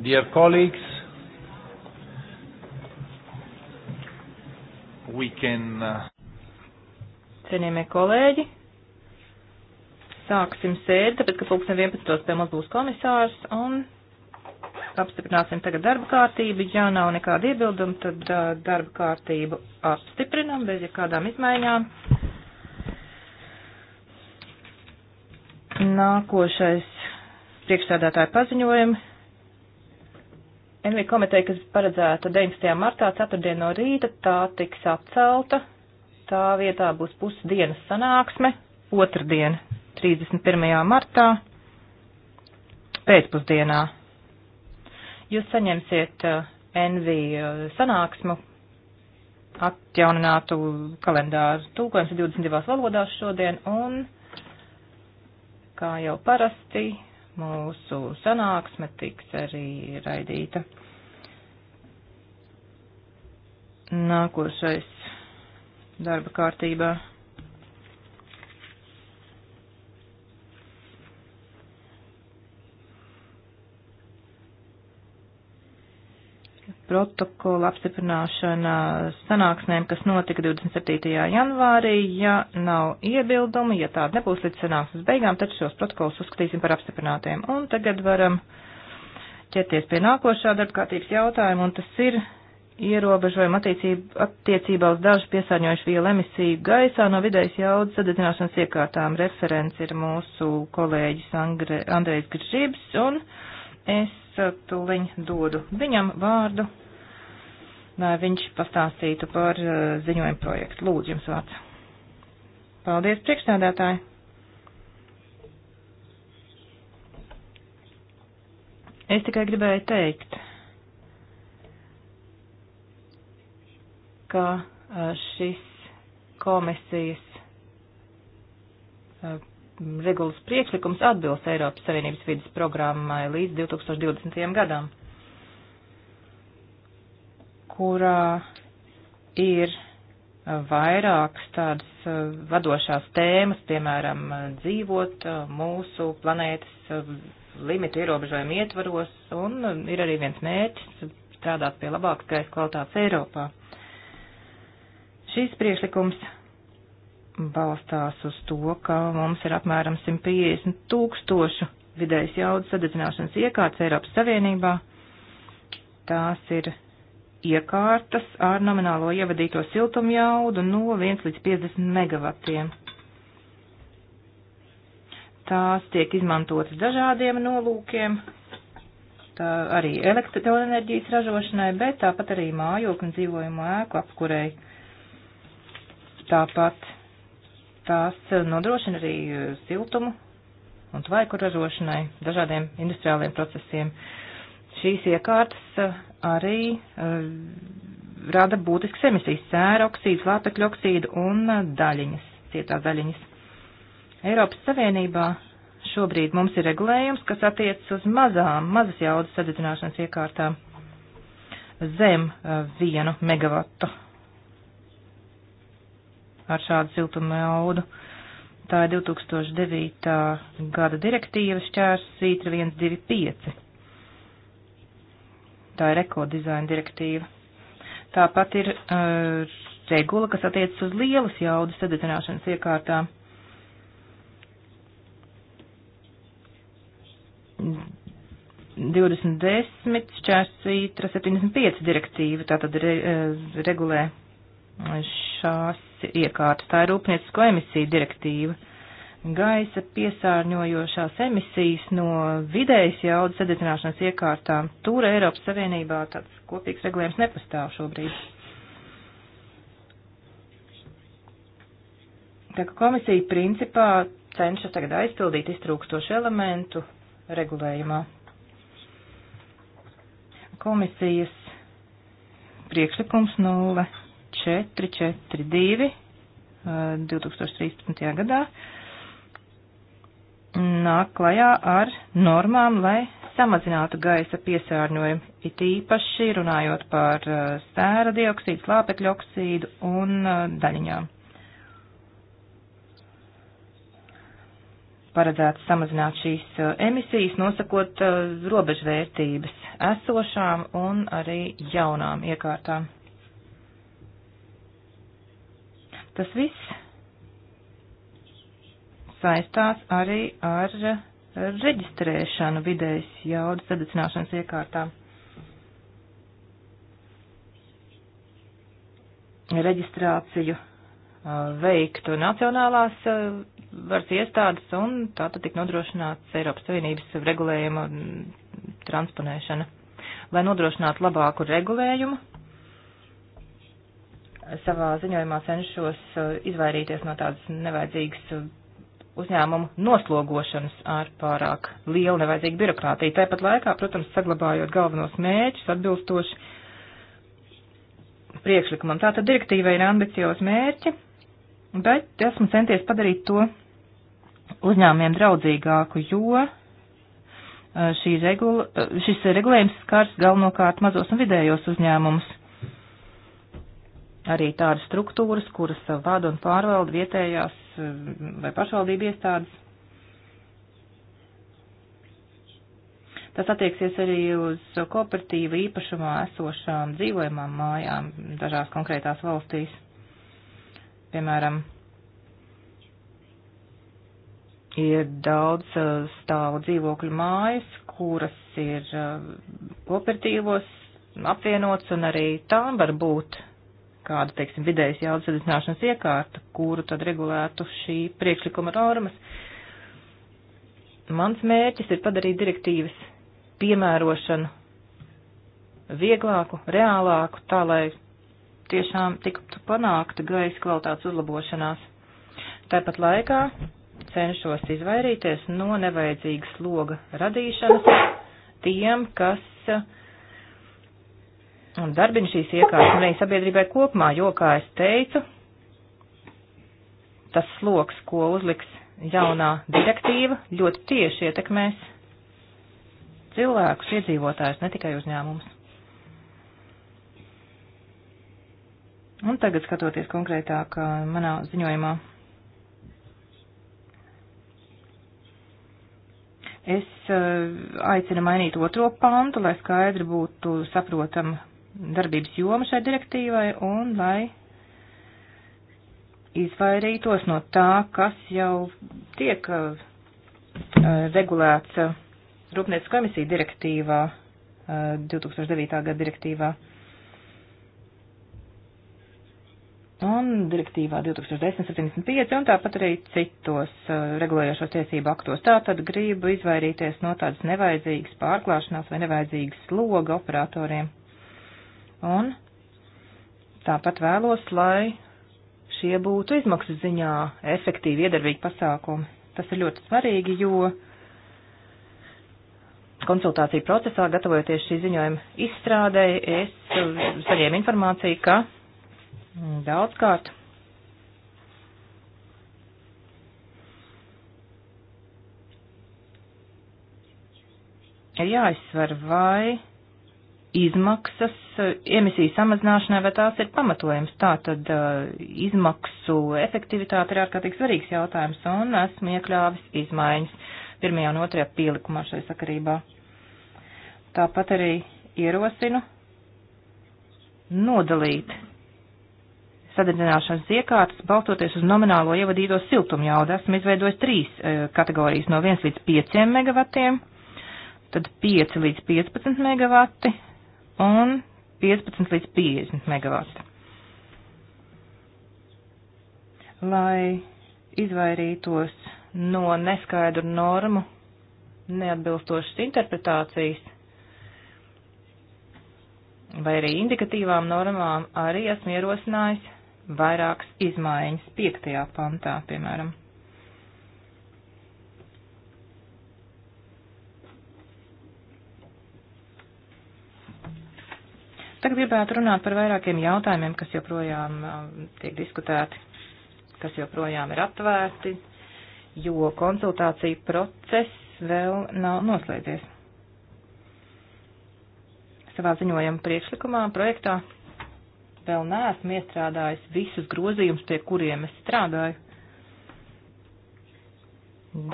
Dear colleagues, we can. Uh, Cienījamie kolēģi, sāksim sēdi, tāpēc, ka pulksten 11. pie mums būs komisārs un apstiprināsim tagad darba kārtību. Ja nav nekāda iebilduma, tad uh, darba kārtību apstiprinam bez jebkādām izmaiņām. Nākošais priekšstādātāja paziņojumi NV komiteja, kas paredzēta 19. martā, 4. no rīta, tā tiks atcelta. Tā vietā būs pusdienas sanāksme, otrdien, 31. martā, pēcpusdienā. Jūs saņemsiet eh, NV eh, sanāksmu atjauninātu kalendāru. Tūkojums ir 22 valodās šodien un, kā jau parasti, mūsu sanāksme tiks arī raidīta. nākošais darba kārtībā. protokola apstiprināšana sanāksmēm, kas notika 27. janvārī, ja nav iebildumi, ja tāda nebūs līdz sanāksmes beigām, tad šos protokolus uzskatīsim par apstiprinātiem. Un tagad varam ķerties pie nākošā darbkārtības jautājuma, un tas ir ierobežojumu attiecībā uz dažu piesārņojušu vielu emisiju gaisā no vidējas jaudas sadedzināšanas iekārtām. Referents ir mūsu kolēģis Angre, Andrejs Gržibs, un es uh, tuliņ dodu viņam vārdu, lai viņš pastāstītu par uh, ziņojumu projektu. Lūdzu, jums vārds. Paldies, priekšstādātāji! Es tikai gribēju teikt, ka šis komisijas regulas priekšlikums atbilst Eiropas Savienības vidas programmai līdz 2020. gadam, kurā ir vairākas tādas vadošās tēmas, piemēram, dzīvot mūsu planētas limitu ierobežojumu ietvaros, un ir arī viens mērķis strādāt pie labākas gaisa kvalitātes Eiropā. Šis priekšlikums balstās uz to, ka mums ir apmēram 150 tūkstošu vidējas jaudas sadedzināšanas iekārtas Eiropas Savienībā. Tās ir iekārtas ar nominālo ievadīto siltumjaudu no 1 līdz 50 megavatiem. Tās tiek izmantotas dažādiem nolūkiem, tā arī elektroenerģijas ražošanai, bet tāpat arī mājokļu un dzīvojumu ēku apkurei. Tāpat tās nodrošina arī eh, siltumu un tvaiku ražošanai, dažādiem industriāliem procesiem. Šīs iekārtas eh, arī eh, rada būtisks emisijas sēra oksīdu, lāpekļu oksīdu un daļiņas, cietās daļiņas. Eiropas Savienībā šobrīd mums ir regulējums, kas attiecas uz mazām, mazas jaudas sadedzināšanas iekārtām zem 1 uh, megavatu ar šādu siltumu audu. Tā ir 2009. gada direktīva šķērs Sītra 125. Tā ir ekodizaina direktīva. Tāpat ir uh, regula, kas attiecas uz lielas jaudas sadedzināšanas iekārtām. Mm. 2010 šķērsvītra 75 direktīva, tātad re, uh, regulē šās iekārtu. Tā ir rūpniecisko emisiju direktīva. Gaisa piesārņojošās emisijas no vidējas jaudas sadedzināšanas iekārtām tur Eiropas Savienībā tāds kopīgs regulējums nepastāv šobrīd. Tā kā komisija principā cenšas tagad aizpildīt iztrūkstošu elementu regulējumā. Komisijas priekšlikums nulle 442 2013. Eh, gadā nāk klajā ar normām, lai samazinātu gaisa piesārņojumu, it īpaši runājot par eh, sēra dioksīdu, slāpekļu oksīdu un eh, daļiņām. Paredzēts samazināt šīs emisijas, nosakot robežvērtības esošām un arī jaunām iekārtām. Tas viss saistās arī ar reģistrēšanu vidējas jaudas sadedzināšanas iekārtām. Reģistrāciju veiktu nacionālās varas iestādes un tā tad tik nodrošināts Eiropas Savienības regulējuma transponēšana. Lai nodrošinātu labāku regulējumu, savā ziņojumā cenšos uh, izvairīties no tādas nevajadzīgas uh, uzņēmumu noslogošanas ar pārāk lielu nevajadzīgu birokrātiju. Tāpat laikā, protams, saglabājot galvenos mēģus atbilstoši priekšlikumam. Tātad direktīva ir ambiciozi mērķi, bet esmu centies padarīt to uzņēmumiem draudzīgāku, jo uh, šī regula, šis regulējums skars galvenokārt mazos un vidējos uzņēmumus arī tādas struktūras, kuras vada un pārvalda vietējās eh, vai pašvaldību iestādes. Tas attieksies arī uz kooperatīva īpašumā esošām dzīvojamām mājām dažās konkrētās valstīs. Piemēram, ir daudz eh, stāvu dzīvokļu mājas, kuras ir eh, kooperatīvos apvienots un arī tām var būt kādu, teiksim, vidējas jaudas sadedzināšanas iekārtu, kuru tad regulētu šī priekšlikuma normas. Mans mērķis ir padarīt direktīvas piemērošanu vieglāku, reālāku, tā lai tiešām tiktu panākta gaisa kvalitātes uzlabošanās. Tāpat laikā cenšos izvairīties no nevajadzīgas sloga radīšanas tiem, kas uh, un darbina šīs iekārtas un arī sabiedrībai kopumā, jo, kā es teicu, tas sloks, ko uzliks jaunā direktīva, ļoti tieši ietekmēs cilvēkus, iedzīvotājus, ne tikai uzņēmumus. Un tagad skatoties konkrētāk uh, manā ziņojumā. Es uh, aicinu mainīt otro pantu, lai skaidri būtu saprotama darbības jomu šai direktīvai un lai izvairītos no tā, kas jau tiek uh, uh, regulēts uh, Rūpniecības komisija direktīvā, 2009. gada direktīvā. un direktīvā 2010-75 un tāpat arī citos uh, regulējošos tiesību aktos. Tātad gribu izvairīties no tādas nevajadzīgas pārklāšanās vai nevajadzīgas sloga operatoriem, Un tāpat vēlos, lai šie būtu izmaksas ziņā efektīvi iedarbīgi pasākumi. Tas ir ļoti svarīgi, jo konsultāciju procesā, gatavojoties šī ziņojuma izstrādēji, es saņēmu informāciju, ka daudzkārt ir jāizsver, vai izmaksas eh, emisiju samazināšanai, vai tās ir pamatojums. Tātad eh, izmaksu efektivitāte ir ārkārtīgi svarīgs jautājums, un esmu iekļāvis izmaiņas pirmajā un otrajā pielikumā šai sakarībā. Tāpat arī ierosinu nodalīt sadedzināšanas iekārtas, balstoties uz nominālo ievadīto siltumjaudu. Esmu izveidojis trīs e, kategorijas no 1 līdz 5 megavatiem, tad 5 līdz 15 megavati, un 15 līdz 50 megavati. Lai izvairītos no neskaidru normu, neatbilstošas interpretācijas vai arī indikatīvām normām, arī esmu ierosinājis vairākas izmaiņas 5. pantā, piemēram. Tagad gribētu runāt par vairākiem jautājumiem, kas joprojām um, tiek diskutēti, kas joprojām ir atvērti, jo konsultāciju process vēl nav noslēdzies. Savā ziņojuma priekšlikumā, projektā vēl neesmu iestrādājis visus grozījumus, pie kuriem es strādāju.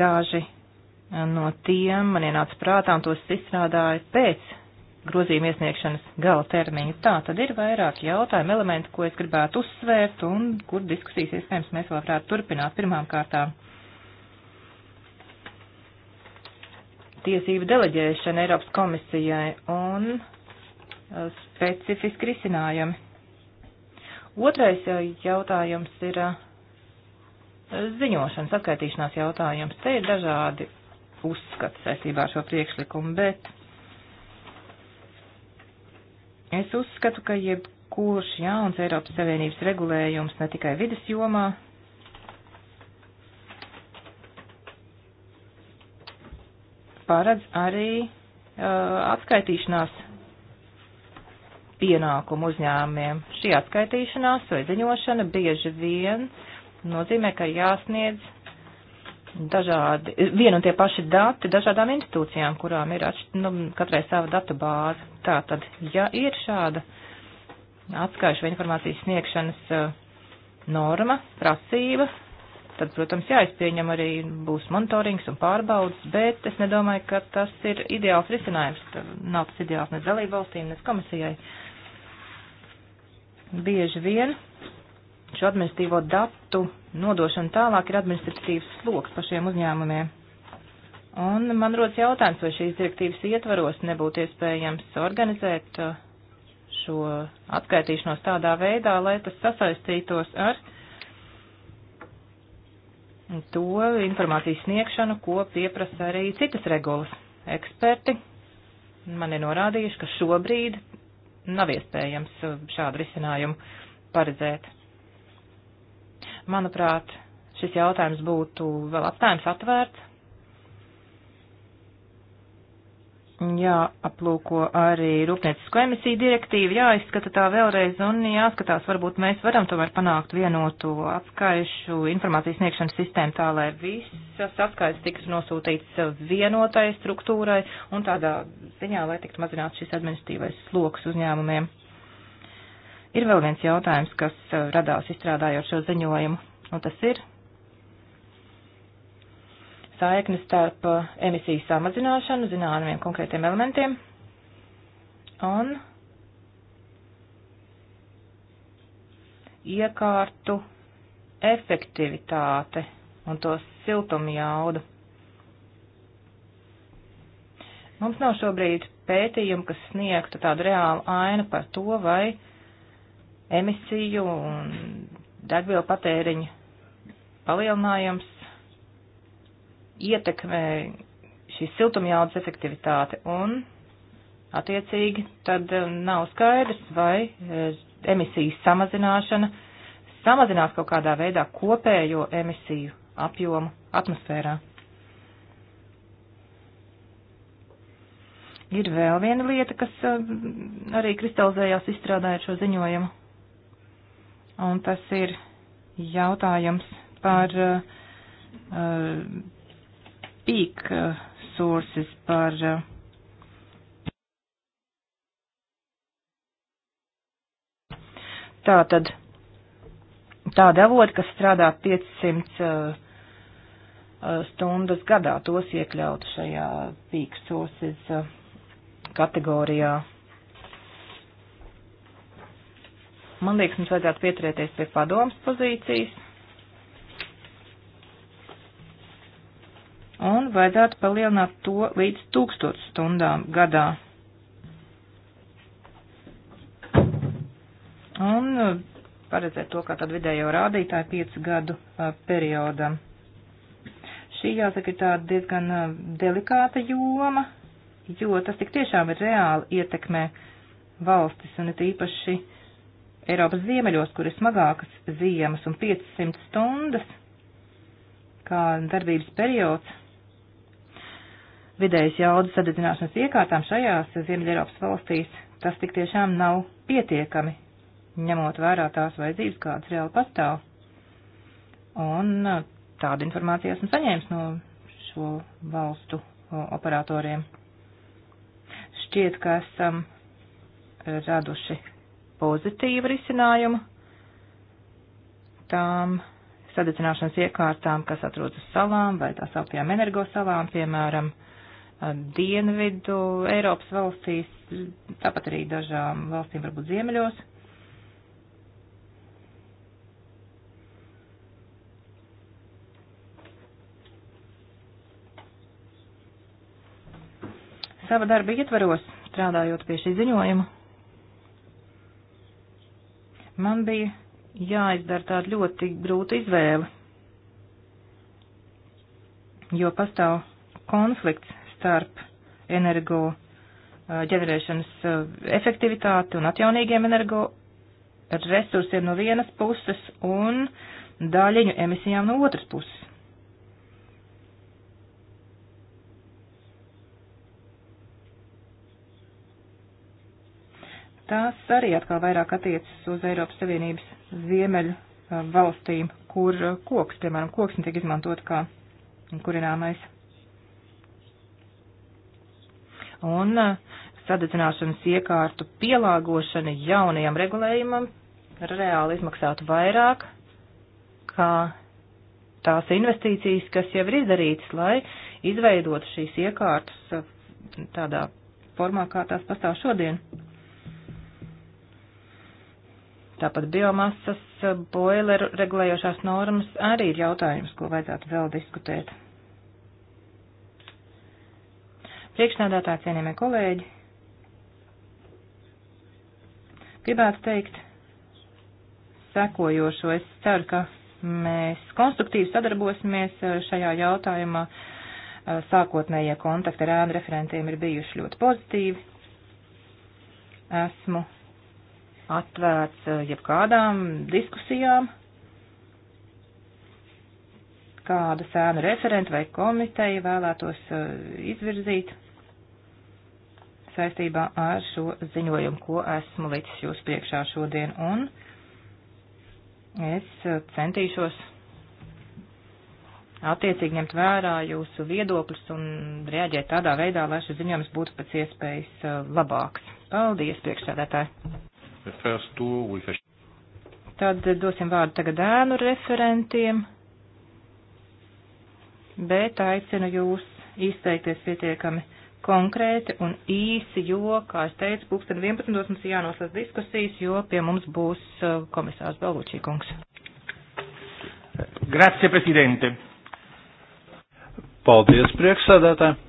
Daži no tiem man ienāca prātā un tos izstrādāju pēc grozījuma iesniegšanas gala termiņu. Tā tad ir vairāki jautājumi, elementi, ko es gribētu uzsvērt un kur diskusijas iespējams mēs vēl varētu turpināt pirmām kārtām. Tiesību deleģēšana Eiropas komisijai un specifiski risinājumi. Otrais jautājums ir ziņošanas atskaitīšanās jautājums. Te ir dažādi uzskati saistībā ar šo priekšlikumu, bet Es uzskatu, ka jebkurš jauns Eiropas Savienības regulējums ne tikai vidas jomā, paredz arī uh, atskaitīšanās pienākumu uzņēmumiem. Šī atskaitīšanās vai ziņošana bieži vien nozīmē, ka jāsniedz dažādi, vien un tie paši dati dažādām institūcijām, kurām ir atšķi, nu, katrai sava datu bāze. Tā tad, ja ir šāda atskaišu vai informācijas sniegšanas eh, norma, prasība, tad, protams, jāizpieņem arī būs monitorings un pārbaudas, bet es nedomāju, ka tas ir ideāls risinājums. Nav tas ideāls ne dalībvalstīm, ne komisijai. Bieži vien šo administratīvo datu nodošana tālāk ir administratīvs sloks pašiem uzņēmumiem. Un man rodas jautājums, vai šīs direktīvas ietvaros nebūtu iespējams organizēt uh, šo atskaitīšanos tādā veidā, lai tas sasaistītos ar to informācijas sniegšanu, ko pieprasa arī citas regulas. Eksperti man ir norādījuši, ka šobrīd nav iespējams uh, šādu risinājumu paredzēt. Manuprāt, šis jautājums būtu vēl atstājums atvērts. Jāaplūko arī rūpniecisko emisiju direktīvu, jāizskata tā vēlreiz un jāskatās, varbūt mēs varam tomēr panākt vienotu atskaišu informācijas sniegšanas sistēmu tā, lai visas atskaitas tiks nosūtīts vienotai struktūrai un tādā ziņā, lai tiktu mazināts šis administratīvais sloks uzņēmumiem. Ir vēl viens jautājums, kas uh, radās izstrādājot šo ziņojumu, un tas ir saikne starp uh, emisiju samazināšanu zināmiem konkrētiem elementiem un iekārtu efektivitāte un to siltumu jaudu. Mums nav šobrīd pētījumu, kas sniegtu tādu reālu ainu par to, vai uh, emisiju un degvielu patēriņa palielinājums ietekmē šīs siltumjaudas efektivitāti un attiecīgi tad eh, nav skaidrs, vai eh, emisijas samazināšana samazinās kaut kādā veidā kopējo emisiju apjomu atmosfērā. Ir vēl viena lieta, kas eh, arī kristalizējās izstrādājot šo ziņojumu un tas ir jautājums par uh, peak uh, sources, par uh, tātad tāda avota, kas strādā 500 uh, uh, stundas gadā, tos iekļaut šajā peak sources uh, kategorijā. Man liekas, mums vajadzētu pieturēties pie padomas pozīcijas. Un vajadzētu palielināt to līdz tūkstot stundām gadā. Un uh, paredzēt to kā tādu vidējo rādītāju piecu gadu uh, periodam. Šī jāsaka ir tāda diezgan uh, delikāta joma, jo tas tik tiešām ir reāli ietekmē valstis un it īpaši uh, Eiropas ziemeļos, kur ir smagākas ziemas un 500 stundas, kā darbības periods, vidējas jaudas sadedzināšanas iekārtām šajās ziemeļa Eiropas valstīs, tas tik tiešām nav pietiekami, ņemot vērā tās vajadzības, kādas reāli pastāv. Un tādu informāciju esmu saņēmis no šo valstu operatoriem. Šķiet, ka esam raduši pozitīvu risinājumu tām sadedzināšanas iekārtām, kas atrodas uz salām vai tā sauktām energosalām, piemēram, dienvidu Eiropas valstīs, tāpat arī dažām valstīm varbūt ziemeļos. Sava darba ietvaros, strādājot pie šī ziņojuma, Man bija jāizdara tāda ļoti grūta izvēle, jo pastāv konflikts starp energo ģenerēšanas efektivitāti un atjaunīgiem energo resursiem no vienas puses un daļiņu emisijām no otras puses. Tās arī atkal vairāk attiecas uz Eiropas Savienības ziemeļu uh, valstīm, kur uh, koks, piemēram, koks netiek izmantot kā kurināmais. Un uh, sadedzināšanas iekārtu pielāgošana jaunajam regulējumam reāli izmaksātu vairāk, kā tās investīcijas, kas jau ir izdarītas, lai izveidotu šīs iekārtas tādā formā, kā tās pastāv šodien. Tāpat biomasas eh, boileru regulējošās normas arī ir jautājums, ko vajadzētu vēl diskutēt. Priekšnādātāji, cienījamie kolēģi, gribētu teikt sekojošo. Es ceru, ka mēs konstruktīvi sadarbosimies eh, šajā jautājumā. Eh, sākotnējie kontakti ar ēnu referentiem ir bijuši ļoti pozitīvi. Esmu atvērts eh, jebkādām diskusijām, kāda sēnu referenta vai komiteja vēlētos eh, izvirzīt saistībā ar šo ziņojumu, ko esmu licis jūs priekšā šodien, un es eh, centīšos attiecīgi ņemt vērā jūsu viedokļus un reaģēt tādā veidā, lai šis ziņojums būtu pēc iespējas labāks. Paldies, priekšsēdētāji! Tad dosim vārdu tagad ēnu referentiem, bet aicinu jūs izteikties pietiekami konkrēti un īsi, jo, kā es teicu, pulksten 11. mums ir jānoslēdz diskusijas, jo pie mums būs uh, komisārs Belvučī kungs. Grazie, prezidente. Paldies, priekšsādātāji.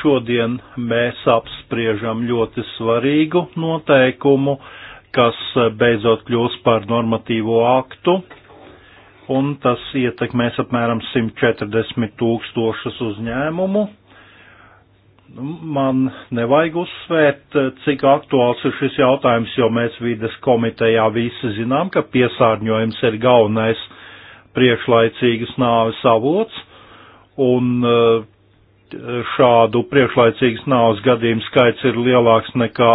Šodien mēs apspriežam ļoti svarīgu noteikumu, kas beidzot kļūs par normatīvo aktu, un tas ietekmēs apmēram 140 tūkstošus uzņēmumu. Man nevajag uzsvērt, cik aktuāls ir šis jautājums, jo mēs vides komitejā visi zinām, ka piesārņojums ir galvenais priekšlaicīgas nāves avots, un uh, šādu priekšlaicīgas nāvas gadījumu skaits ir lielāks nekā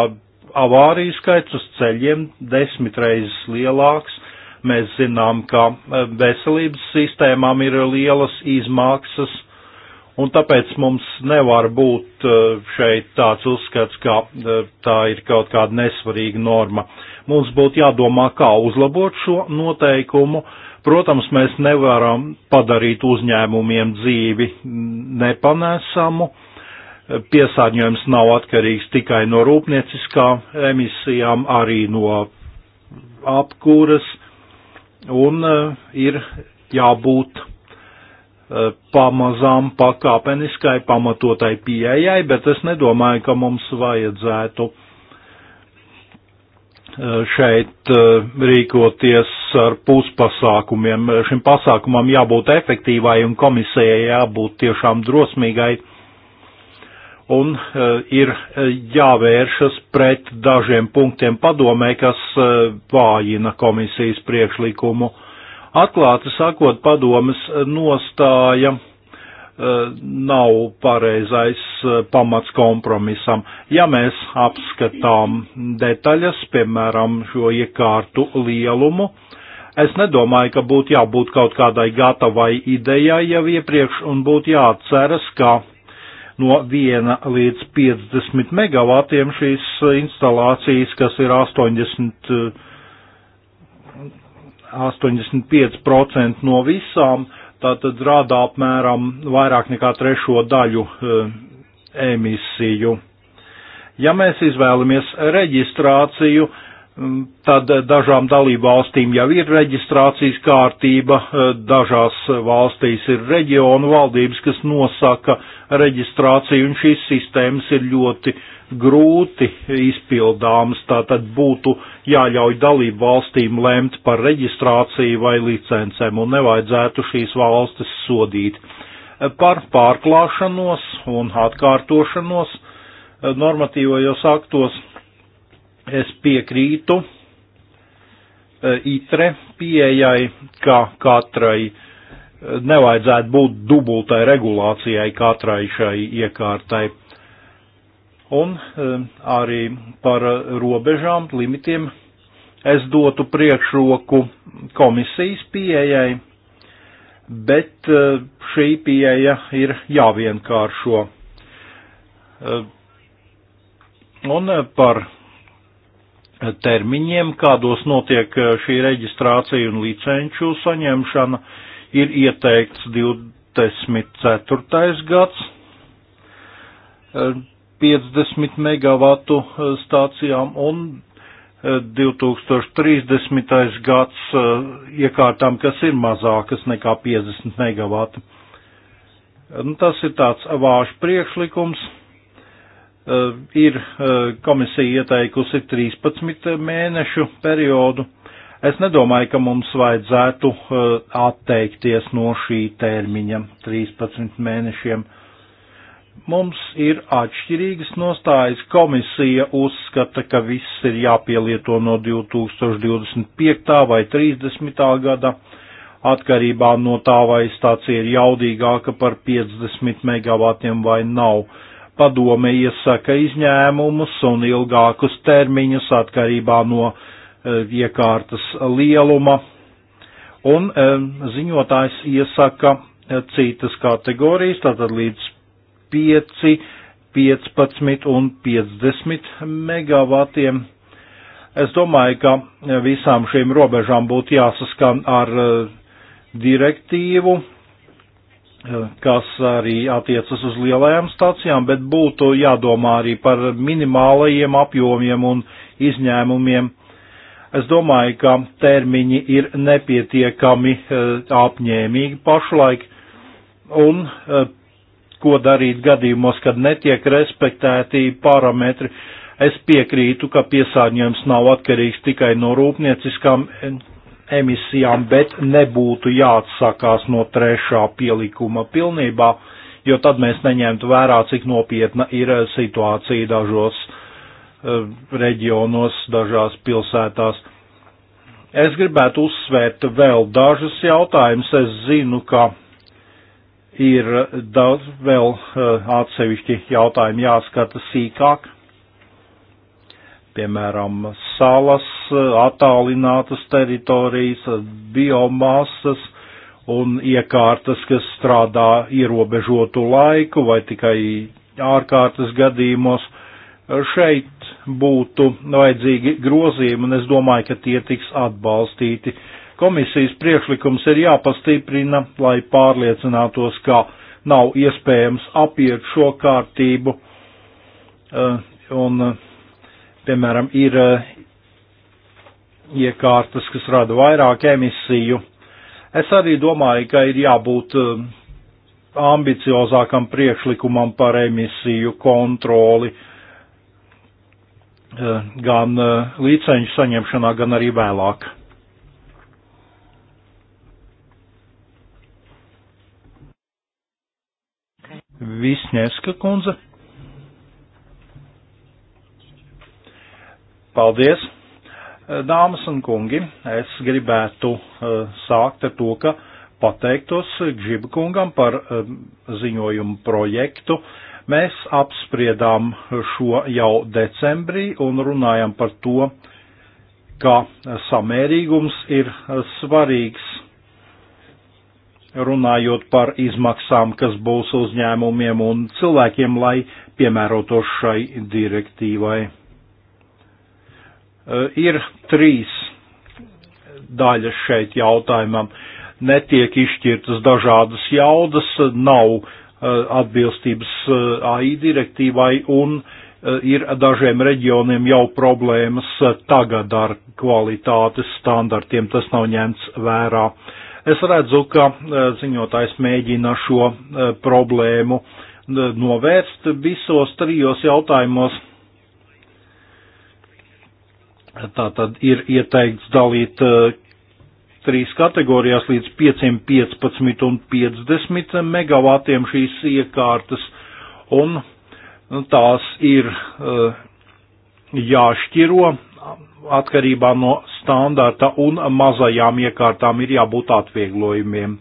avāriju skaits uz ceļiem, desmit reizes lielāks. Mēs zinām, ka e, veselības sistēmām ir lielas izmaksas, un tāpēc mums nevar būt e, šeit tāds uzskats, ka e, tā ir kaut kāda nesvarīga norma. Mums būtu jādomā, kā uzlabot šo noteikumu, uh, Protams, mēs nevaram padarīt uzņēmumiem dzīvi nepanēsamu. Piesārņojums nav atkarīgs tikai no rūpnieciskām emisijām, arī no apkūras un eh, ir jābūt eh, pamazām pakāpeniskai, pamatotai pieejai, bet es nedomāju, ka mums vajadzētu Eh, šeit eh, rīkoties ar puspasākumiem. Šim pasākumam jābūt efektīvai un komisijai jābūt tiešām drosmīgai un eh, ir jāvēršas pret dažiem punktiem padomē, kas vājina komisijas priekšlikumu. Atklāti sakot, padomas nostāja Eh, nav pareizais eh, pamats kompromisam. Ja mēs apskatām detaļas, piemēram, šo iekārtu lielumu, es nedomāju, ka būtu jābūt kaut kādai gatavai idejai jau iepriekš un būtu jāatceras, ka no 1 līdz 50 megavatiem šīs instalācijas, kas ir 80, 85% eh, no visām, tātad rada apmēram vairāk nekā trešo daļu eh, emisiju. Ja mēs izvēlamies reģistrāciju, mm, tad dažām dalību valstīm jau ir reģistrācijas kārtība, eh, dažās valstīs ir reģionu valdības, kas nosaka reģistrāciju, un šīs sistēmas ir ļoti grūti izpildāms, tātad būtu jāļauj dalību valstīm lemt par reģistrāciju vai licencēm un nevajadzētu šīs valstis sodīt. Par pārklāšanos un atkārtošanos normatīvajos aktos es piekrītu eh, itre pieejai, ka katrai eh, nevajadzētu būt dubultai regulācijai katrai šai iekārtai Un um, arī par robežām, limitiem es dotu priekšroku komisijas pieejai, bet uh, šī pieeja ir jāvienkāršo. Uh, un uh, par termiņiem, kādos notiek šī reģistrācija un licenču saņemšana, ir ieteikts 24. gads. 50 megavatu eh, stācijām un 2030. Eh, gads eh, iekārtām, kas ir mazākas nekā 50 megavati. Nu, tas ir tāds vāšu priekšlikums. Ir komisija ieteikusi 13 mēnešu periodu. Es nedomāju, ka mums vajadzētu atteikties no šī termiņa 13 mēnešiem. Uh, Mums ir atšķirīgas nostājas. Komisija uzskata, ka viss ir jāpielieto no 2025. vai 30. gada atkarībā no tā, vai stācija ir jaudīgāka par 50 megavātiem vai nav. Padome iesaka izņēmumus un ilgākus termiņus atkarībā no e, iekārtas lieluma, un e, ziņotājs iesaka eh, citas kategorijas, tātad līdz 5, 15 un 50 megavatiem. Es domāju, ka visām šīm robežām būtu jāsaskan ar eh, direktīvu, eh, kas arī attiecas uz lielajām stācijām, bet būtu jādomā arī par minimālajiem apjomiem un izņēmumiem. Es domāju, ka termiņi ir nepietiekami eh, apņēmīgi pašlaik, un ko darīt gadījumos, kad netiek respektēti parametri. Es piekrītu, ka piesārņojums nav atkarīgs tikai no rūpnieciskām emisijām, bet nebūtu jāatsakās no trešā pielikuma pilnībā, jo tad mēs neņemtu vērā, cik nopietna ir eh, situācija dažos uh, reģionos, dažās pilsētās. Es gribētu uzsvērt vēl dažus jautājumus. Es zinu, ka ir daudz vēl eh, atsevišķi jautājumi jāskata sīkāk. Piemēram, salas, eh, attālinātas teritorijas, biomasas un iekārtas, kas strādā ierobežotu laiku vai tikai ārkārtas gadījumos. Šeit būtu vajadzīgi grozījumi, un es domāju, ka tie tiks atbalstīti. Uh, Komisijas priekšlikums ir jāpastiprina, lai pārliecinātos, ka nav iespējams apiet šo kārtību. Eh, un, eh, piemēram, ir eh, iekārtas, kas rada vairāk emisiju. Es arī domāju, ka ir jābūt ambiciozākam priekšlikumam par emisiju kontroli gan licenšu saņemšanā, gan arī vēlāk. Visņevska kundze. Paldies! Dāmas un kungi, es gribētu uh, sākt ar to, ka pateiktos Gžiba kungam par uh, ziņojumu projektu. Mēs apspriedām šo jau decembrī un runājam par to, ka samērīgums ir eh, svarīgs runājot par izmaksām, kas būs uzņēmumiem un cilvēkiem, lai piemērotos šai direktīvai. E, ir trīs daļas šeit jautājumam. Netiek izšķirtas dažādas jaudas, nav e, atbilstības e, AI direktīvai un ir dažiem reģioniem jau problēmas tagad ar kvalitātes standartiem. Tas nav ņemts vērā. Uh, Es redzu, ka e, ziņotājs mēģina šo e, problēmu e, novērst visos trijos jautājumos. Tā tad ir ieteikts dalīt trīs kategorijās līdz 515 un 50 megavatiem šīs iekārtas, un nu, tās ir jāšķiro atkarībā no standarta un mazajām iekārtām ir jābūt atvieglojumiem.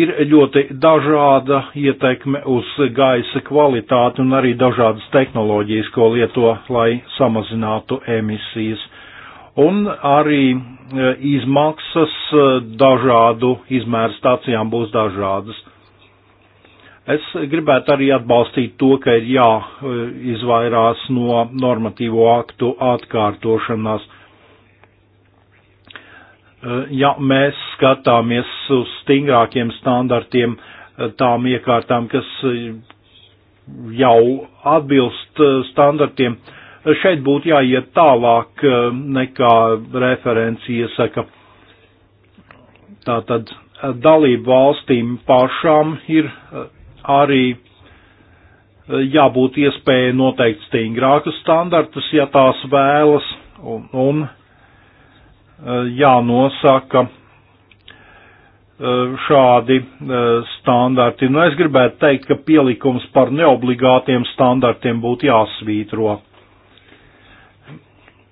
Ir ļoti dažāda ietekme uz gaisa kvalitāti un arī dažādas tehnoloģijas, ko lieto, lai samazinātu emisijas. Un arī e, izmaksas e, dažādu izmēru stācijām būs dažādas Es gribētu arī atbalstīt to, ka ir jāizvairās e, no normatīvo aktu atkārtošanās. E, ja mēs skatāmies uz stingrākiem standartiem, e, tām iekārtām, kas jau atbilst standartiem, šeit būtu jāiet tālāk nekā referents iesaka. Tātad dalību valstīm pašām ir arī e, jābūt iespēja noteikt stingrākus standartus, ja tās vēlas, un, un e, jānosaka e, šādi standarti. Nu, es gribētu teikt, ka pielikums par neobligātiem standartiem būtu jāsvītro.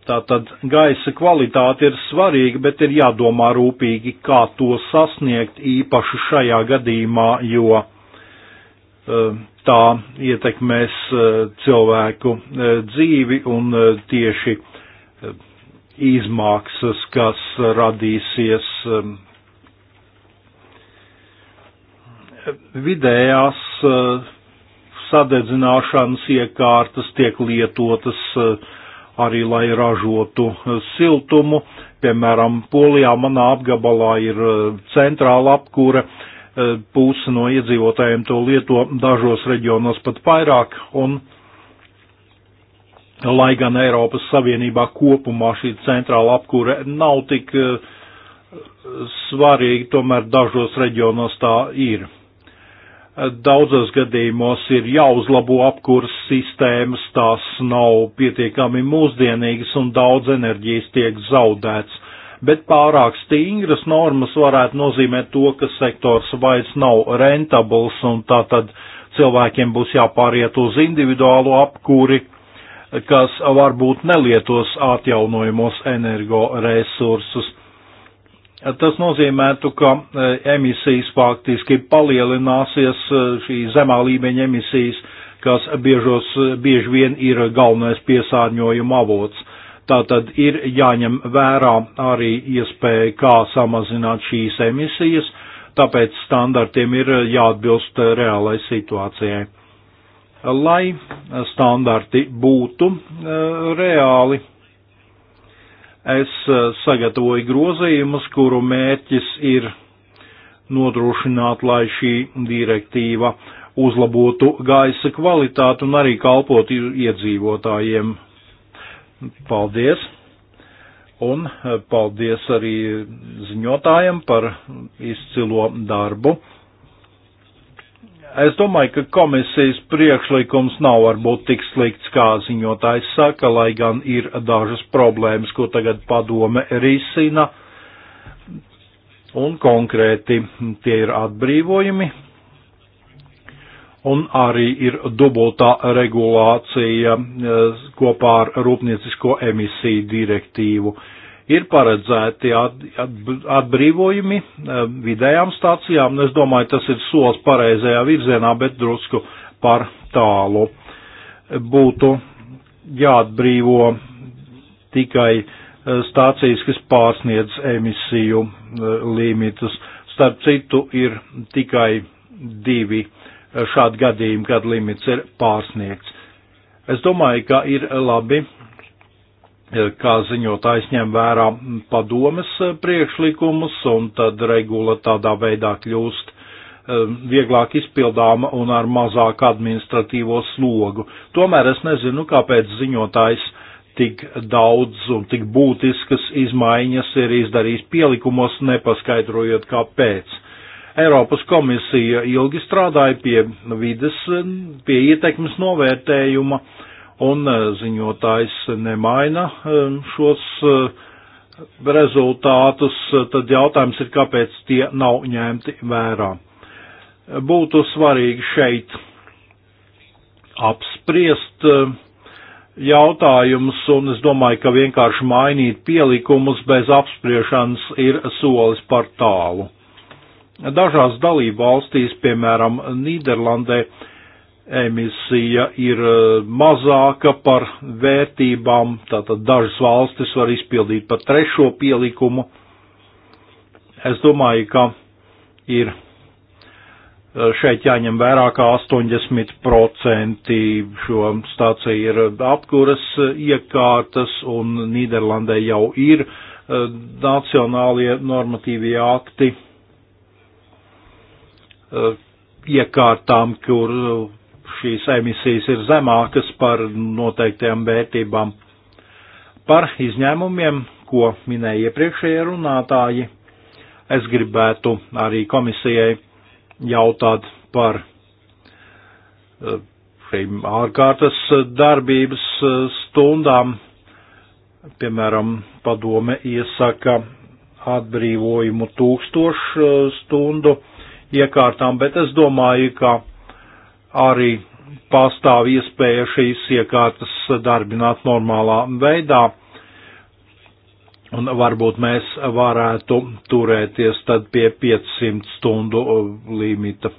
Tātad gaisa kvalitāte ir svarīga, bet ir jādomā rūpīgi, kā to sasniegt īpaši šajā gadījumā, jo uh, tā ietekmēs e, cilvēku e, dzīvi un e, tieši izmaksas, kas radīsies vidējās sadedzināšanas iekārtas tiek lietotas arī, lai ražotu siltumu. Piemēram, Polijā manā apgabalā ir centrāla apkūra, E, pusi no iedzīvotājiem to lieto dažos reģionos pat vairāk, un lai gan Eiropas Savienībā kopumā šī centrāla apkūre nav tik e, svarīga, tomēr dažos reģionos tā ir. E, daudzos gadījumos ir jāuzlabo apkūras sistēmas, tās nav pietiekami mūsdienīgas un daudz enerģijas tiek zaudēts bet pārāk stingras normas varētu nozīmēt to, ka sektors vairs nav rentabls un tā tad cilvēkiem būs jāpāriet uz individuālo apkūri, kas varbūt nelietos atjaunojumos energoresursus. Tas nozīmētu, ka e, emisijas faktiski palielināsies, e, šī zemā līmeņa emisijas, kas biežos, bieži vien ir galvenais piesārņojuma avots. Tātad ir jāņem vērā arī iespēja, kā samazināt šīs emisijas, tāpēc standartiem ir jāatbilst reālai situācijai. Lai standarti būtu e, reāli, es e, sagatavoju grozījumus, kuru mērķis ir nodrošināt, lai šī direktīva uzlabotu gaisa kvalitātu un arī kalpotu iedzīvotājiem Paldies! Un eh, paldies arī ziņotājiem par izcilo darbu. Es domāju, ka komisijas priekšlikums nav varbūt tik slikts, kā ziņotājs saka, lai gan ir dažas problēmas, ko tagad padome risina. Un konkrēti tie ir atbrīvojumi un arī ir dubultā regulācija e, kopā ar rūpniecisko emisiju direktīvu. Ir paredzēti atbrīvojumi e, vidējām stācijām, un es domāju, tas ir solis pareizajā virzienā, bet drusku par tālu. Būtu jāatbrīvo tikai e, stācijas, kas pārsniedz emisiju limitus. Starp citu, ir tikai divi šādi gadījumi, kad limits ir pārsniegts. Es domāju, ka ir labi, eh, kā ziņotājs ņem vērā padomes eh, priekšlikumus, un tad regula tādā veidā kļūst eh, vieglāk izpildāma un ar mazāku administratīvo slogu. Tomēr es nezinu, kāpēc ziņotājs tik daudz un tik būtiskas izmaiņas ir izdarījis pielikumos, nepaskaidrojot kāpēc. Eiropas komisija ilgi strādāja pie vides, pie ietekmes novērtējuma, un eh, ziņotājs nemaina eh, šos eh, rezultātus, tad jautājums ir, kāpēc tie nav ņemti vērā. Būtu svarīgi šeit apspriest jautājumus, un es domāju, ka vienkārši mainīt pielikumus bez apspriešanas ir solis par tālu. Dažās dalību valstīs, piemēram, Nīderlandē, emisija ir e, mazāka par vērtībām, tātad dažas valstis var izpildīt pat trešo pielikumu. Es domāju, ka ir e, šeit jāņem vērā, ka 80% šo stāciju ir apkuras iekārtas un Nīderlandē jau ir e, nacionālie normatīvie akti Uh, iekārtām, kur uh, šīs emisijas ir zemākas par noteiktajām vērtībām. Par izņēmumiem, ko minēja iepriekšējie runātāji, es gribētu arī komisijai jautāt par uh, šīm ārkārtas darbības stundām. Piemēram, padome iesaka atbrīvojumu tūkstošu stundu iekārtām, bet es domāju, ka arī pastāv iespēja šīs iekārtas darbināt normālā veidā, un varbūt mēs varētu turēties tad pie 500 stundu uh, limita.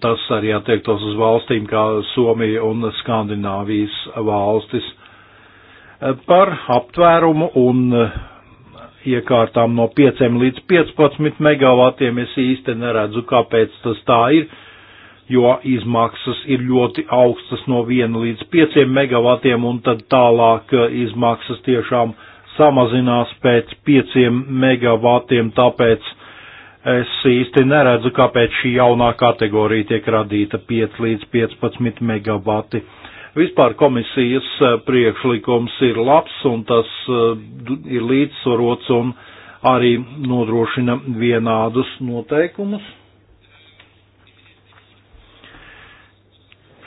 Tas arī attiektos uz valstīm kā Somija un Skandināvijas valstis. Par aptvērumu un uh, iekārtām no 5 līdz 15 megavatiem. Es īsti neredzu, kāpēc tas tā ir, jo izmaksas ir ļoti augstas no 1 līdz 5 megavatiem un tad tālāk uh, izmaksas tiešām samazinās pēc 5 megavatiem, tāpēc es īsti neredzu, kāpēc šī jaunā kategorija tiek radīta 5 līdz 15 megavati. Uh, Vispār komisijas eh, priekšlikums ir labs un tas eh, ir līdzsvarots un arī nodrošina vienādus noteikumus.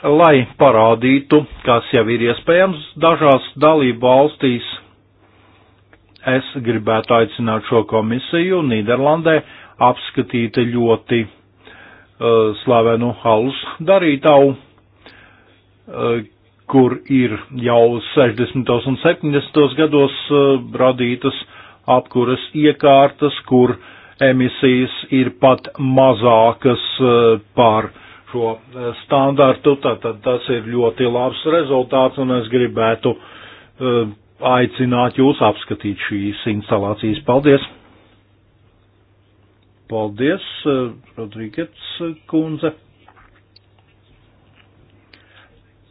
Lai parādītu, kas jau ir iespējams dažās dalību valstīs, es gribētu aicināt šo komisiju Nīderlandē apskatīt ļoti uh, slavenu halus darītāju, uh, kur ir jau 60. un 70. gados uh, radītas apkuras iekārtas, kur emisijas ir pat mazākas uh, par šo uh, standārtu. Tātad tas ir ļoti labs rezultāts, un es gribētu aicināt jūs apskatīt šīs instalācijas. Paldies! Paldies, Rodrīgets kundze!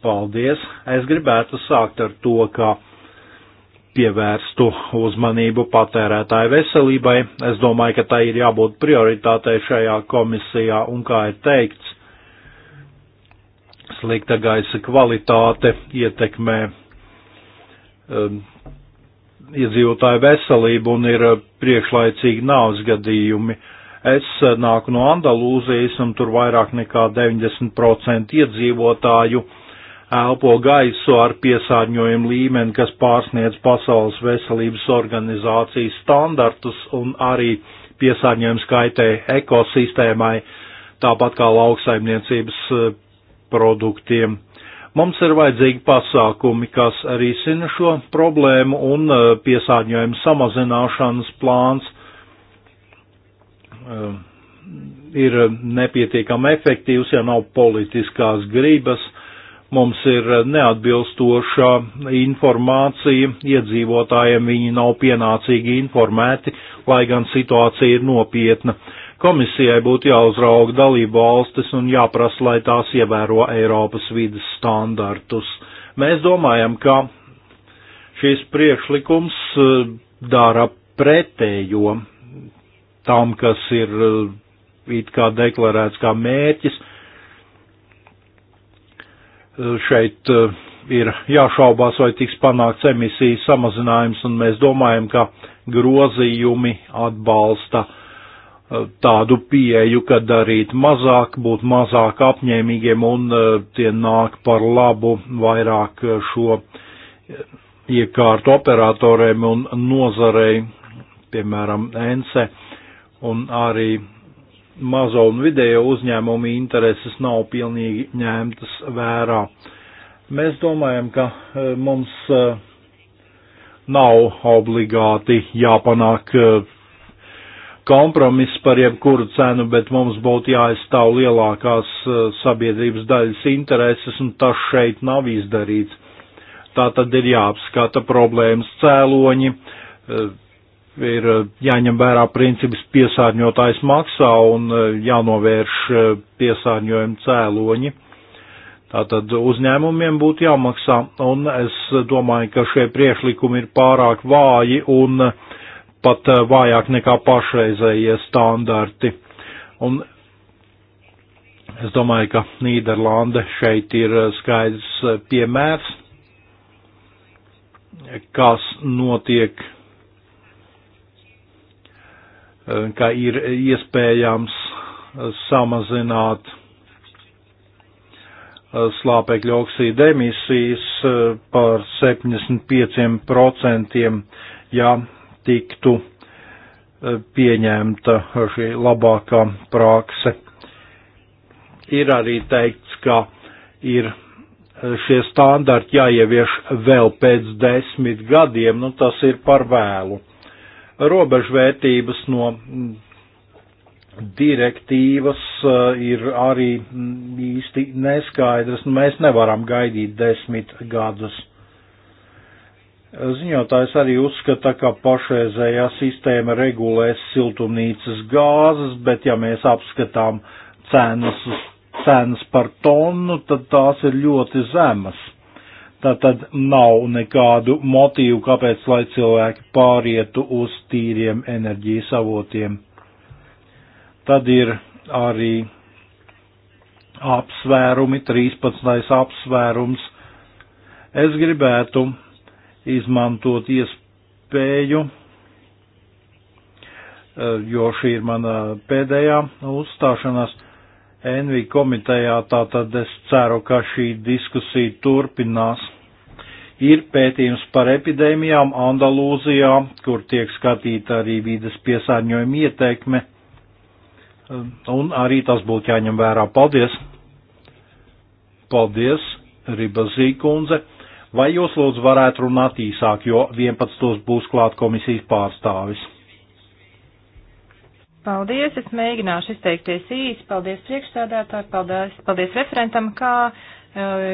Paldies! Es gribētu sākt ar to, ka pievērstu uzmanību patērētāju veselībai. Es domāju, ka tai ir jābūt prioritātei šajā komisijā un, kā ir teikts, slikta gaisa kvalitāte ietekmē um, iedzīvotāju veselību un ir priekšlaicīgi nāvs gadījumi. Es uh, nāku no Andalūzijas un tur vairāk nekā 90% iedzīvotāju uh, elpo gaisu ar piesārņojumu līmeni, kas pārsniedz Pasaules veselības organizācijas standartus un arī piesārņojums kaitē ekosistēmai, tāpat kā lauksaimniecības eh, produktiem. Mums ir vajadzīgi pasākumi, kas risina šo problēmu un eh, piesārņojumu samazināšanas plāns eh, ir nepietiekami efektīvs, ja nav politiskās gribas Mums ir neatbilstoša informācija, iedzīvotājiem viņi nav pienācīgi informēti, lai gan situācija ir nopietna. Komisijai būtu jāuzrauga dalību valstis un jāprasa, lai tās ievēro Eiropas vidas standartus. Mēs domājam, ka šis priekšlikums eh, dara pretējo tam, kas ir eh, it kā deklarēts kā mērķis, šeit eh, ir jāšaubās, vai tiks panākts emisiju samazinājums, un mēs domājam, ka grozījumi atbalsta eh, tādu pieeju, ka darīt mazāk, būt mazāk apņēmīgiem, un eh, tie nāk par labu vairāk šo iekārtu operatoriem un nozarei, piemēram, ENSE, un arī mazo un vidējo uzņēmumu intereses nav pilnīgi ņemtas vērā. Mēs domājam, ka e, mums e, nav obligāti jāpanāk e, kompromiss par jebkuru cenu, bet mums būtu jāaizstāv lielākās sabiedrības daļas intereses, un tas šeit nav izdarīts. Tā tad ir jāapskata problēmas cēloņi, ir eh, jāņem vērā princips piesārņotājs maksā un eh, jānovērš eh, piesārņojuma cēloņi. Tātad uzņēmumiem būtu jāmaksā, un es domāju, ka šie priešlikumi ir pārāk vāji un pat vājāk nekā pašreizējie standarti. Un es domāju, ka Nīderlande šeit ir skaidrs piemērs, kas notiek Eh, ka ir iespējams eh, samazināt eh, slāpekļa oksīda emisijas par 75%, ja tiktu pieņemta šī labākā prakse. Ir arī teikts, ka ir šie standarti jāievieš vēl pēc desmit gadiem, nu tas ir par vēlu robežvērtības no direktīvas eh, ir arī mm, īsti neskaidras. Nu, mēs nevaram gaidīt desmit gadus. Ziņotājs arī uzskata, ka pašreizējā sistēma regulēs siltumnīcas gāzes, bet ja mēs apskatām cenas, cenas par tonu, tad tās ir ļoti zemas. Tā tad nav nekādu motīvu, kāpēc lai cilvēki pārietu uz tīriem enerģijas avotiem. Tad ir arī apsvērumi, 13. apsvērums. Es gribētu izmantot iespēju, eh, jo šī ir mana pēdējā uzstāšanās NV komitejā, tātad es ceru, ka šī diskusija turpinās. Ir pētījums par epidēmijām Andalūzijā, kur tiek skatīta arī vīdes piesārņojuma ieteikme, un arī tas būtu jāņem vērā. Paldies! Paldies, Ribazī kundze! Vai jūs lūdzu varētu runāt īsāk, jo 11. būs klāt komisijas pārstāvis? Paldies, es mēģināšu izteikties īsi. Paldies priekšsādātāji, paldies, paldies referentam, kā eh,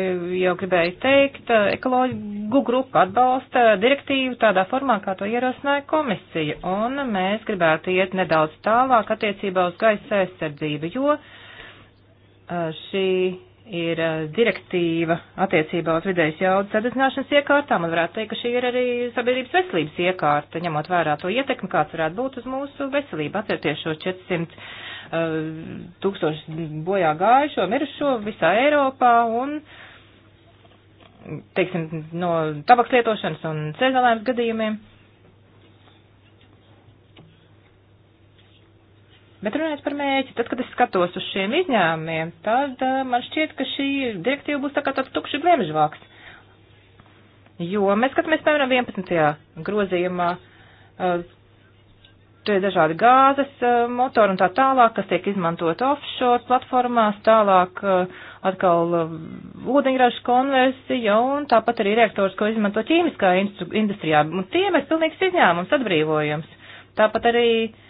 jau gribēju teikt, eh, ekoloģu grupa atbalsta direktīvu tādā formā, kā to ierosināja komisija, un mēs gribētu iet nedaudz tālāk attiecībā uz gaisa aizsardzību, jo eh, šī ir eh, direktīva attiecībā uz vidējas jaudas sadedzināšanas iekārtām, un varētu teikt, ka šī ir arī sabiedrības veselības iekārta, ņemot vērā to ietekmi, kāds varētu būt uz mūsu veselību. Atcerieties šo 400 uh, eh, tūkstošu bojā gājušo, mirušo visā Eiropā, un, teiksim, no tabaks lietošanas un sezonājums gadījumiem. Uh, Bet runājot par mēķi, tad, kad es skatos uz šiem izņēmumiem, tad uh, man šķiet, ka šī direktīva būs tā kā tāds tukši gliemežvāks. Jo mēs skatāmies, piemēram, 11. grozījumā, uh, tur ir dažādi gāzes uh, motori un tā tālāk, kas tiek izmantot offshore platformās, tālāk uh, atkal uh, ūdeņraža konversija un tāpat arī reaktors, ko izmanto ķīmiskā industrijā. Un tie mēs pilnīgs izņēmums atbrīvojums. Tāpat arī uh,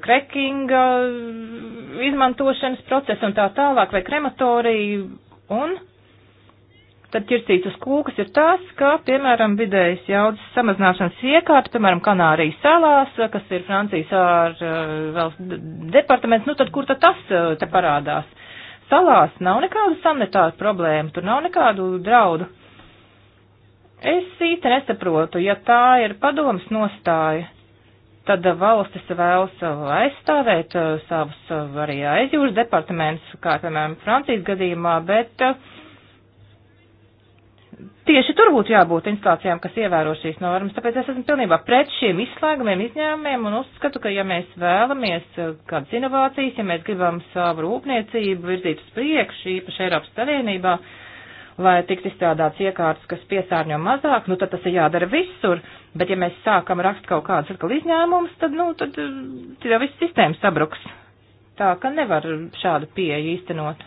krekinga uh, uh, izmantošanas procesu un tā tālāk, vai krematoriju un tad ķircītas kūkas ir tās, kā, piemēram, vidējas jaudas samazināšanas iekārta, piemēram, Kanārijas salās, uh, kas ir Francijas ārvalsts departaments, nu tad kur tad tas te parādās? Salās nav nekādu sanitāru problēmu, tur nav nekādu draudu. Es īsti nesaprotu, ja tā ir padomas nostāja, tad valstis vēlas aizstāvēt eh, savus eh, arī aizjūras departamentus, kā piemēram Francijas gadījumā, bet eh, tieši tur būtu jābūt instācijām, kas ievēro šīs normas. Tāpēc es esmu pilnībā pret šiem izslēgumiem, izņēmumiem un uzskatu, ka ja mēs vēlamies kādas inovācijas, ja mēs gribam savu rūpniecību virzīt uz priekšu, īpaši Eiropas Savienībā, uh, lai tikt izstrādāts iekārtas, kas piesārņo mazāk, nu tad tas ir jādara visur, bet ja mēs sākam rakst kaut kādus atkal izņēmumus, tad, nu, tad, eh, tad jau viss sistēma sabruks. Tā ka nevar šādu pieeju īstenot.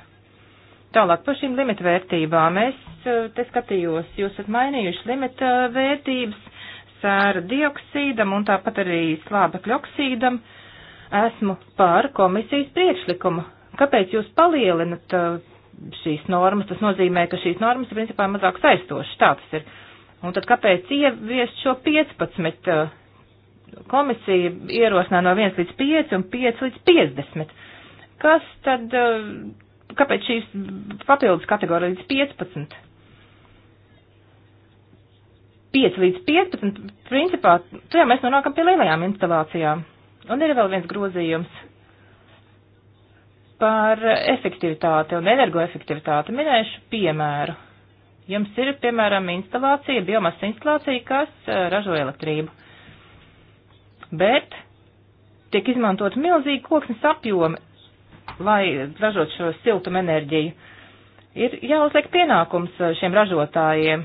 Tālāk par šīm limitvērtībām. Es eh, te skatījos, jūs esat mainījuši limitvērtības sēra dioksīdam un tāpat arī slābekļa oksīdam. Esmu par komisijas priekšlikumu. Kāpēc jūs palielinat uh, šīs normas, tas nozīmē, ka šīs normas ir principā mazāk saistošas. Tā tas ir. Un tad kāpēc ieviest šo 15? Eh, komisija ierosināja no 1 līdz 5 un 5 līdz 50. Kas tad, eh, kāpēc šīs papildus kategorija līdz 15? 5 līdz 15, principā, tajā mēs nonākam pie lielajām instalācijām. Un ir vēl viens grozījums par efektivitāti un energoefektivitāti. Minēšu piemēru. Jums ir, piemēram, instalācija, biomasa instalācija, kas eh, ražo elektrību. Bet tiek izmantot milzīgi koksnes apjomi, lai ražot šo siltumu enerģiju. Ir jāuzliek pienākums eh, šiem ražotājiem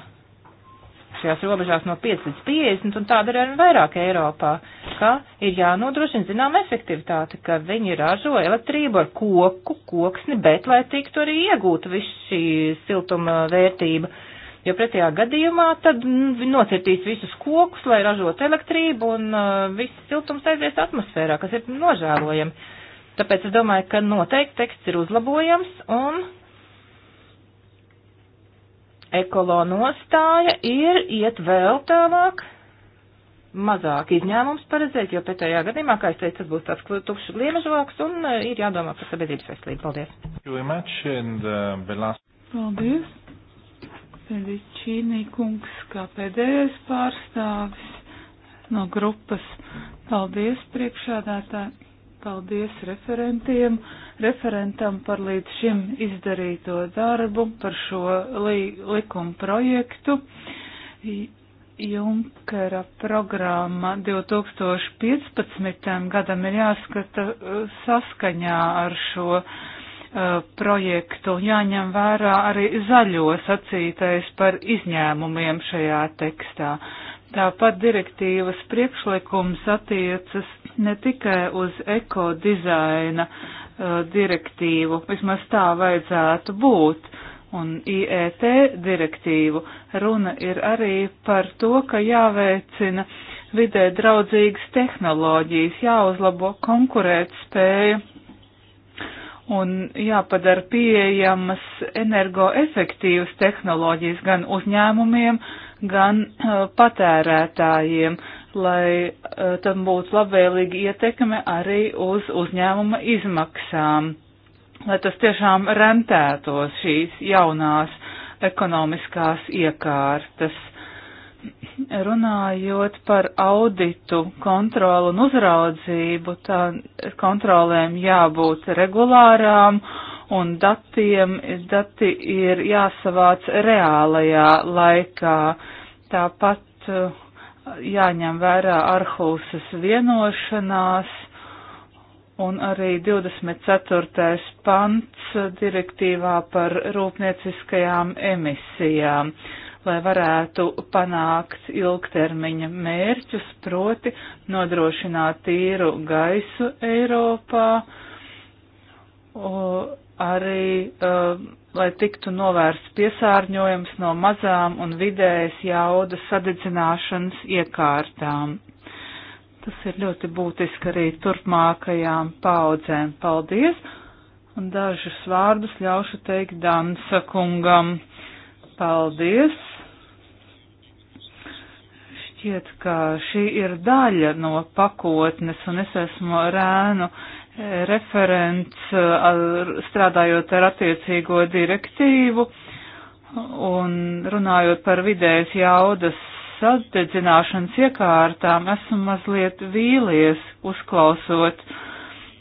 šajās robežās no 5 līdz 50, un tāda ir arī vairāk Eiropā, ka ir jānodrošina zinām efektivitāte, ka viņi ražo elektrību ar koku, koksni, bet lai tiktu arī iegūta viss šī siltuma vērtība. Jo pretējā gadījumā tad mm, nocirtīs visus kokus, lai ražotu elektrību, un uh, viss siltums aizies atmosfērā, kas ir nožēlojami. Tāpēc es domāju, ka noteikti teksts ir uzlabojams, un ekolo nostāja ir iet vēl tālāk, mazāk izņēmums paredzēt, jo pretējā gadījumā, kā es teicu, tas būs tāds tukšs liemežvāks un eh, ir jādomā par sabiedrības veselību. Paldies! Uh, Paldies! Pēdīčīnī kungs, kā pēdējais pārstāvis no grupas. Paldies, priekšādātāji! Paldies referentiem, referentam par līdz šim izdarīto darbu, par šo li likumu projektu. Junkera programma 2015. gadam ir jāskata e, saskaņā ar šo uh, projektu un jāņem vērā arī zaļo sacītais par izņēmumiem šajā tekstā. Uh, Tāpat direktīvas priekšlikums attiecas ne tikai uz ekodizaina uh, direktīvu, vismaz tā vajadzētu būt, un IET direktīvu. Runa ir arī par to, ka jāveicina vidē draudzīgas tehnoloģijas, jāuzlabo konkurētspēja un jāpadara pieejamas energoefektīvas tehnoloģijas gan uzņēmumiem, uh, gan uh, patērētājiem, lai uh, tam būtu labvēlīga ietekme arī uz uzņēmuma izmaksām, lai tas tiešām rentētos šīs jaunās ekonomiskās iekārtas. Runājot par auditu, kontrolu un uzraudzību, tā kontrolēm jābūt regulārām un datiem, dati ir jāsavāc reālajā laikā. Tāpat eh, jāņem vērā Arhusas vienošanās un arī 24. pants direktīvā par rūpnieciskajām emisijām lai varētu panākt ilgtermiņa mērķus, proti nodrošināt tīru gaisu Eiropā, arī, uh, lai tiktu novērsts piesārņojums no mazām un vidējas jaudas sadedzināšanas iekārtām. Tas ir ļoti būtiski arī turpmākajām paudzēm. Paldies! Un dažus vārdus ļaušu teikt Dansa kungam. Paldies! Šķiet, ka šī ir daļa no pakotnes, un es esmu rēnu. No referents eh, strādājot ar attiecīgo direktīvu un runājot par vidējas jaudas sadedzināšanas iekārtām, esmu mazliet vīlies uzklausot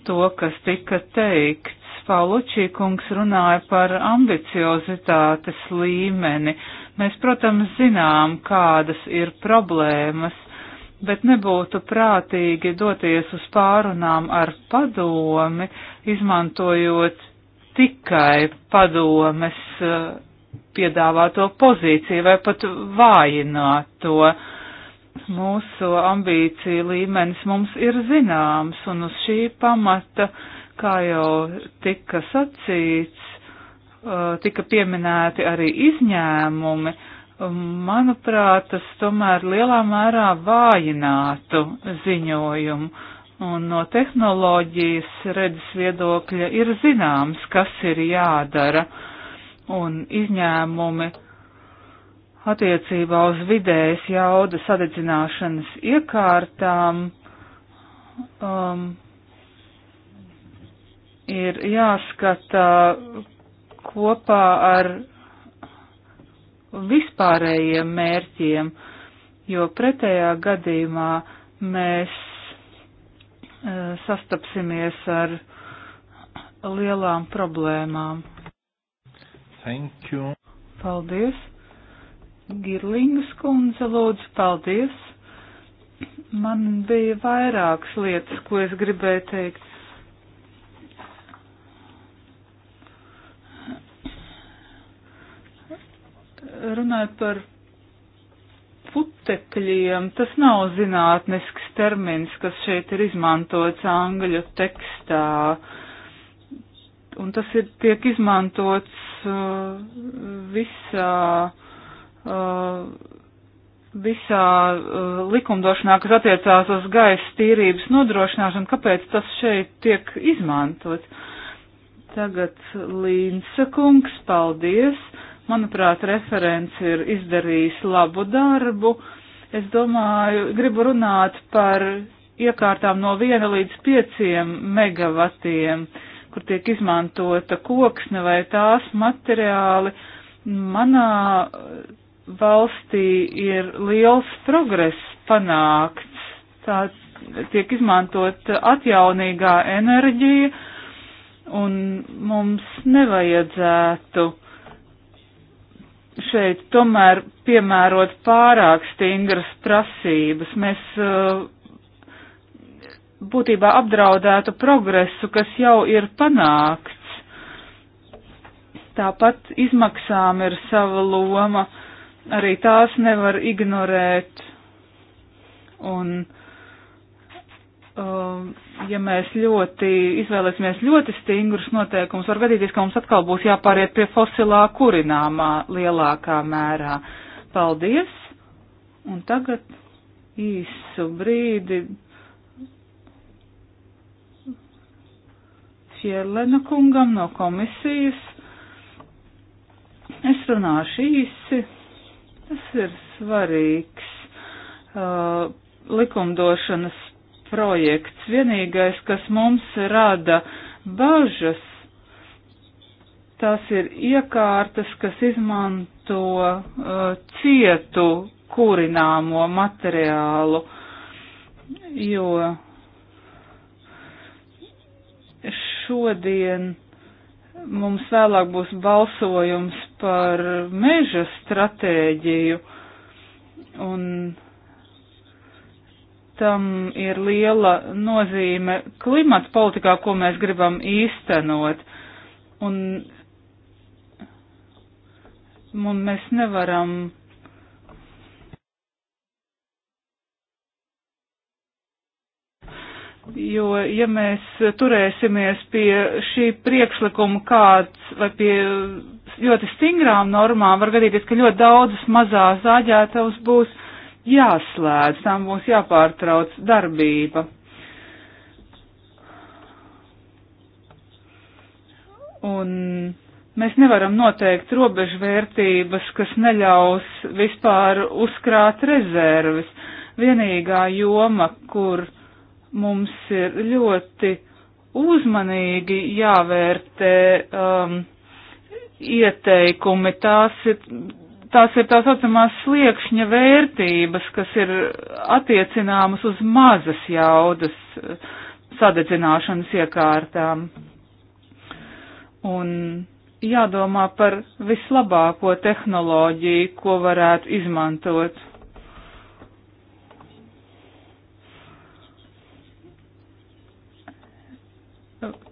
to, kas tika teikts. Paulučī kungs runāja par ambiciozitātes līmeni. Mēs, protams, zinām, kādas ir problēmas bet nebūtu prātīgi doties uz pārunām ar padomi, izmantojot tikai padomes eh, piedāvāto pozīciju vai pat vājināt to. Mūsu ambīcija līmenis mums ir zināms, un uz šī pamata, kā jau tika sacīts, eh, tika pieminēti arī izņēmumi, uh, manuprāt, tas tomēr lielā mērā vājinātu ziņojumu. Un no tehnoloģijas redzes viedokļa ir zināms, kas ir jādara, un izņēmumi attiecībā uz vidējas jauda sadedzināšanas iekārtām um, ir jāskata kopā ar vispārējiem mērķiem, jo pretējā gadījumā mēs e, sastapsimies ar lielām problēmām. Thank you. Paldies. Girlingas kundze, lūdzu, paldies. Man bija vairākas lietas, ko es gribēju teikt. runāju par putekļiem. Tas nav zinātnisks termins, kas šeit ir izmantots angļu tekstā. Un tas ir, tiek izmantots uh, visā, uh, visā uh, likumdošanā, kas attiecās uz gaisa tīrības nodrošināšanu. Kāpēc tas šeit tiek izmantots? Tagad Līnsa kungs, paldies! Manuprāt, referents ir izdarījis labu darbu. Es domāju, gribu runāt par iekārtām no 1 līdz 5 megavatiem, kur tiek izmantota koksne vai tās materiāli. Manā valstī ir liels progress panākts. Tā tiek izmantot atjaunīgā enerģija, un mums nevajadzētu šeit tomēr piemērot pārāk stingras prasības. Mēs uh, būtībā apdraudētu progresu, kas jau ir panākts. Tāpat izmaksām ir sava loma, arī tās nevar ignorēt. Un Uh, ja mēs ļoti izvēlēsimies ļoti stingrus noteikumus, var gadīties, ka mums atkal būs jāpāriet pie fosilā kurināmā lielākā mērā. Paldies! Un tagad īsu brīdi Fierlena kungam no komisijas. Es runāšu īsi. Tas ir svarīgs uh, likumdošanas projekts. Vienīgais, kas mums rada bažas, tas ir iekārtas, kas izmanto uh, cietu kurināmo materiālu, jo šodien mums vēlāk būs balsojums par meža stratēģiju un tam ir liela nozīme klimata politikā, ko mēs gribam īstenot. Un, un mēs nevaram. Jo, ja mēs turēsimies pie šī priekšlikuma kāds vai pie ļoti stingrām normām, var gadīties, ka ļoti daudzas mazās zāģētavas būs jāslēdz, tām būs jāpārtrauc darbība. Un mēs nevaram noteikt robežvērtības, kas neļaus vispār uzkrāt rezerves. Vienīgā joma, kur mums ir ļoti uzmanīgi jāvērtē um, ieteikumi, tās ir tās ir tā saucamās sliekšņa vērtības, kas ir attiecināmas uz mazas jaudas eh, sadedzināšanas iekārtām. Un jādomā par vislabāko tehnoloģiju, ko varētu izmantot.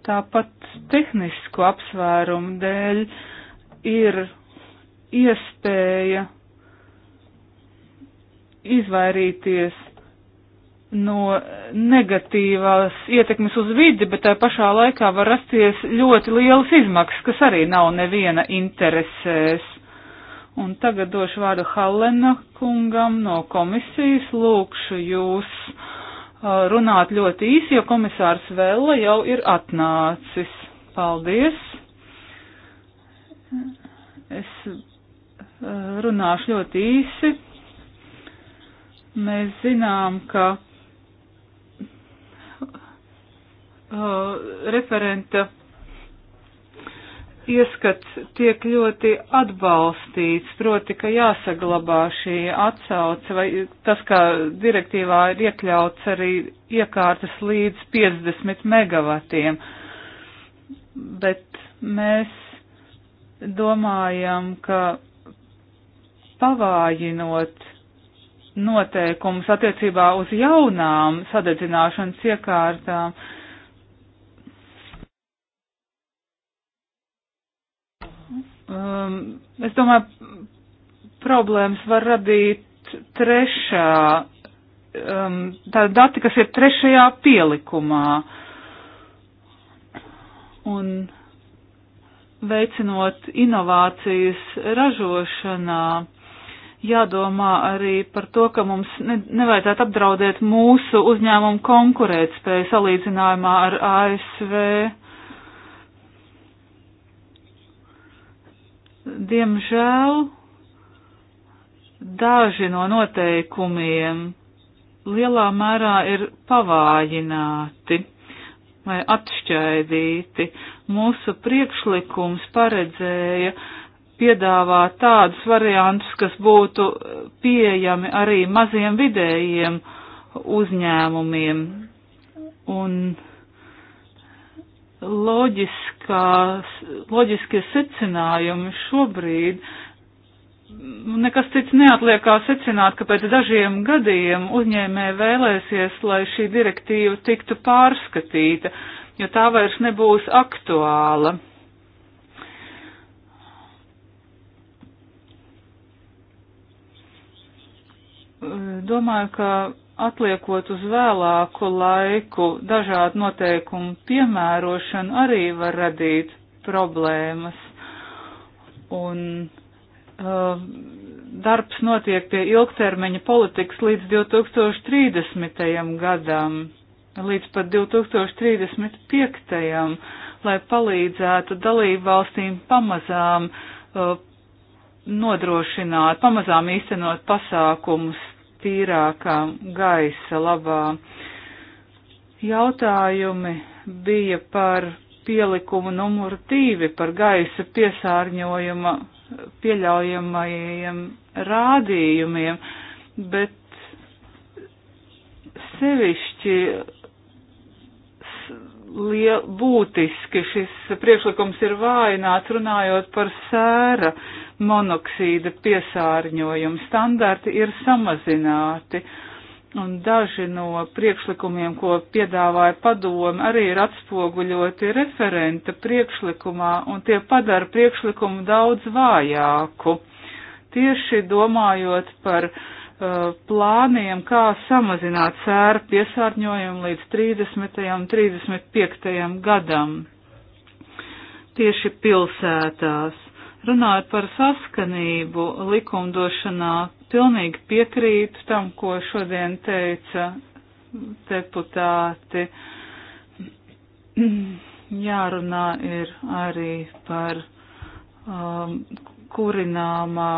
Tāpat tehnisku apsvērumu dēļ ir iespēja izvairīties no negatīvās ietekmes uz vidi, bet tā pašā laikā var rasties ļoti lielas izmaksas, kas arī nav neviena interesēs. Un tagad došu vārdu Hallena kungam no komisijas, lūkšu jūs uh, runāt ļoti īsi, jo komisārs Vēla jau ir atnācis. Paldies! Es Eh, runāšu ļoti īsi. Mēs zinām, ka eh, referenta ieskats tiek ļoti atbalstīts, proti, ka jāsaglabā šī atsauce, vai tas, kā direktīvā ir iekļauts arī iekārtas līdz 50 megavatiem. Bet mēs domājam, ka pavājinot noteikumus attiecībā uz jaunām sadedzināšanas iekārtām. Um, es domāju, problēmas var radīt trešā, um, tāda dati, kas ir trešajā pielikumā. Un veicinot inovācijas ražošanā, jādomā arī par to, ka mums ne, nevajadzētu apdraudēt mūsu uzņēmumu konkurētspēju salīdzinājumā ar ASV. Diemžēl daži no noteikumiem lielā mērā ir pavājināti vai atšķaidīti. Mūsu priekšlikums paredzēja piedāvā tādus variantus, kas būtu pieejami arī maziem vidējiem uzņēmumiem. Un loģiskās, loģiskie secinājumi šobrīd nu, nekas cits neatliek kā secināt, ka pēc dažiem gadiem uzņēmē vēlēsies, lai šī direktīva tiktu pārskatīta, jo tā vairs nebūs aktuāla. domāju, ka atliekot uz vēlāku laiku dažādu noteikumu piemērošanu arī var radīt problēmas. Un uh, darbs notiek pie ilgtermiņa politikas līdz 2030. gadam, līdz pat 2035. lai palīdzētu dalību valstīm pamazām uh, nodrošināt, pamazām īstenot pasākumus tīrākā gaisa labā. Jautājumi bija par pielikumu numuru divi par gaisa piesārņojuma pieļaujamajiem rādījumiem, bet sevišķi liel, būtiski šis priekšlikums ir vājināts runājot par sēra uh, monoksīda piesārņojumu. Standarti ir samazināti. Un daži no priekšlikumiem, ko piedāvāja padomi, arī ir atspoguļoti referenta priekšlikumā, un tie padara priekšlikumu daudz vājāku. Tieši domājot par uh, plāniem, kā samazināt sēru piesārņojumu līdz 30. un 35. gadam. Tieši pilsētās Runājot par saskanību likumdošanā, pilnīgi piekrītu tam, ko šodien teica deputāti. Jārunā ir arī par um, kurināmā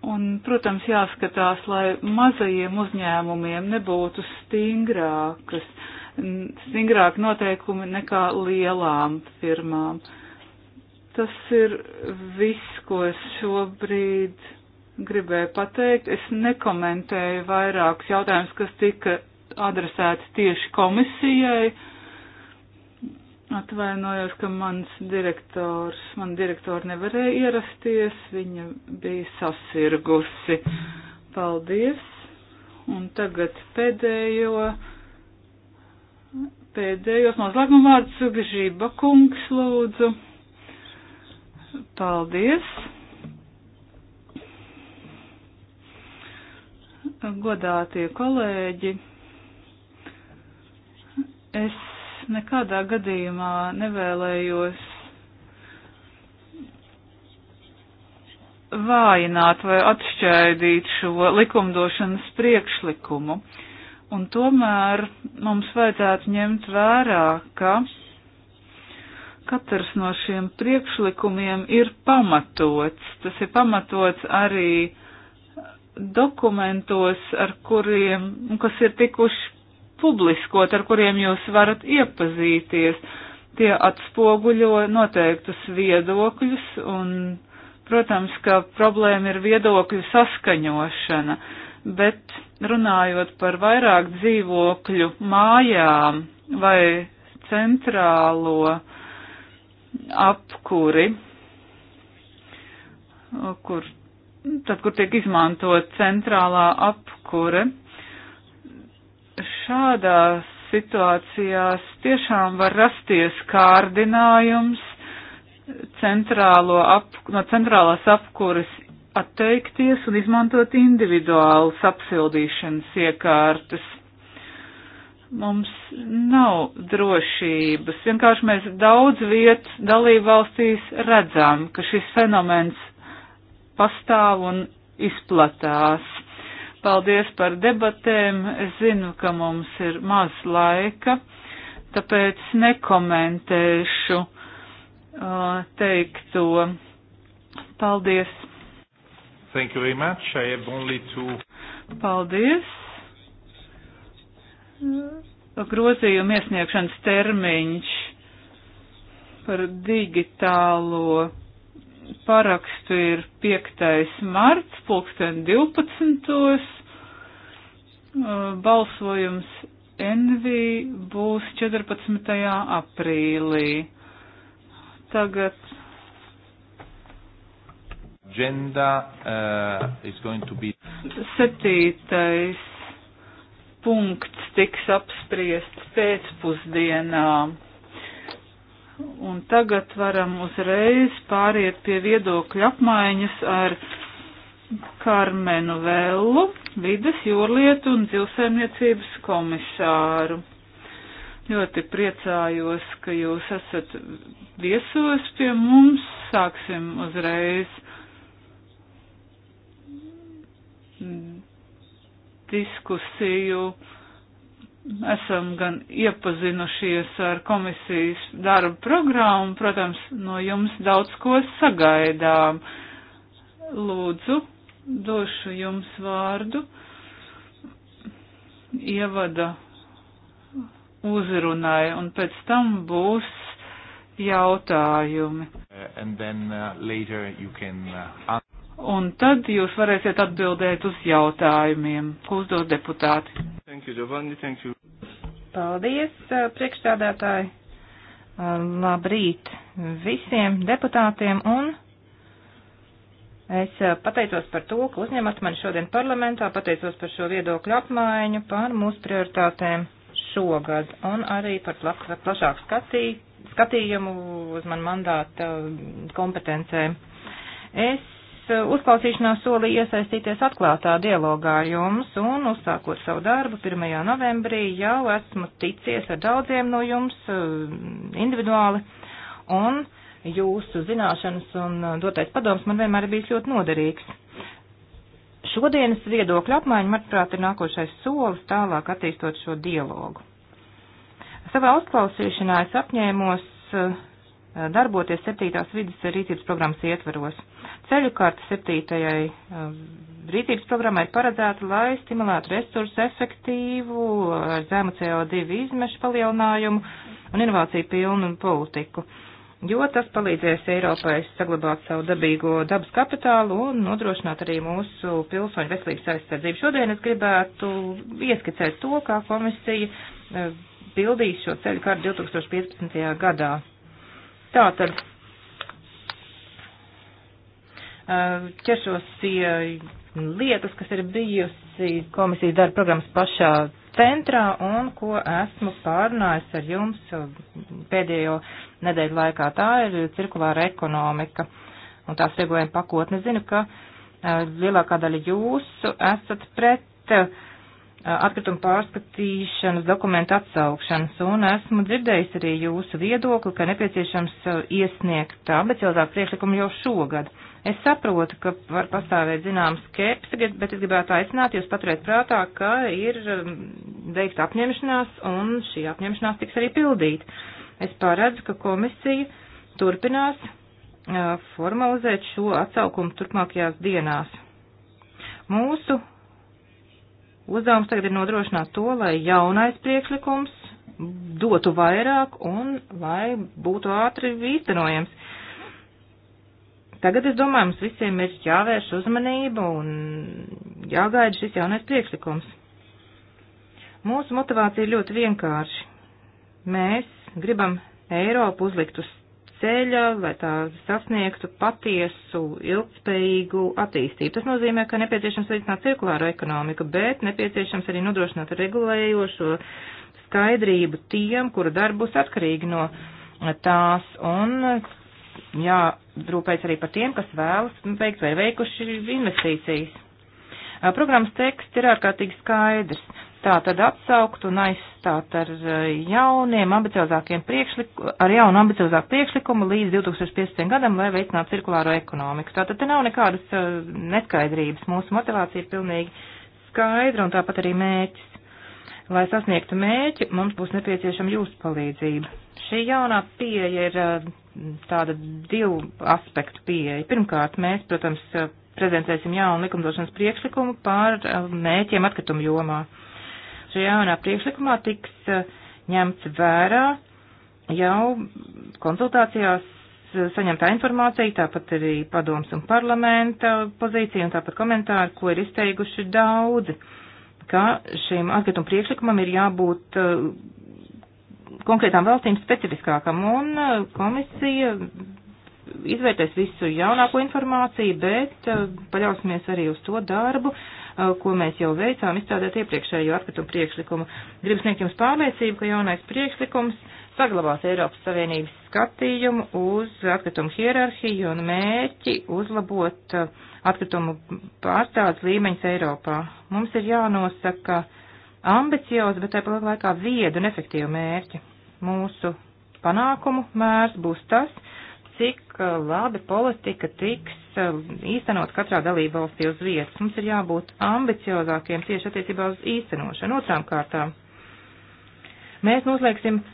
Un, protams, jāskatās, lai mazajiem uzņēmumiem nebūtu stingrākas, stingrāki noteikumi nekā lielām firmām. Tas ir viss, ko es šobrīd gribēju pateikt. Es nekomentēju vairākus jautājumus, kas tika adresēti tieši komisijai. Uh, Atvainojos, ka mans direktors, man direktori nevarēja ierasties, viņa bija sasirgusi. Paldies! Un tagad pēdējo, pēdējos noslēguma vārds Gžība kungs lūdzu. Paldies! Godātie kolēģi, es nekādā gadījumā nevēlējos vājināt vai atšķaidīt šo likumdošanas priekšlikumu. Un tomēr mums vajadzētu ņemt vērā, ka katrs no šiem priekšlikumiem ir pamatots. Tas ir pamatots arī dokumentos, ar kuriem, kas ir tikuši publiskot, ar kuriem jūs varat iepazīties. Tie atspoguļo noteiktus viedokļus un, protams, ka problēma ir viedokļu saskaņošana, bet runājot par vairāk dzīvokļu mājām vai centrālo apkuri, kur, tad, kur tiek izmantot centrālā apkure, šādās situācijās tiešām var rasties kārdinājums centrālo ap, no centrālās apkuras atteikties un izmantot individuālas apsildīšanas iekārtas. Mums nav drošības. Vienkārši mēs daudz vietas dalību valstīs redzam, ka šis fenomens pastāv un izplatās Paldies par debatēm. Es zinu, ka mums ir maz laika, tāpēc nekomentēšu uh, teikto. Paldies. Thank you very much. I have only two. Paldies. Grozījuma iesniegšanas termiņš par digitālo parakstu ir 5. marts, pulksten 12. Uh, balsojums NV būs 14. aprīlī. Tagad. Agenda, uh, is going to be... Septītais punkts tiks apspriests pēcpusdienā. Un tagad varam uzreiz pāriet pie viedokļa apmaiņas ar Karmenu Vellu, vidas jūrlietu un dzīvsaimniecības komisāru. Ļoti priecājos, ka jūs esat viesos pie mums. Sāksim uzreiz diskusiju esam gan iepazinušies ar komisijas darbu programmu, protams, no jums daudz ko sagaidām. Lūdzu, došu jums vārdu. Ievada uzrunai, un pēc tam būs jautājumi. Uh, then, uh, can, uh... Un tad jūs varēsiet atbildēt uz jautājumiem, ko uzdod deputāti you, Giovanni. Thank you. Paldies, uh, priekšstādātāji. Uh, labrīt visiem deputātiem un es uh, pateicos par to, ka uzņemat mani šodien parlamentā, pateicos par šo viedokļu apmaiņu, par mūsu prioritātēm šogad un arī par plašāku skatī, skatījumu uz man mandāta kompetencēm. Es uzklausīšanā solīju iesaistīties atklātā dialogā ar jums, un uzsākot savu darbu 1. novembrī jau esmu ticies ar daudziem no jums eh, individuāli, un jūsu zināšanas un dotais padoms man vienmēr ir bijis ļoti noderīgs. Šodienas viedokļa apmaiņa, manuprāt, ir nākošais solis tālāk attīstot šo dialogu. Savā uzklausīšanā es apņēmos uh, Eh, darboties septītās vidas rīcības programmas ietvaros. Ceļu kārta septītajai eh, rīcības programmai ir paredzēta, lai stimulētu resursu efektīvu, ar zemu CO2 izmešu palielinājumu un inovāciju pilnu politiku, jo tas palīdzēs Eiropai saglabāt savu dabīgo dabas kapitālu un nodrošināt arī mūsu pilsoņu veselības aizsardzību. Šodien es gribētu ieskicēt to, kā komisija eh, pildīs šo ceļu kārtu 2015. gadā. Tātad ķeršos pie lietas, kas ir bijusi komisijas darba programmas pašā centrā un ko esmu pārnājis ar jums pēdējo nedēļu laikā. Tā ir cirkulāra ekonomika un tās regulējuma pakotne. Zinu, ka lielākā daļa jūsu esat pret atkritumu pārskatīšanas dokumentu atsaukšanas, un esmu dzirdējis arī jūsu viedokli, ka nepieciešams iesniegt ambiciozāk priekšlikumu jau šogad. Es saprotu, ka var pastāvēt zināms skepsi, bet es gribētu aicināt jūs paturēt prātā, ka ir veikta apņemšanās, un šī apņemšanās tiks arī pildīta. Es paredzu, ka komisija turpinās formalizēt šo atsaukumu turpmākajās dienās. Mūsu Uzdevums tagad ir nodrošināt to, lai jaunais priekšlikums dotu vairāk un lai būtu ātri īstenojams. Tagad, es domāju, mums visiem ir jāvērš uzmanība un jāgaida šis jaunais priekšlikums. Mūsu motivācija ir ļoti vienkārši. Mēs gribam Eiropu uzlikt uz ceļa, lai tā sasniegtu patiesu, ilgspējīgu attīstību. Tas nozīmē, ka nepieciešams veicināt cirkulāro ekonomiku, bet nepieciešams arī nodrošināt regulējošo skaidrību tiem, kuru darbu būs atkarīgi no tās un jādrūpēs arī par tiem, kas vēlas veikt vai veikuši investīcijas. Programmas teksts ir ārkārtīgi skaidrs tā tad atsaukt un aizstāt ar e, jauniem ambiciozākiem priekšlikumu, ar jaunu ambiciozāku priekšlikumu līdz 2015. gadam, lai veicinātu cirkulāro ekonomiku. Tātad te nav nekādas e, neskaidrības. Mūsu motivācija ir pilnīgi skaidra un tāpat arī mēķis. Lai sasniegtu mēķi, mums būs nepieciešama jūsu palīdzība. Šī jaunā pieeja ir e, tāda divu aspektu pieeja. Pirmkārt, mēs, protams, prezentēsim jaunu likumdošanas priekšlikumu par mēķiem atkritumu jomā. Uh, šajā jaunā priekšlikumā tiks eh, ņemts vērā jau konsultācijās eh, saņemtā informācija, tāpat arī padoms un parlamenta pozīcija un tāpat komentāri, ko ir izteiguši daudzi, ka šim atkrituma priekšlikumam ir jābūt eh, konkrētām valstīm specifiskākam un komisija izvērtēs visu jaunāko informāciju, bet paļausimies arī uz to darbu, Uh, ko mēs jau veicām, izstrādāt iepriekšējo atkritumu priekšlikumu. Gribu sniegt jums pārliecību, ka jaunais priekšlikums saglabās Eiropas Savienības skatījumu uz atkritumu hierarhiju un mērķi uzlabot uh, atkritumu pārstādes līmeņus Eiropā. Mums ir jānosaka ambiciozi, bet tāpat laikā viedu un efektīvu mērķi. Mūsu panākumu mērs būs tas, cik uh, labi politika tiks Um, īstenot katrā dalība valstī uz vietas. Mums ir jābūt ambiciozākiem tieši attiecībā uz īstenošanu. Otrām kārtām mēs noslēgsim uh,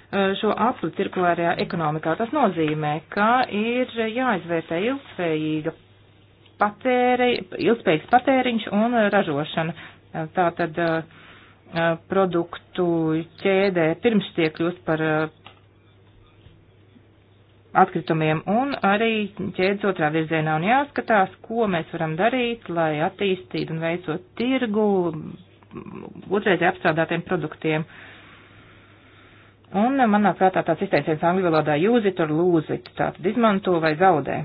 šo apli cirkulārajā ekonomikā. Tas nozīmē, ka ir jāizvērtē ilgspējīga patēri, ilgspējīgs patēriņš un ražošana. Uh, tātad uh, produktu ķēdē pirms tiek kļūst par atkritumiem un arī ķēdes otrā virzienā un jāskatās, ko mēs varam darīt, lai attīstītu un veicot tirgu otrreiz apstrādātiem produktiem. Un manā prātā tāds izteiciens angļu valodā use it or lose it, tātad izmanto vai zaudē.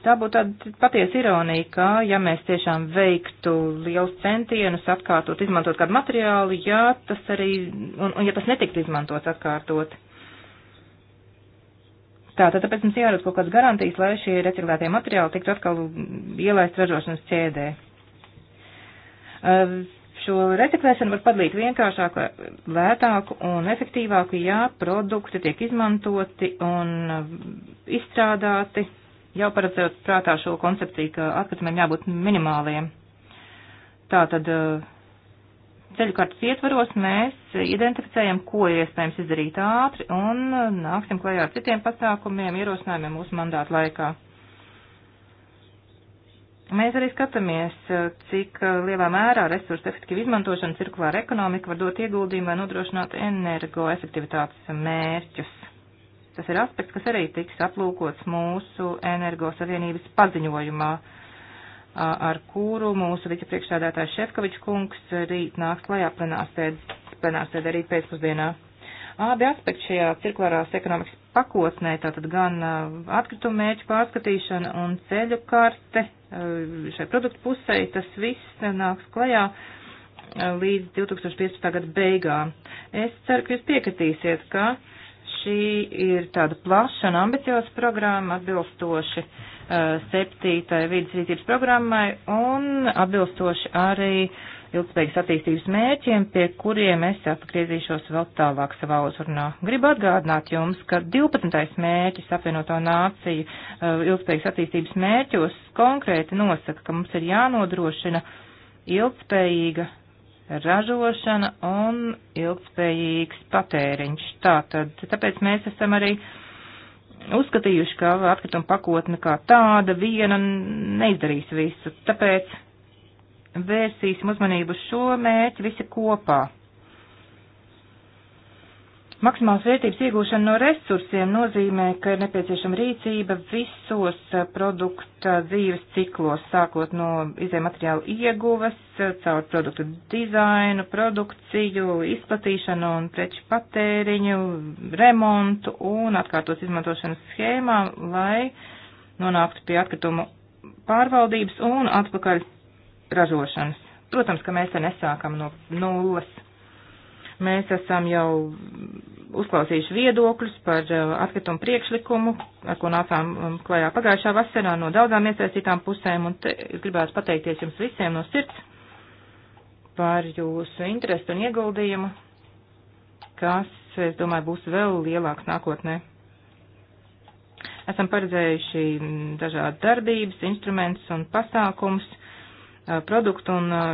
Tā būtu tāda patiesa ironija, ka, ja mēs tiešām veiktu liels centienus atkārtot, izmantot kādu materiālu, ja tas arī, un, un ja tas netiktu izmantots atkārtot. Tātad, tāpēc mums jāredz kaut kādas garantijas, lai šie reciklētie materiāli tiktu atkal ielaist ražošanas ķēdē. Šo reciklēšanu var padarīt vienkāršāku, lētāku un efektīvāku, ja produkti tiek izmantoti un izstrādāti, jau paredzot prātā šo koncepciju, ka atkritumiem jābūt minimāliem. Tātad uh, ceļu kartas ietvaros mēs identificējam, ko ir iespējams izdarīt ātri un nāksim klajā ar citiem pasākumiem, ierosinājumiem mūsu mandātu laikā. Mēs arī skatāmies, cik lielā mērā resursu efektīva izmantošana cirkulāra ekonomika var dot ieguldījumu, lai nodrošinātu energoefektivitātes mērķus. Tas ir aspekts, kas arī tiks aplūkots mūsu energosavienības paziņojumā. Uh, ar kuru mūsu vicepriekšsādātājs Šefkovičs kungs rīt nāks klajā plenārsēdē rīt pēcpusdienā. Abi aspekti šajā cirkulārās ekonomikas pakotnē, tātad gan atkritumu mērķu pārskatīšana un ceļu karte šai produktu pusē, tas viss nāks klajā līdz 2015. gada beigām. Es ceru, ka jūs piekritīsiet, ka šī ir tāda plaša un ambicioza programma atbilstoši uh, Uh, septītai vidas rīcības programmai un atbilstoši arī ilgspējīgas attīstības mērķiem, pie kuriem es atgriezīšos vēl tālāk savā uzrunā. Gribu atgādināt jums, ka 12. mērķis apvienoto nāciju uh, ilgspējīgas attīstības mērķos konkrēti nosaka, ka mums ir jānodrošina ilgspējīga ražošana un ilgspējīgs patēriņš. Tātad, tāpēc mēs esam arī uh, uzskatījuši, ka atkrituma pakotne kā tāda viena neizdarīs visu, tāpēc vērsīsim uzmanību šo mērķi visi kopā. Maksimāls vērtības iegūšana no resursiem nozīmē, ka ir nepieciešama rīcība visos eh, produkta dzīves ciklos, sākot no izējumateriāla ieguves, eh, caur produktu dizainu, produkciju, izplatīšanu un preču patēriņu, remontu un atkārtos izmantošanas schēmām, lai nonāktu pie atkritumu pārvaldības un atpakaļ ražošanas. Protams, ka mēs te nesākam no nulles. Mēs esam jau uzklausījuši viedokļus par eh, atkritumu priekšlikumu, ar ko nācām um, klajā pagājušā vasarā no daudzām iesaistītām pusēm, un te es gribētu pateikties jums visiem no sirds par jūsu interesu un ieguldījumu, kas, es domāju, būs vēl lielāks nākotnē. Esam paredzējuši mm, dažādi darbības, instruments un pasākums eh, produktu un eh,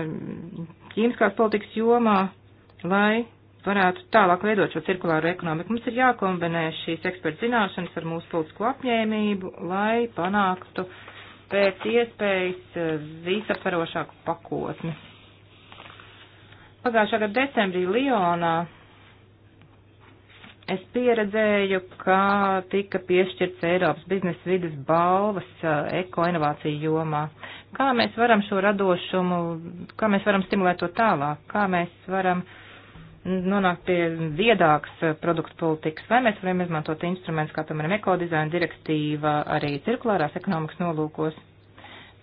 ķīmiskās politikas jomā, lai varētu tālāk veidot šo cirkulāru ekonomiku. Mums ir jākombinē šīs eksperta zināšanas ar mūsu politisko apņēmību, lai panāktu pēc iespējas eh, visaptverošāku pakotni. Pagājušā gada decembrī Lionā es pieredzēju, kā tika piešķirts Eiropas biznesa vidas balvas eh, ekoinovāciju jomā. Kā mēs varam šo radošumu, kā mēs varam stimulēt to tālāk, kā mēs varam uh, nonākt pie viedāks eh, produktu politikas, vai mēs varam izmantot instruments, kā piemēram ekodizaina direktīva, arī cirkulārās ekonomikas nolūkos,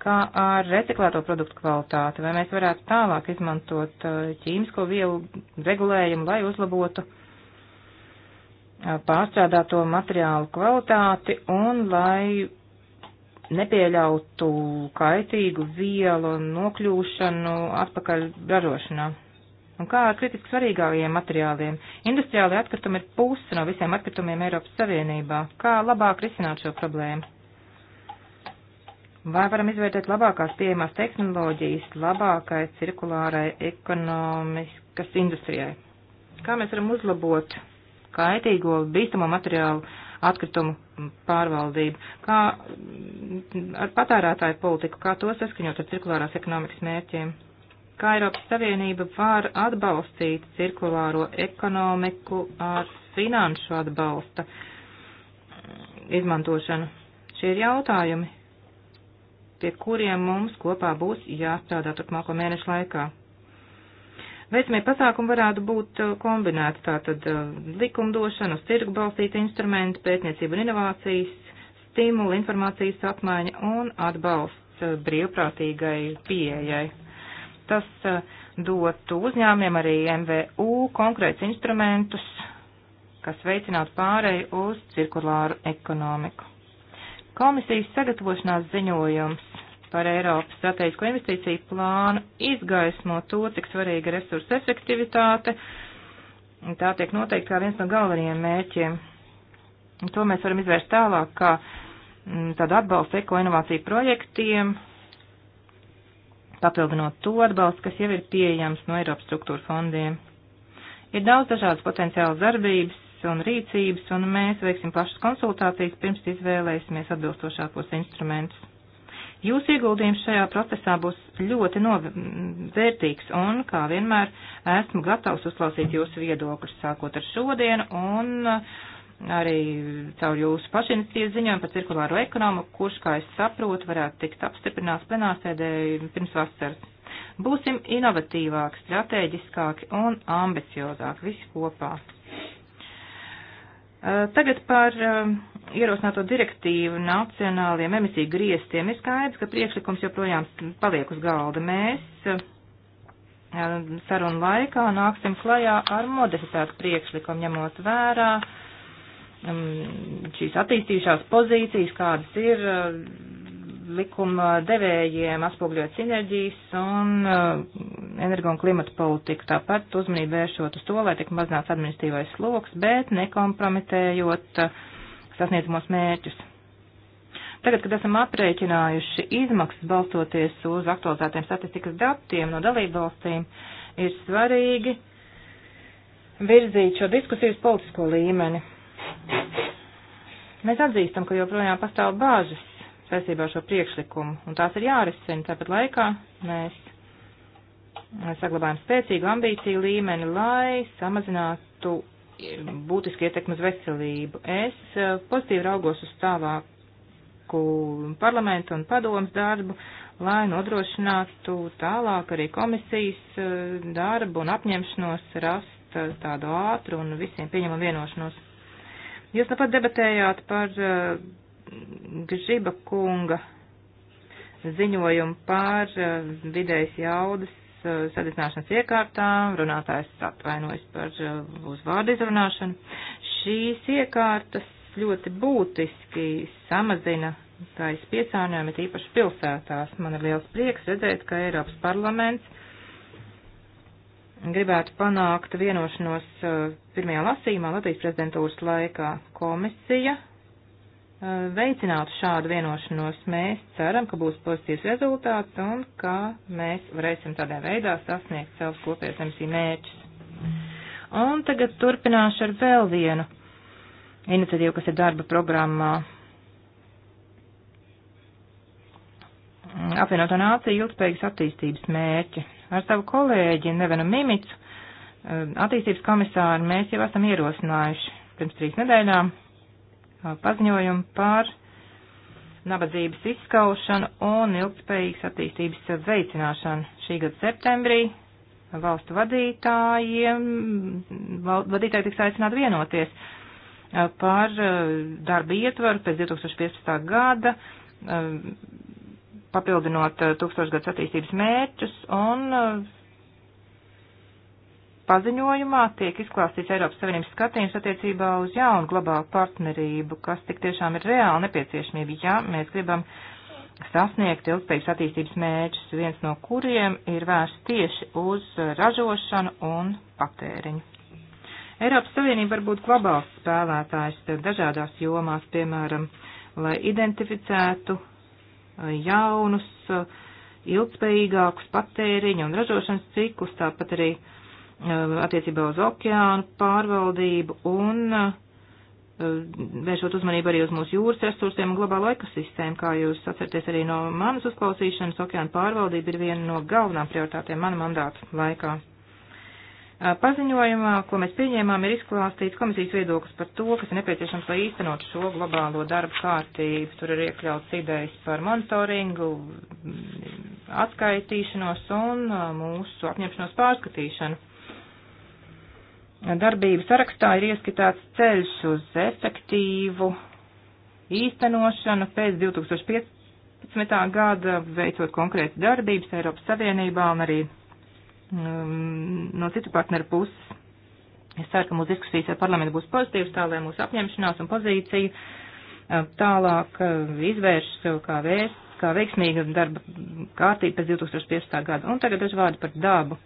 kā ar reciklēto produktu kvalitāti, vai mēs varētu tālāk izmantot eh, ķīmisko vielu regulējumu, lai uzlabotu eh, pārstrādāto materiālu kvalitāti un lai nepieļautu kaitīgu vielu nokļūšanu atpakaļ ražošanā un kā ar kritiski svarīgākajiem materiāliem. Industriālajie atkritumi ir puse no visiem atkritumiem Eiropas Savienībā. Kā labāk risināt šo problēmu? Vai varam izvērtēt labākās pieejamās tehnoloģijas, labākai cirkulārai ekonomiskas industrijai? Kā mēs varam uzlabot kaitīgo, bīstamo materiālu atkritumu pārvaldību, kā mm, ar patērētāju politiku, kā to saskaņot ar cirkulārās ekonomikas mērķiem? kā Eiropas Savienība var atbalstīt cirkulāro ekonomiku ar finanšu atbalsta izmantošanu. Šie ir jautājumi, pie kuriem mums kopā būs jāstrādā turpmāko mēnešu laikā. Veicamie pasākumi varētu būt uh, kombinēti tātad uh, likumdošana, uz tirgu balstīta instrumenta, pētniecība un inovācijas, stimula informācijas apmaiņa un atbalsts uh, brīvprātīgai pieejai tas eh, dotu uzņēmiem arī MVU konkrēts instrumentus, kas veicinātu pārēju uz cirkulāru ekonomiku. Komisijas sagatavošanās ziņojums par Eiropas strateģisko investīciju plānu izgaismo to, cik svarīga ir resursa efektivitāte. Tā tiek noteikti kā viens no galvenajiem mērķiem. Un to mēs varam izvērst tālāk, kā mm, tādu atbalstu ekoinovāciju projektiem, papildinot to atbalstu, kas jau ir pieejams no Eiropas struktūra fondiem. Ir daudz dažādas potenciālas darbības un rīcības, un mēs veiksim plašas konsultācijas pirms izvēlēsimies atbilstošākos instrumentus. Jūsu ieguldījums šajā procesā būs ļoti vērtīgs, un, kā vienmēr, esmu gatavs uzklausīt jūsu viedokļus, sākot ar šodienu, un uh, arī caur jūsu pašinicijas ziņojumu par cirkulāro ekonomiku, kurš, kā es saprotu, varētu tikt apstiprināts plenārsēdē pirms vasaras. Būsim inovatīvāki, strateģiskāki un ambiciozāki visi kopā. Uh, tagad par um, ierosināto direktīvu nacionāliem emisiju griestiem ir skaidrs, ka priekšlikums joprojām paliek uz galda. Mēs uh, sarunu laikā nāksim klajā ar modificētu priekšlikumu, ņemot vērā uh, Um, šīs attīstījušās pozīcijas, kādas ir uh, likuma devējiem atspogļot sinerģijas un uh, energo un klimata politiku. Tāpat uzmanību vēršot uz to, lai tik mazināts administīvais sloks, bet nekompromitējot uh, sasniedzamos mērķus. Tagad, kad esam aprēķinājuši izmaksas balstoties uz aktualizētiem statistikas datiem no dalību valstīm, ir svarīgi virzīt šo diskusijas politisko līmeni Mēs atzīstam, ka joprojām pastāv bāžas saistībā ar šo priekšlikumu, un tās ir jārisina. Tāpat laikā mēs saglabājam spēcīgu ambīciju līmeni, lai samazinātu būtiski ietekmi uz veselību. Es eh, pozitīvi raugos uz tālāku parlamentu un padomas darbu, lai nodrošinātu tālāk arī komisijas eh, darbu un apņemšanos rast eh, tādu ātru un visiem pieņemamu vienošanos. Jūs tāpat debatējāt par uh, Gžiba kunga ziņojumu par uh, vidējas jaudas uh, sadedzināšanas iekārtām. Runātājs atvainojas par uh, uzvārdu izrunāšanu. Šīs iekārtas ļoti būtiski samazina gaisa piesārņojumu, tīpaši pilsētās. Man ir liels prieks redzēt, ka Eiropas parlaments gribētu panākt vienošanos eh, pirmajā lasījumā Latvijas prezidentūras laikā komisija eh, veicinātu šādu vienošanos. Mēs ceram, ka būs pozitīvs rezultāts un ka mēs varēsim tādā veidā sasniegt savus kopējos emisiju mērķus. Un tagad turpināšu ar vēl vienu iniciatīvu, kas ir darba programmā. Apvienoto nāciju ilgspējīgas attīstības mērķi. Ar savu kolēģi Nevenu Mimicu, eh, attīstības komisāru, mēs jau esam ierosinājuši pirms trīs nedēļām eh, paziņojumu par nabadzības izskaušanu un ilgspējīgas attīstības veicināšanu šī gada septembrī. Valstu vadītājiem, val, vadītāji tiks aicināti vienoties eh, par darba ietvaru pēc 2015. gada papildinot eh, tūkstošgads attīstības mērķus un eh, paziņojumā tiek izklāstīts Eiropas Savienības skatījums attiecībā uz jaunu globālu partnerību, kas tik tiešām ir reāli nepieciešamība, ja mēs gribam sasniegt ilgspējības attīstības mērķus, viens no kuriem ir vērsts tieši uz ražošanu un patēriņu. Eiropas Savienība var būt globāls spēlētājs dažādās jomās, piemēram, lai identificētu jaunus, ilgspējīgākus patēriņu un ražošanas ciklus, tāpat arī eh, attiecībā uz okeānu pārvaldību un eh, vēršot uzmanību arī uz mūsu jūras resursiem un globālo ekosistēmu, kā jūs atcerties arī no manas uzklausīšanas, okeāna pārvaldība ir viena no galvenām prioritātēm mana mandāta laikā. Paziņojumā, ko mēs pieņēmām, ir izklāstīts komisijas viedoklis par to, kas ir nepieciešams, lai īstenot šo globālo darbu kārtību. Tur ir iekļauts idejas par monitoringu, atskaitīšanos un mūsu apņemšanos pārskatīšanu. Darbības sarakstā ir ieskatāts ceļš uz efektīvu īstenošanu pēc 2015. gada, veicot konkrētas darbības Eiropas Savienībā un arī um, no citu partneru puses. Es ceru, ka mūsu diskusijas ar parlamentu būs pozitīvas, tā lai mūsu apņemšanās un pozīcija um, tālāk um, izvērš sev kā vērst, kā veiksmīga darba kārtība pēc 2015. gada. Un tagad daži vārdi par dabu.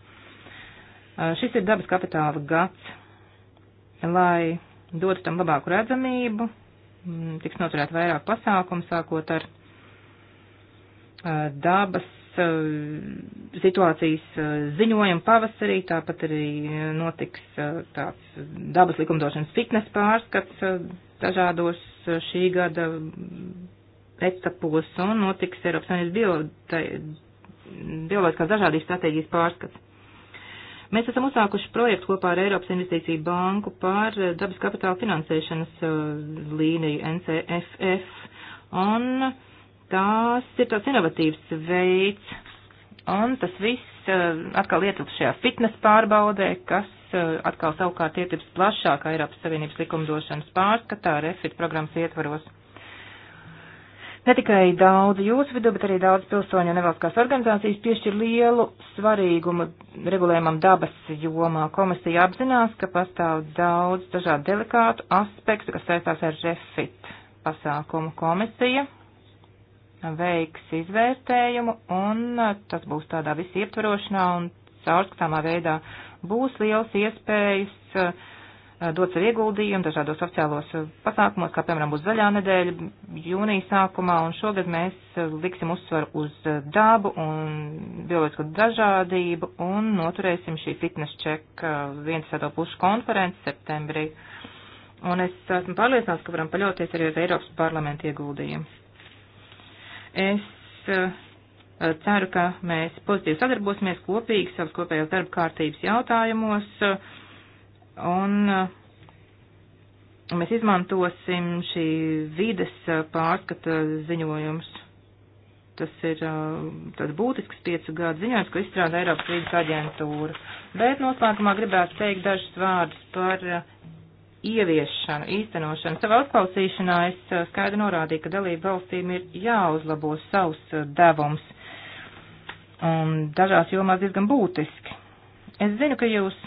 Uh, šis ir dabas kapitāla gads, lai dotu tam labāku redzamību, mm, tiks noturēt vairāk pasākumu, sākot ar uh, dabas Uh, situācijas uh, ziņojumu pavasarī, tāpat arī notiks uh, tāds dabas likumdošanas fitnes pārskats dažādos šī gada etapos un notiks Eiropas Savienības bioloģiskās dažādības stratēģijas pārskats. Mēs esam uzsākuši projektu kopā ar Eiropas Investīciju banku par dabas kapitāla finansēšanas līniju NCFF un uh, tās ir tāds inovatīvs veids, un tas viss eh, atkal ietilpst šajā fitnes pārbaudē, kas eh, atkal savukārt ietilpst plašākā Eiropas Savienības likumdošanas pārskatā refit programmas ietvaros. Ne tikai daudz jūsu vidū, bet arī daudz pilsoņu un nevalstiskās organizācijas piešķir lielu svarīgumu regulējumam dabas jomā. Komisija apzinās, ka pastāv daudz dažādu delikātu aspektu, kas saistās ar refit pasākumu komisija veiks izvērtējumu un tas būs tādā visieptvarošanā un caurskatāmā veidā būs liels iespējas dot savu ieguldījumu dažādos oficiālos pasākumos, kā piemēram būs zaļā nedēļa jūnija sākumā, un šogad mēs liksim uzsvaru uz dabu un bioloģisko dažādību un noturēsim šī fitness check viens sēdo pušu konferenci septembrī. Un es esmu pārliecināts, ka varam paļauties arī uz Eiropas parlamentu ieguldījumu. Es eh, ceru, ka mēs pozitīvi sadarbosimies kopīgi savas kopējās darba kārtības jautājumos eh, un eh, mēs izmantosim šī vides pārskata ziņojums. Tas ir tāds būtisks piecu gadu ziņojums, ko izstrāda Eiropas vīdes aģentūra. Bet noslēgumā gribētu teikt dažus vārdus par ieviešanu, īstenošanu. Savā uzklausīšanā es uh, skaidri norādīju, ka dalību valstīm ir jāuzlabo savs uh, devums, un dažās jomās diezgan būtiski. Es zinu, ka jūs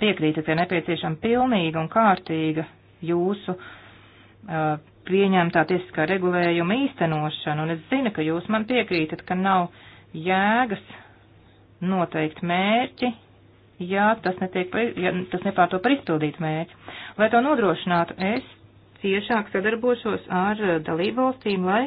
piekrītat, ka nepieciešama pilnīga un kārtīga jūsu uh, pieņemtā tiesiskā regulējuma īstenošana, un es zinu, ka jūs man piekrītat, ka nav jēgas noteikt mērķi ja tas, netiek, ja tas nepārto par izpildītu mērķi. Lai to nodrošinātu, es ciešāk sadarbošos ar eh, dalībvalstīm, lai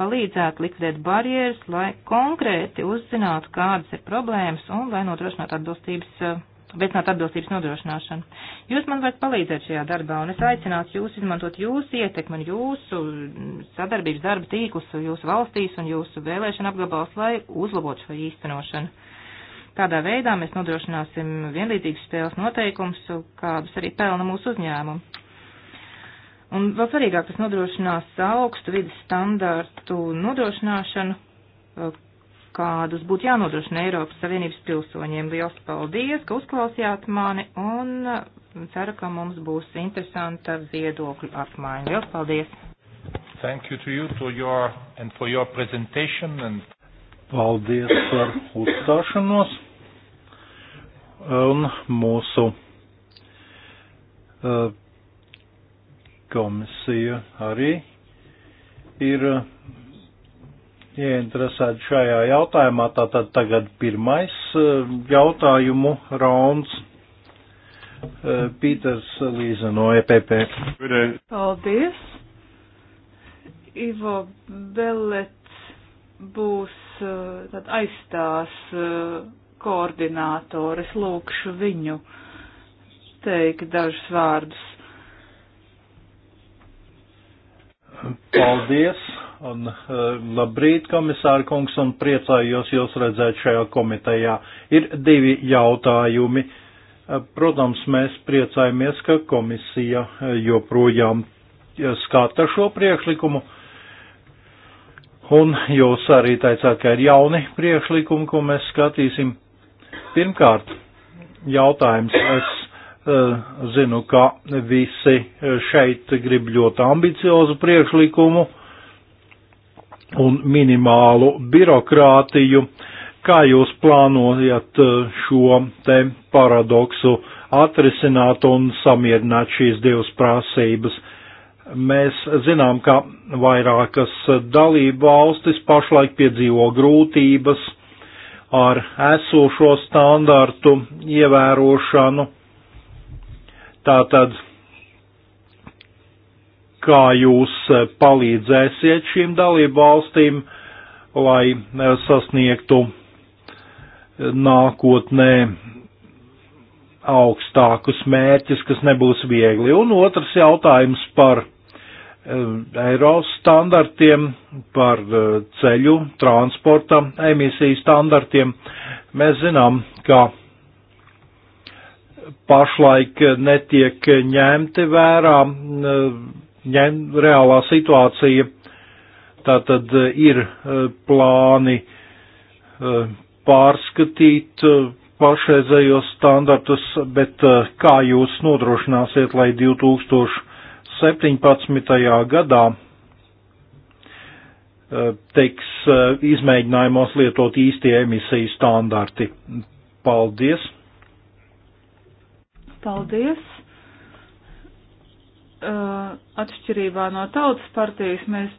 palīdzētu likvidēt barjeras, lai konkrēti uzzinātu, kādas ir problēmas un lai nodrošinātu atbilstības, eh, veicināt atbilstības nodrošināšanu. Jūs man varat palīdzēt šajā darbā un es aicinātu jūs izmantot jūsu ietekmi un jūsu mm, sadarbības darba tīklus jūsu valstīs un jūsu vēlēšana apgabals, lai uzlabotu šo īstenošanu. Tādā veidā mēs nodrošināsim vienlīdzīgas spēles noteikums, kādus arī pelna mūsu uzņēmumu. Un vēl svarīgāk tas nodrošinās augstu vidas standārtu nodrošināšanu, kādus būtu jānodrošina Eiropas Savienības pilsoņiem. Liels paldies, ka uzklausījāt mani un ceru, ka mums būs interesanta viedokļu apmaiņa. Liels paldies! Thank you to you to your, and for your presentation. And... Paldies par uzstāšanos un mūsu eh, komisija arī ir ieinteresēta šajā jautājumā. Tātad tagad pirmais eh, jautājumu rauns. Eh, Pīters Līza no EPP. Paldies. Ivo Belets būs Eh, tad aizstās eh, koordinātori. Es lūkšu viņu teikt dažus vārdus. Paldies un eh, labrīt, komisāra kungs, un priecājos jūs redzēt šajā komitejā. Ir divi jautājumi. Protams, mēs priecājamies, ka komisija joprojām skata šo priekšlikumu Un jūs arī teicāt, ka ir jauni priekšlikumi, ko mēs skatīsim. Pirmkārt, jautājums. Es e, zinu, ka visi šeit grib ļoti ambiciozu priekšlikumu un minimālu birokrātiju. Kā jūs plānojat e, šo te paradoksu atrisināt un samierināt šīs divas prasības? Mēs zinām, ka vairākas dalību valstis pašlaik piedzīvo grūtības ar esošo standartu ievērošanu. Tātad, kā jūs palīdzēsiet šīm dalību valstīm, lai sasniegtu nākotnē augstākus mērķus, kas nebūs viegli. Un otrs jautājums par eiro eh, standartiem, par eh, ceļu transporta emisiju standartiem. Mēs zinām, ka pašlaik netiek ņemti vērā eh, ņem, reālā situācija. Tātad ir plāni pārskatīt pašreizējos standartus, bet kā jūs nodrošināsiet, lai 2000 17. gadā eh, teiks eh, izmēģinājumos lietot īstie emisiju standarti. Paldies! Paldies! Eh, atšķirībā no tautas partijas mēs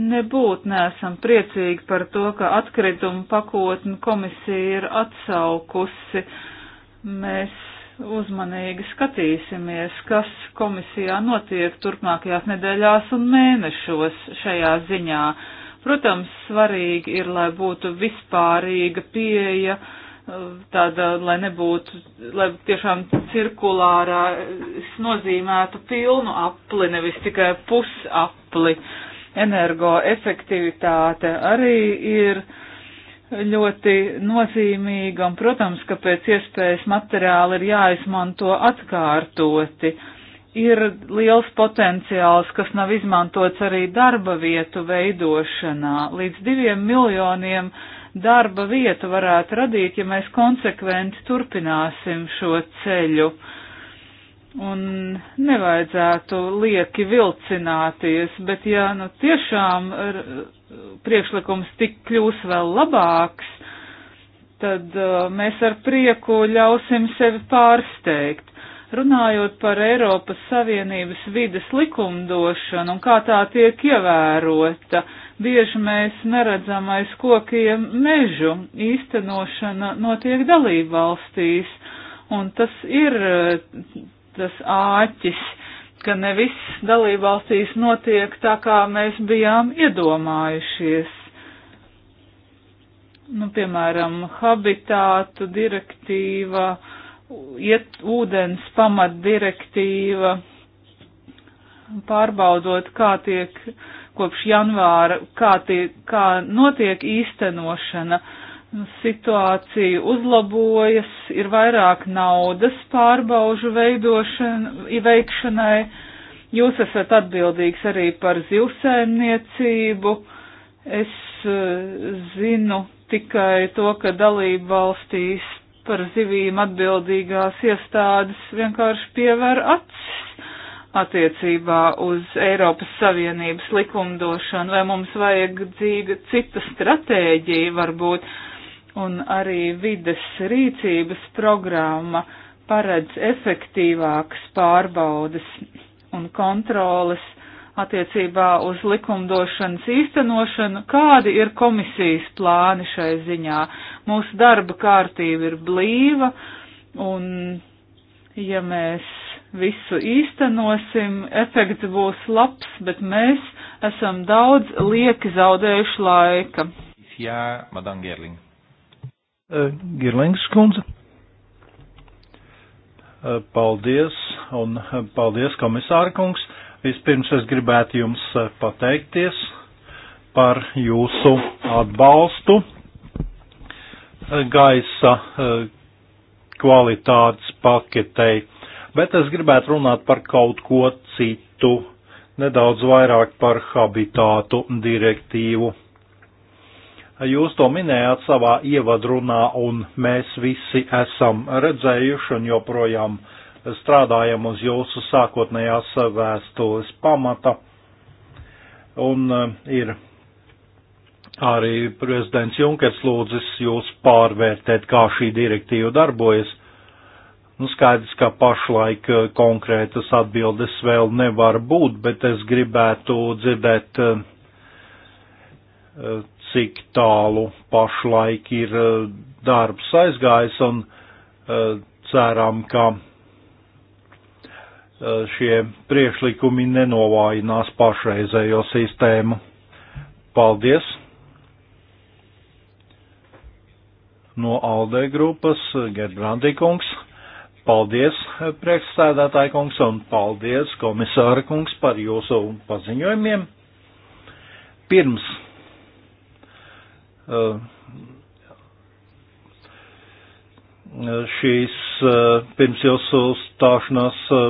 nebūtu nesam priecīgi par to, ka atkritumu pakotni komisija ir atsaukusi. Mēs uzmanīgi skatīsimies, kas komisijā notiek turpmākajās nedēļās un mēnešos šajā ziņā. Protams, svarīgi ir, lai būtu vispārīga pieeja, tāda, lai nebūtu, lai tiešām cirkulārā nozīmētu pilnu apli, nevis tikai pusapli. Energoefektivitāte arī ir ļoti nozīmīga un, protams, ka pēc iespējas materiāli ir jāizmanto atkārtoti. Ir liels potenciāls, kas nav izmantots arī darba vietu veidošanā. Līdz diviem miljoniem darba vietu varētu radīt, ja mēs konsekventi turpināsim šo ceļu. Un nevajadzētu lieki vilcināties, bet ja nu tiešām priekšlikums tik kļūs vēl labāks, tad uh, mēs ar prieku ļausim sevi pārsteigt. Runājot par Eiropas Savienības vides likumdošanu un kā tā tiek ievērota, bieži mēs neredzam aiz kokiem mežu īstenošana notiek dalību valstīs, un tas ir uh, tas āķis, uh, ka ne viss dalībvalstīs notiek tā, kā mēs bijām iedomājušies. Nu, piemēram, habitātu direktīva, iet, ūdens pamatdirektīva, pārbaudot, kā tiek kopš janvāra, kā, tie, kā notiek īstenošana, situācija uzlabojas, ir vairāk naudas pārbaužu veikšanai. Jūs esat atbildīgs arī par zivsēmniecību. Es eh, zinu tikai to, ka dalība valstīs par zivīm atbildīgās iestādes vienkārši piever acis attiecībā uz Eiropas Savienības likumdošanu, vai mums vajag dzīga cita stratēģija varbūt un arī vides rīcības programma paredz efektīvākas pārbaudas un kontroles attiecībā uz likumdošanas īstenošanu, kādi ir komisijas plāni šai ziņā. Mūsu darba kārtība ir blīva, un ja mēs visu īstenosim, efekts būs labs, bet mēs esam daudz lieki zaudējuši laika. Jā, Madam Gerling. Eh, Girlings kundze. Eh, paldies un eh, paldies komisāra kungs. Vispirms es gribētu jums pateikties par jūsu atbalstu gaisa kvalitātes paketei, bet es gribētu runāt par kaut ko citu, nedaudz vairāk par habitātu direktīvu Jūs to minējāt savā ievadrunā, un mēs visi esam redzējuši un joprojām strādājam uz jūsu sākotnējās vēstules pamata. Un eh, ir arī prezidents Junkers lūdzis jūs pārvērtēt, kā šī direktīva darbojas. Nu, skaidrs, ka pašlaik eh, konkrētas atbildes vēl nevar būt, bet es gribētu dzirdēt eh, cik tālu pašlaik ir eh, darbs aizgājis un eh, ceram, ka eh, šie priekšlikumi nenovājinās pašreizējo sistēmu. Paldies! No Aldei grupas Gerbrandi kungs. Paldies, priekšsēdētāji kungs, un paldies, komisāra kungs, par jūsu paziņojumiem. Pirms Eh, šīs eh, pirms jūsu stāšanās eh,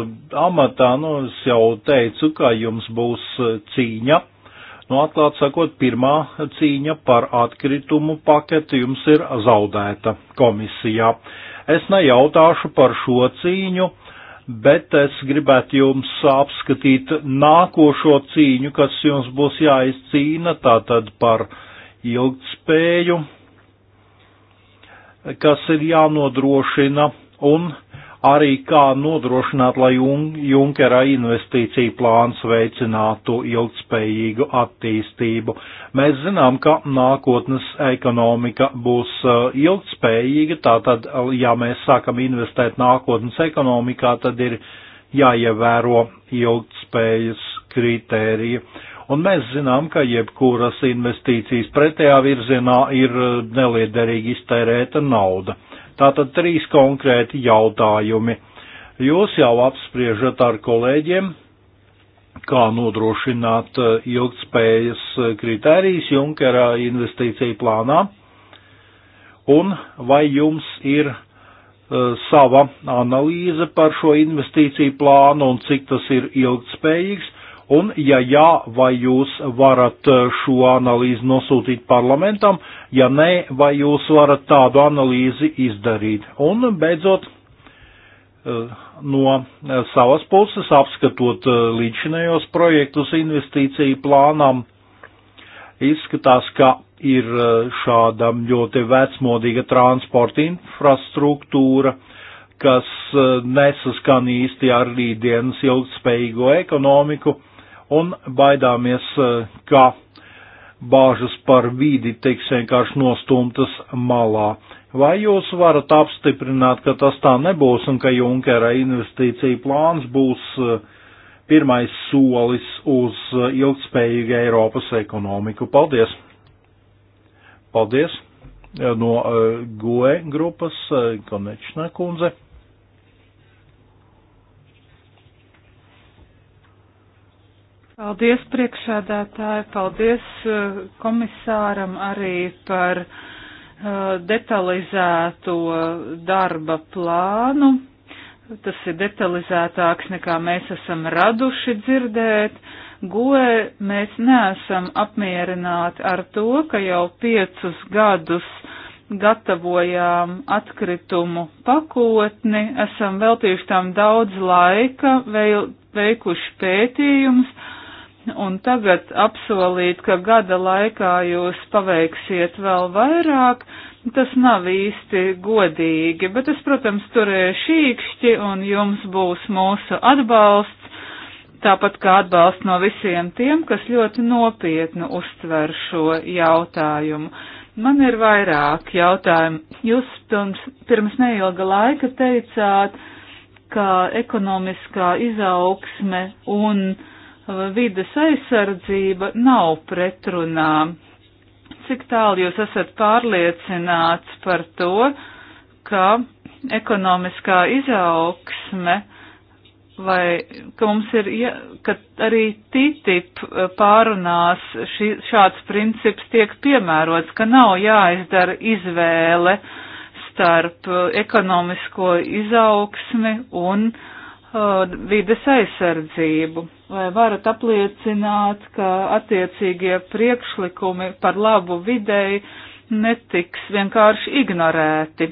amatā, nu, es jau teicu, ka jums būs cīņa. Nu, atklāt sakot, pirmā cīņa par atkritumu paketi jums ir zaudēta komisijā. Es nejautāšu par šo cīņu, bet es gribētu jums apskatīt nākošo cīņu, kas jums būs jāizcīna, tātad par uh, ilgtspēju, kas ir jānodrošina un arī kā nodrošināt, lai jun Junkera investīcija plāns veicinātu ilgtspējīgu attīstību. Mēs zinām, ka nākotnes ekonomika būs uh, ilgtspējīga, tātad, uh, ja mēs sākam investēt nākotnes ekonomikā, tad ir jāievēro ilgtspējas kritērija. Un mēs zinām, ka jebkuras investīcijas pretējā virzienā ir eh, neliederīgi iztērēta nauda. Tātad trīs konkrēti jautājumi. Jūs jau apspriežat ar kolēģiem, kā nodrošināt eh, ilgtspējas eh, kritērijas Junkera investīciju plānā, un vai jums ir sava analīze par šo investīciju plānu un cik tas ir ilgtspējīgs, Un, ja jā, vai jūs varat eh, šo analīzi nosūtīt parlamentam, ja nē, vai jūs varat tādu analīzi izdarīt. Un, beidzot, eh, no eh, savas puses, apskatot līdzinējos projektus investīciju plānam, izskatās, ka ir šāda ļoti vecmodīga transporta infrastruktūra, kas nesaskan īsti ar rītdienas ilgspējīgo ekonomiku un baidāmies, e, ka bāžas par vīdi tiks vienkārši nostumtas malā. Vai jūs varat apstiprināt, ka tas tā nebūs un ka Junkera investīcija plāns būs e, pirmais solis uz e, ilgspējīgu Eiropas ekonomiku? Paldies! Paldies! No GOE grupas Konečna kundze. Paldies priekšādātāji, paldies eh, komisāram arī par eh, detalizēto darba plānu. Tas ir detalizētāks nekā mēs esam raduši dzirdēt. Goe mēs neesam apmierināti ar to, ka jau piecus gadus gatavojām atkritumu pakotni, esam veltījuši tam daudz laika, veikuši pētījumus Un tagad apsolīt, ka gada laikā jūs paveiksiet vēl vairāk, tas nav īsti godīgi, bet es, protams, turēšu īkšķi un jums būs mūsu atbalsts, tāpat kā atbalsts no visiem tiem, kas ļoti nopietni uztver šo jautājumu. Man ir vairāk jautājumu. Jūs pirms, pirms neilga laika teicāt, ka ekonomiskā izaugsme un Uh, vides aizsardzība nav pretrunā. Cik tālu jūs esat pārliecināts par to, ka ekonomiskā izaugsme vai ka mums ir, ja, ka arī TTIP uh, pārunās šī, šāds princips tiek piemērots, ka nav jāizdara izvēle starp uh, ekonomisko izaugsmi un uh, vides aizsardzību vai varat apliecināt, ka attiecīgie priekšlikumi par labu videi netiks vienkārši ignorēti?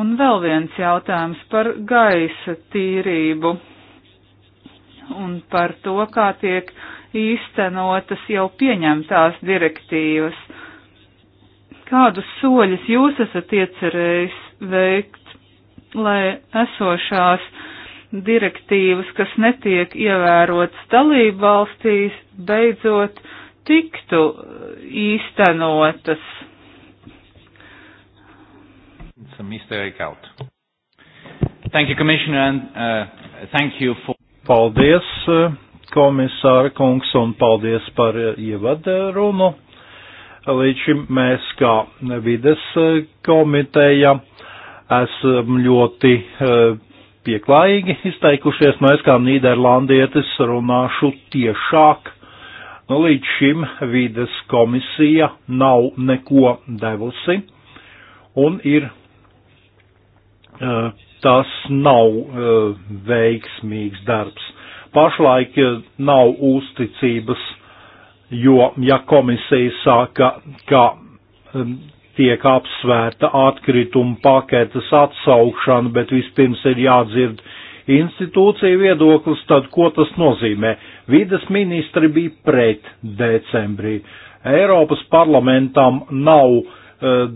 Un vēl viens jautājums par gaisa tīrību un par to, kā tiek īstenotas jau pieņemtās direktīvas. Kādus soļus jūs esat iecerējis veikt, lai esošās uh, direktīvas, kas netiek ievērotas dalību valstīs, beidzot tiktu uh, īstenotas. Thank you, Commissioner, and uh, thank you for. Paldies, uh, komisāra kungs, un paldies par uh, ievadu runu. Līdz šim mēs kā vides komiteja esam ļoti uh, pieklājīgi izteikušies, mēs nu, kā Nīderlandietis runāšu tiešāk. Nu, līdz šim vides komisija nav neko devusi un ir e, tas nav e, veiksmīgs darbs. Pašlaik e, nav uzticības, jo ja komisija saka, ka tiek apsvērta atkrituma paketes atsaukšana, bet vispirms ir jādzird institūcija viedoklis, tad ko tas nozīmē? Vides ministri bija pret decembrī. Eiropas parlamentam nav uh,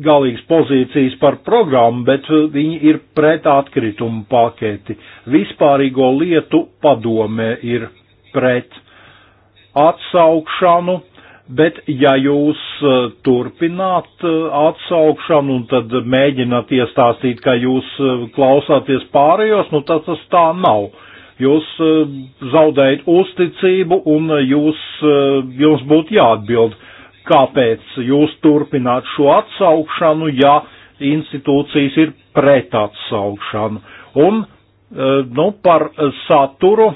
galīgas pozīcijas par programmu, bet eh, viņi ir pret atkritumu paketi. Vispārīgo lietu padome ir pret atsaukšanu Bet, ja jūs eh, turpināt eh, atsaukšanu un tad mēģināt iestāstīt, ka jūs eh, klausāties pārējos, nu tad tas tā nav. Jūs zaudējat uzticību un jūs, jums būtu jāatbild, kāpēc jūs turpināt šo atsaukšanu, ja institūcijas ir pret atsaukšanu. Un, nu, par saturu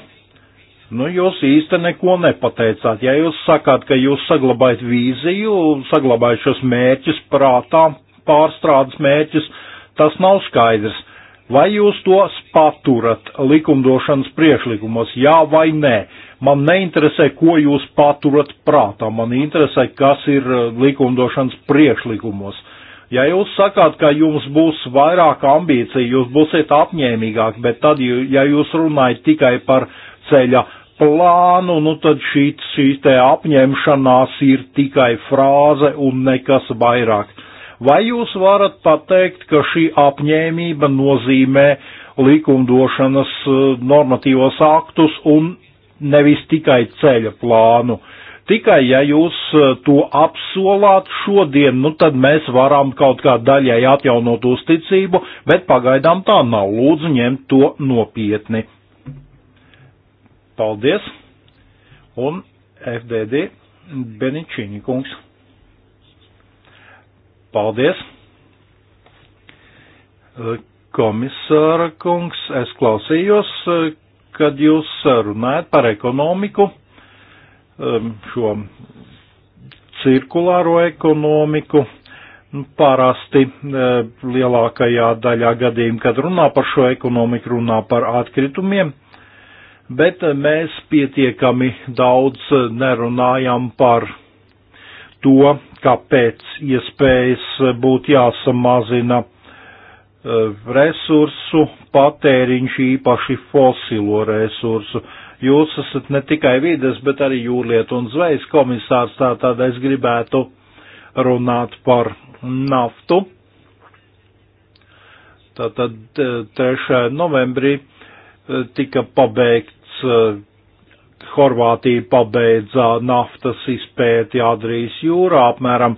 Nu, jūs īsti neko nepateicāt. Ja jūs sakāt, ka jūs saglabājat vīziju, saglabājat šos mērķus prātā, pārstrādes mērķus, tas nav skaidrs. Vai jūs tos paturat likumdošanas priekšlikumos, jā vai nē? Man neinteresē, ko jūs paturat prātā, man interesē, kas ir eh, likumdošanas priekšlikumos. Ja jūs sakāt, ka jums būs vairāk ambīcija, jūs būsiet apņēmīgāk, bet tad, ja jūs runājat tikai par ceļa plānu, nu tad šī, šī te apņemšanās ir tikai frāze un nekas vairāk. Vai jūs varat pateikt, ka šī apņēmība nozīmē likumdošanas eh, normatīvos aktus un nevis tikai ceļa plānu? Tikai ja jūs eh, to apsolāt šodien, nu tad mēs varam kaut kā daļai atjaunot uzticību, bet pagaidām tā nav. Lūdzu ņemt to nopietni. Paldies! Un FDD Beničīņa kungs. Paldies! Komisāra kungs, es klausījos, kad jūs runājat par ekonomiku, um, šo cirkulāro ekonomiku. Nu, parasti uh, lielākajā daļā gadījumā, kad runā par šo ekonomiku, runā par atkritumiem bet eh, mēs pietiekami daudz eh, nerunājam par to, kāpēc iespējas eh, būtu jāsamazina resursu patēriņš, īpaši fosilo resursu. Jūs esat ne tikai vides, bet arī jūrlietu un zvejas komisārs, tātad es gribētu runāt par naftu. Tātad 3. novembrī tika pabeigt Eh, Horvātija pabeidza naftas izpēti Adrijas jūrā apmēram.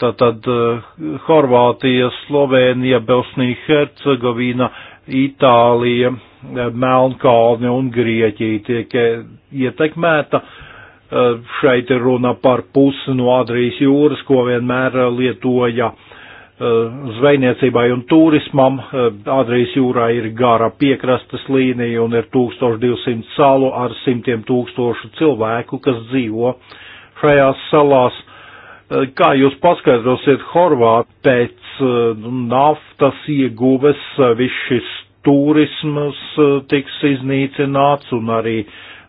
Tātad eh, eh, Horvātija, Slovenija, Bosnija, Hercegovina, Itālija, Melnkalne un Grieķija tiek ietekmēta. Šeit ir runa par pusi no Adrijas jūras, ko vienmēr lietoja uh, Eh, zvejniecībai un turismam. Eh, Adrijas jūrā ir gara piekrastes līnija un ir 1200 salu ar simtiem tūkstošu cilvēku, kas dzīvo šajās salās. Eh, kā jūs paskaidrosiet Horvātu pēc naftas ieguves, viss šis turismas tiks iznīcināts un arī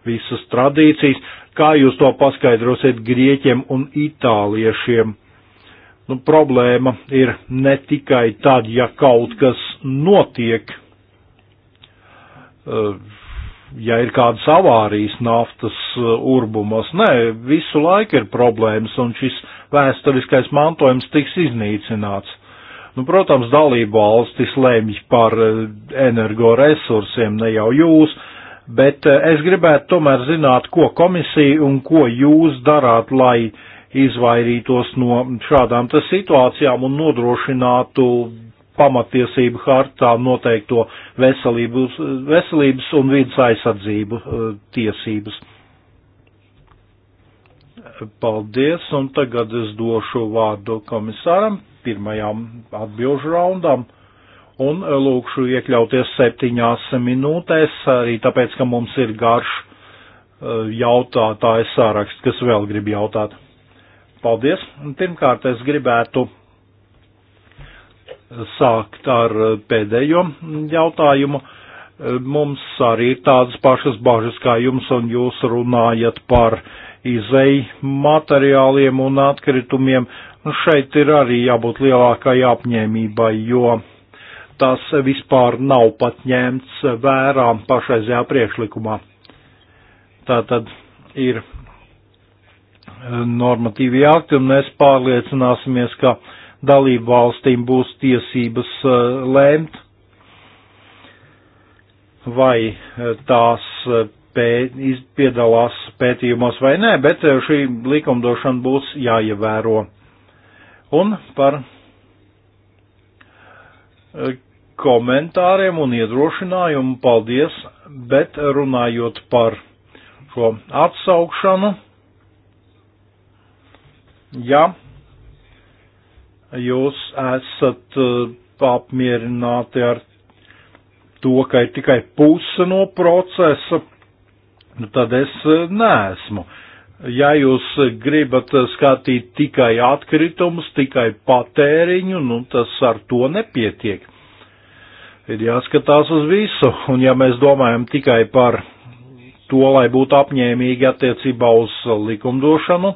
visas tradīcijas? Kā jūs to paskaidrosiet grieķiem un itāliešiem? Nu, problēma ir ne tikai tad, ja kaut kas notiek, eh, ja ir kādas avārijas naftas eh, urbumos. Nē, visu laiku ir problēmas, un šis vēsturiskais mantojums tiks iznīcināts. Nu, protams, dalību valstis lemj par eh, energoresursiem, ne jau jūs, bet es gribētu tomēr zināt, ko komisija un ko jūs darāt, lai uh, izvairītos no šādām situācijām un nodrošinātu pamatiesību hartā noteikto veselības, veselības un vidas aizsardzību eh, tiesības. Paldies, un tagad es došu vārdu komisāram pirmajām atbilžu raundām un eh, lūkšu iekļauties septiņās minūtēs, arī tāpēc, ka mums ir garš eh, jautātājs sāraksts, kas vēl grib jautāt. Paldies. Pirmkārt, es gribētu sākt ar pēdējo jautājumu. Mums arī ir tādas pašas bažas kā jums, un jūs runājat par izēju materiāliem un atkritumiem. Šeit ir arī jābūt lielākai apņēmībai, jo tas vispār nav pat ņemts vērā pašreizajā priekšlikumā. Tātad ir normatīvie akti, un mēs pārliecināsimies, ka dalību valstīm būs tiesības eh, lēmt, vai eh, tās eh, pēt, piedalās pētījumos vai nē, bet šī likumdošana būs jāievēro. Un par komentāriem un iedrošinājumu paldies, bet runājot par šo atsaukšanu Ja jūs esat eh, apmierināti ar to, ka ir tikai puse no procesa, nu, tad es eh, neesmu. Ja jūs gribat skatīt tikai atkritumus, tikai patēriņu, nu tas ar to nepietiek. Ir jāskatās uz visu, un ja mēs domājam tikai par to, lai būtu apņēmīgi attiecībā uz likumdošanu,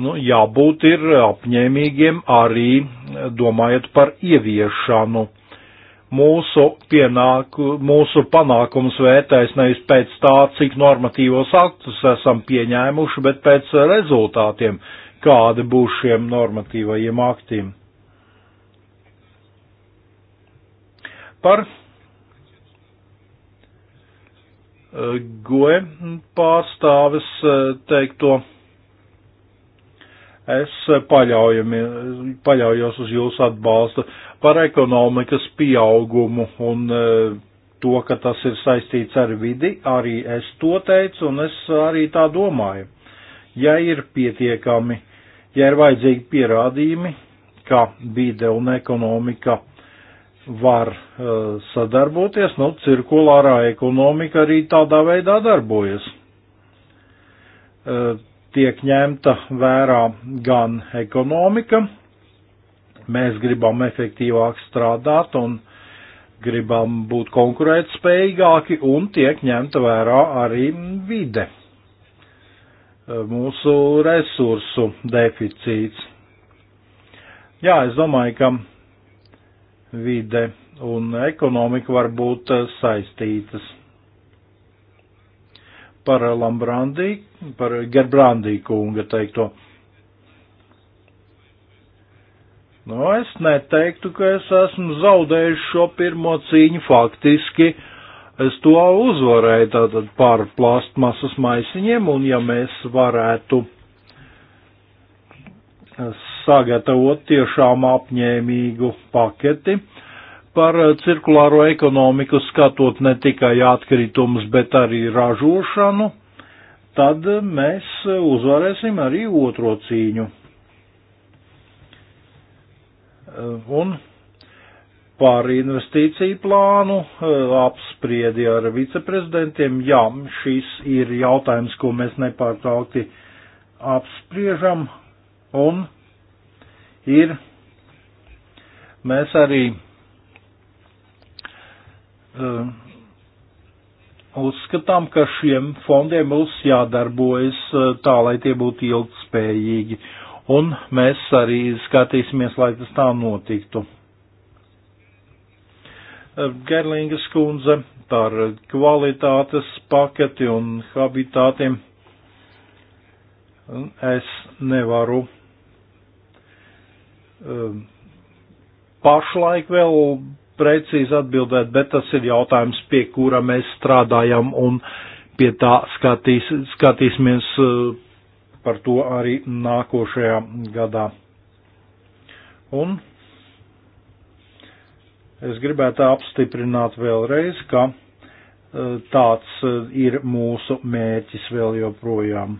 nu, jābūt ir apņēmīgiem arī domājot par ieviešanu. Mūsu, pienāku, mūsu panākums vērtēs nevis pēc tā, cik normatīvos aktus esam pieņēmuši, bet pēc rezultātiem, kādi būs šiem normatīvajiem aktiem. Par eh, goe pārstāvis eh, teikto Es paļaujos uz jūsu atbalstu par ekonomikas pieaugumu un e, to, ka tas ir saistīts ar vidi, arī es to teicu un es arī tā domāju. Ja ir pietiekami, ja ir vajadzīgi pierādījumi, ka vide un ekonomika var uh, sadarboties, nu, cirkulārā ekonomika arī tādā veidā darbojas. Uh, tiek ņemta vērā gan ekonomika, mēs gribam efektīvāk strādāt un gribam būt konkurētspējīgāki un tiek ņemta vērā arī vide, mūsu resursu deficīts. Jā, es domāju, ka vide un ekonomika var būt saistītas par Lambrandī, par Gerbrandī kunga teikto. Nu, es neteiktu, ka es esmu zaudējis šo pirmo cīņu faktiski. Es to uzvarēju tātad par plastmasas maisiņiem, un ja mēs varētu sagatavot tiešām apņēmīgu paketi, par eh, cirkulāro ekonomiku skatot ne tikai atkritumus, bet arī ražošanu, tad mēs eh, uzvarēsim arī otro cīņu. Eh, un par investīciju plānu apspriedi ar viceprezidentiem. Jā, šis ir jautājums, ko mēs nepārtraukti apspriežam un ir mēs arī uzskatām, ka šiem fondiem būs jādarbojas tā, lai tie būtu ilgspējīgi. Un mēs arī skatīsimies, lai tas tā notiktu. Gerlinga skundze par kvalitātes paketi un habitātiem. Es nevaru pašlaik vēl precīzi atbildēt, bet tas ir jautājums, pie kura mēs strādājam un pie tā skatīs, skatīsimies eh, par to arī nākošajā gadā. Un es gribētu apstiprināt vēlreiz, ka eh, tāds eh, ir mūsu mērķis vēl joprojām.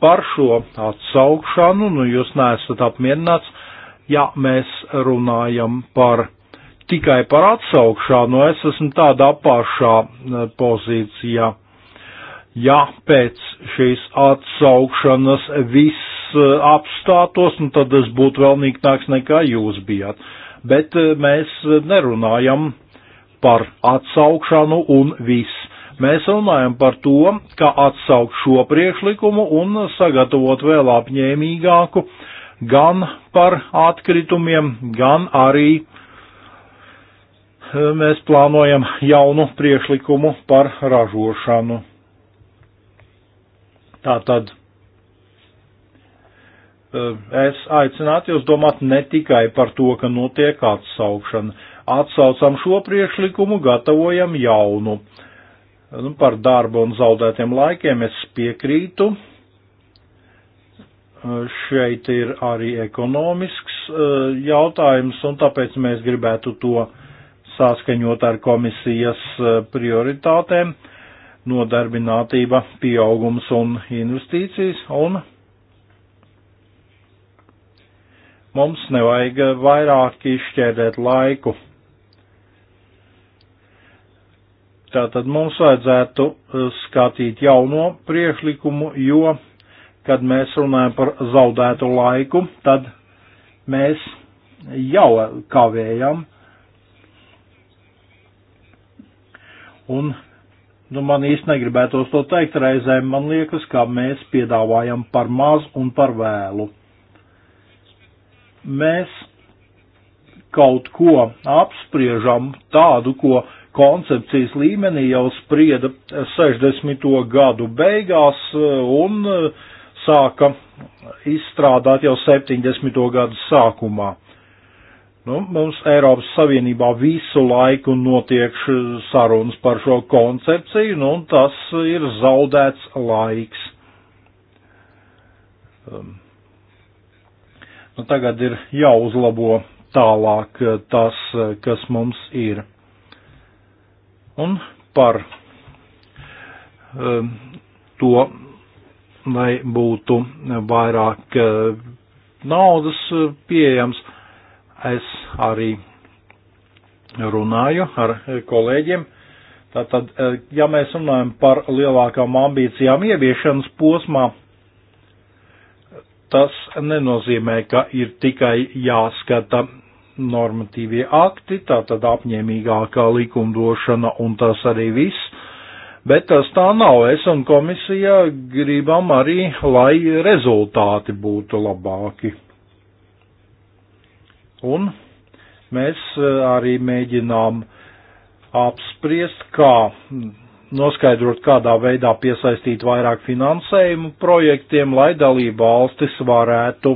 Par šo atsaukšanu, nu jūs neesat apmierināts, ja mēs runājam par tikai par atsaukšanu, nu, es esmu tādā pašā eh, pozīcijā. Ja pēc šīs atsaukšanas viss eh, apstātos, nu tad es būtu vēl nīknāks nekā jūs bijāt. Bet eh, mēs nerunājam par atsaukšanu un viss. Mēs runājam par to, kā atsaukt šo priekšlikumu un sagatavot vēl apņēmīgāku uh, gan par atkritumiem, gan arī e, mēs plānojam jaunu priekšlikumu par ražošanu. Tātad e, es aicinātu jūs domāt ne tikai par to, ka notiek atsaukšana. Atsaucam šo priekšlikumu, gatavojam jaunu. Nu, par darbu un zaudētiem laikiem es piekrītu, Šeit ir arī ekonomisks eh, jautājums, un tāpēc mēs gribētu to saskaņot ar komisijas eh, prioritātēm - nodarbinātība, pieaugums un investīcijas, un mums nevajag vairāk izšķērdēt laiku. Tātad mums vajadzētu eh, skatīt jauno priekšlikumu, jo kad mēs runājam par zaudētu laiku, tad mēs jau kavējam. Un, nu, man īsti negribētos to teikt, reizēm man liekas, ka mēs piedāvājam par maz un par vēlu. Mēs kaut ko apspriežam tādu, ko koncepcijas līmenī jau sprieda 60. gadu beigās, un sāka izstrādāt jau 70. gadu sākumā. Nu, mums Eiropas Savienībā visu laiku notiek sarunas par šo koncepciju, nu, un tas ir zaudēts laiks. Um, nu, tagad ir jāuzlabo tālāk uh, tas, uh, kas mums ir. Un par um, to lai būtu vairāk eh, naudas eh, pieejams. Es arī runāju ar eh, kolēģiem. Tātad, ja mēs runājam par lielākām ambīcijām ieviešanas posmā, tas nenozīmē, ka ir tikai jāskata normatīvie akti, tātad apņēmīgākā likumdošana un tas arī viss. Bet tas tā nav. Es un komisija gribam arī, lai rezultāti būtu labāki. Un mēs eh, arī mēģinām apspriest, kā noskaidrot, kādā veidā piesaistīt vairāk finansējumu projektiem, lai dalība valstis varētu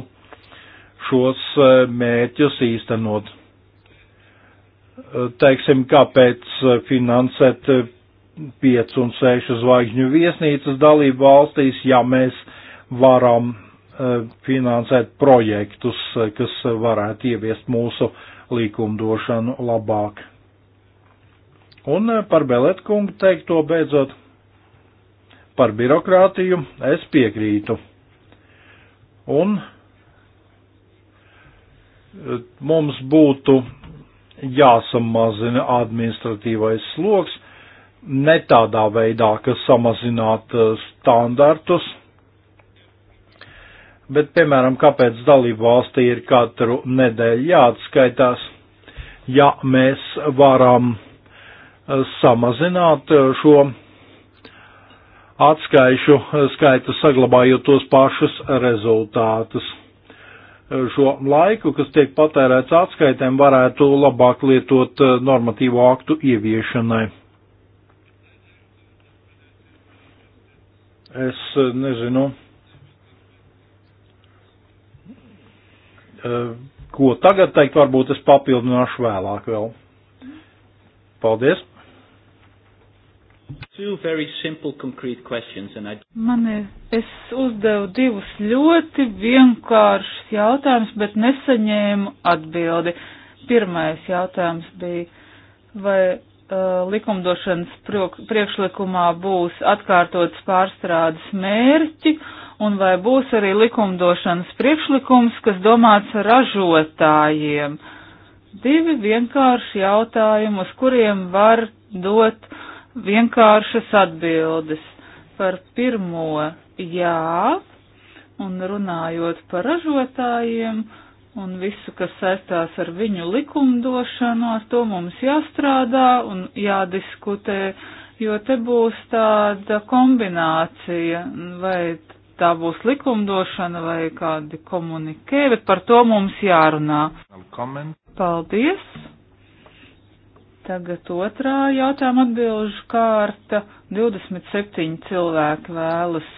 šos eh, mērķus īstenot. Eh, teiksim, kāpēc finansēt piecu un sešu zvaigžņu viesnīcas dalību valstīs, ja mēs varam e, finansēt projektus, e, kas varētu ieviest mūsu likumdošanu labāk. Un e, par Beletkungu teikto beidzot par birokrātiju es piekrītu. Un mums būtu jāsamazina administratīvais sloks, ne tādā veidā, ka samazinātu eh, standartus, bet, piemēram, kāpēc dalību valstī ir katru nedēļu jāatskaitās, ja mēs varam eh, samazināt eh, šo atskaišu skaitu, saglabājot tos pašus rezultātus. Šo laiku, kas tiek patērēts atskaitēm, varētu labāk lietot normatīvo aktu ieviešanai. Es eh, nezinu, eh, ko tagad teikt, varbūt es papildināšu vēlāk vēl. Paldies! Simple, I... Man ir, es uzdevu divus ļoti vienkāršus jautājumus, bet nesaņēmu atbildi. Pirmais jautājums bija, vai Uh, likumdošanas priekšlikumā būs atkārtotas pārstrādes mērķi un vai būs arī likumdošanas priekšlikums, kas domāts ražotājiem. Divi vienkārši jautājumi, uz kuriem var dot vienkāršas atbildes. Par pirmo jā, un runājot par ražotājiem, uh, un visu, kas saistās ar viņu likumdošanos, to mums jāstrādā un jādiskutē, jo te būs tāda kombinācija, vai tā būs likumdošana vai kādi komunikē, bet par to mums jārunā. Paldies! Tagad otrā jautājuma atbilžu kārta. 27 cilvēki vēlas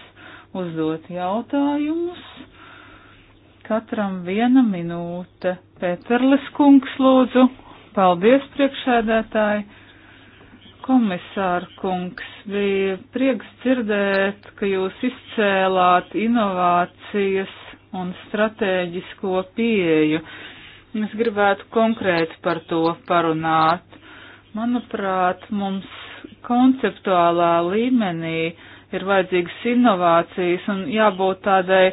uzdot jautājumus. Katram viena minūte. Pēterles kungs lūdzu. Paldies, priekšēdētāji. Komisāra kungs, bija prieks dzirdēt, ka jūs izcēlāt inovācijas un stratēģisko pieeju. Es gribētu konkrēti par to parunāt. Manuprāt, mums konceptuālā līmenī ir vajadzīgas inovācijas un jābūt tādai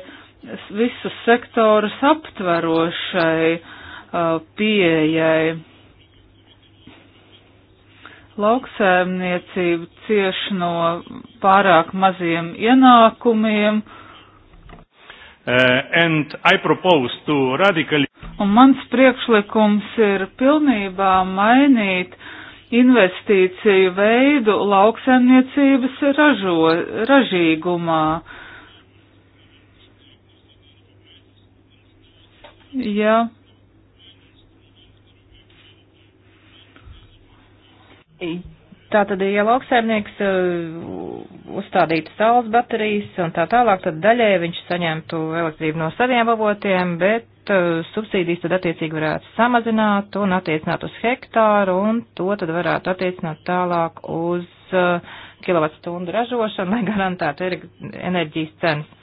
visus sektorus aptverošai uh, pieejai. Lauksēmniecība cieš no pārāk maziem ienākumiem. Uh, radically... Un mans priekšlikums ir pilnībā mainīt investīciju veidu lauksaimniecības ražo, ražīgumā. Uh, ja Tātad, ja lauksaimnieks uh, uzstādītu saules baterijas un tā tālāk, tad daļai viņš saņemtu elektrību no saviem avotiem, bet uh, subsīdijas tad attiecīgi varētu samazināt un attiecināt uz hektāru, un to tad varētu attiecināt tālāk uz uh, kilovatstundu ražošanu, lai garantētu enerģijas cenas.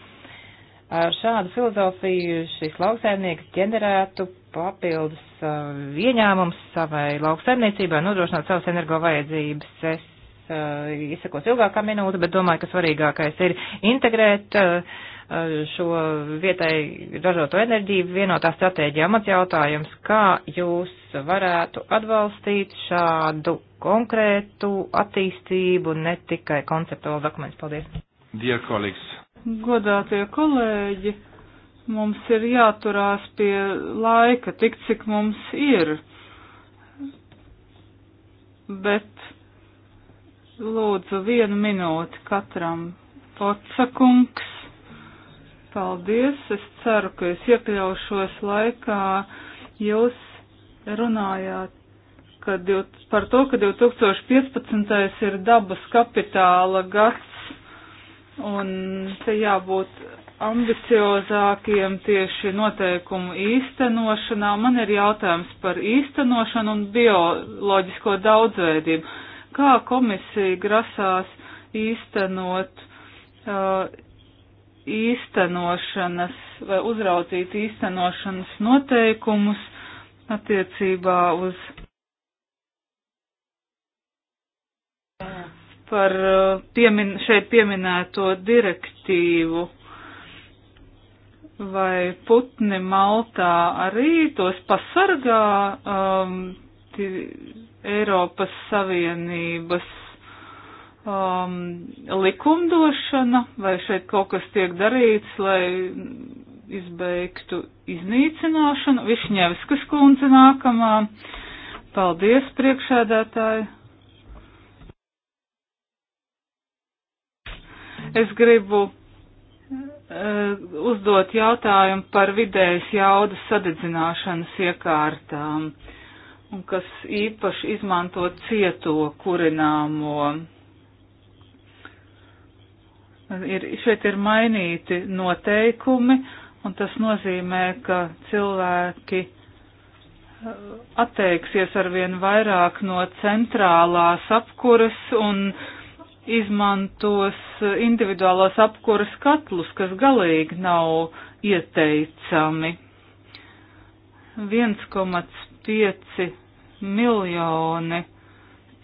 Ar šādu filozofiju šis lauksaimnieks ģenerētu papildus uh, ieņēmums savai lauksaimniecībai, nodrošināt savas energo vajadzības. Es uh, izsakos ilgākā minūte, bet domāju, ka svarīgākais ir integrēt uh, uh šo vietai ražoto enerģiju vienotā stratēģijā. Mans jautājums, kā jūs varētu atbalstīt šādu konkrētu attīstību, ne tikai konceptuālu dokumentu? Paldies! Dear colleagues, Godātie kolēģi, mums ir jāturās pie laika tik, cik mums ir. Bet lūdzu vienu minūti katram. Otsakungs, paldies, es ceru, ka es iekļaušos laikā. Jūs runājāt ka, par to, ka 2015. ir dabas kapitāla gads Un te jābūt ambiciozākiem tieši noteikumu īstenošanā. Man ir jautājums par īstenošanu un bioloģisko daudzveidību. Kā komisija grasās īstenot uh, īstenošanas vai uzraudzīt īstenošanas noteikumus attiecībā uz par uh, piemin, šeit pieminēto direktīvu. Vai putni Maltā arī tos pasargā um, Eiropas Savienības um, likumdošana, vai šeit kaut kas tiek darīts, lai izbeigtu iznīcināšanu? Višņevskas kundze nākamā. Paldies, priekšēdētāji! Es gribu eh, uzdot jautājumu par vidējas jaudas sadedzināšanas iekārtām, un kas īpaši izmanto cieto kurināmo. Ir, šeit ir mainīti noteikumi, un tas nozīmē, ka cilvēki eh, atteiksies arvien vairāk no centrālās apkuras un uh, izmantos eh, individuālās apkuras katlus, kas galīgi nav ieteicami. 1,5 miljoni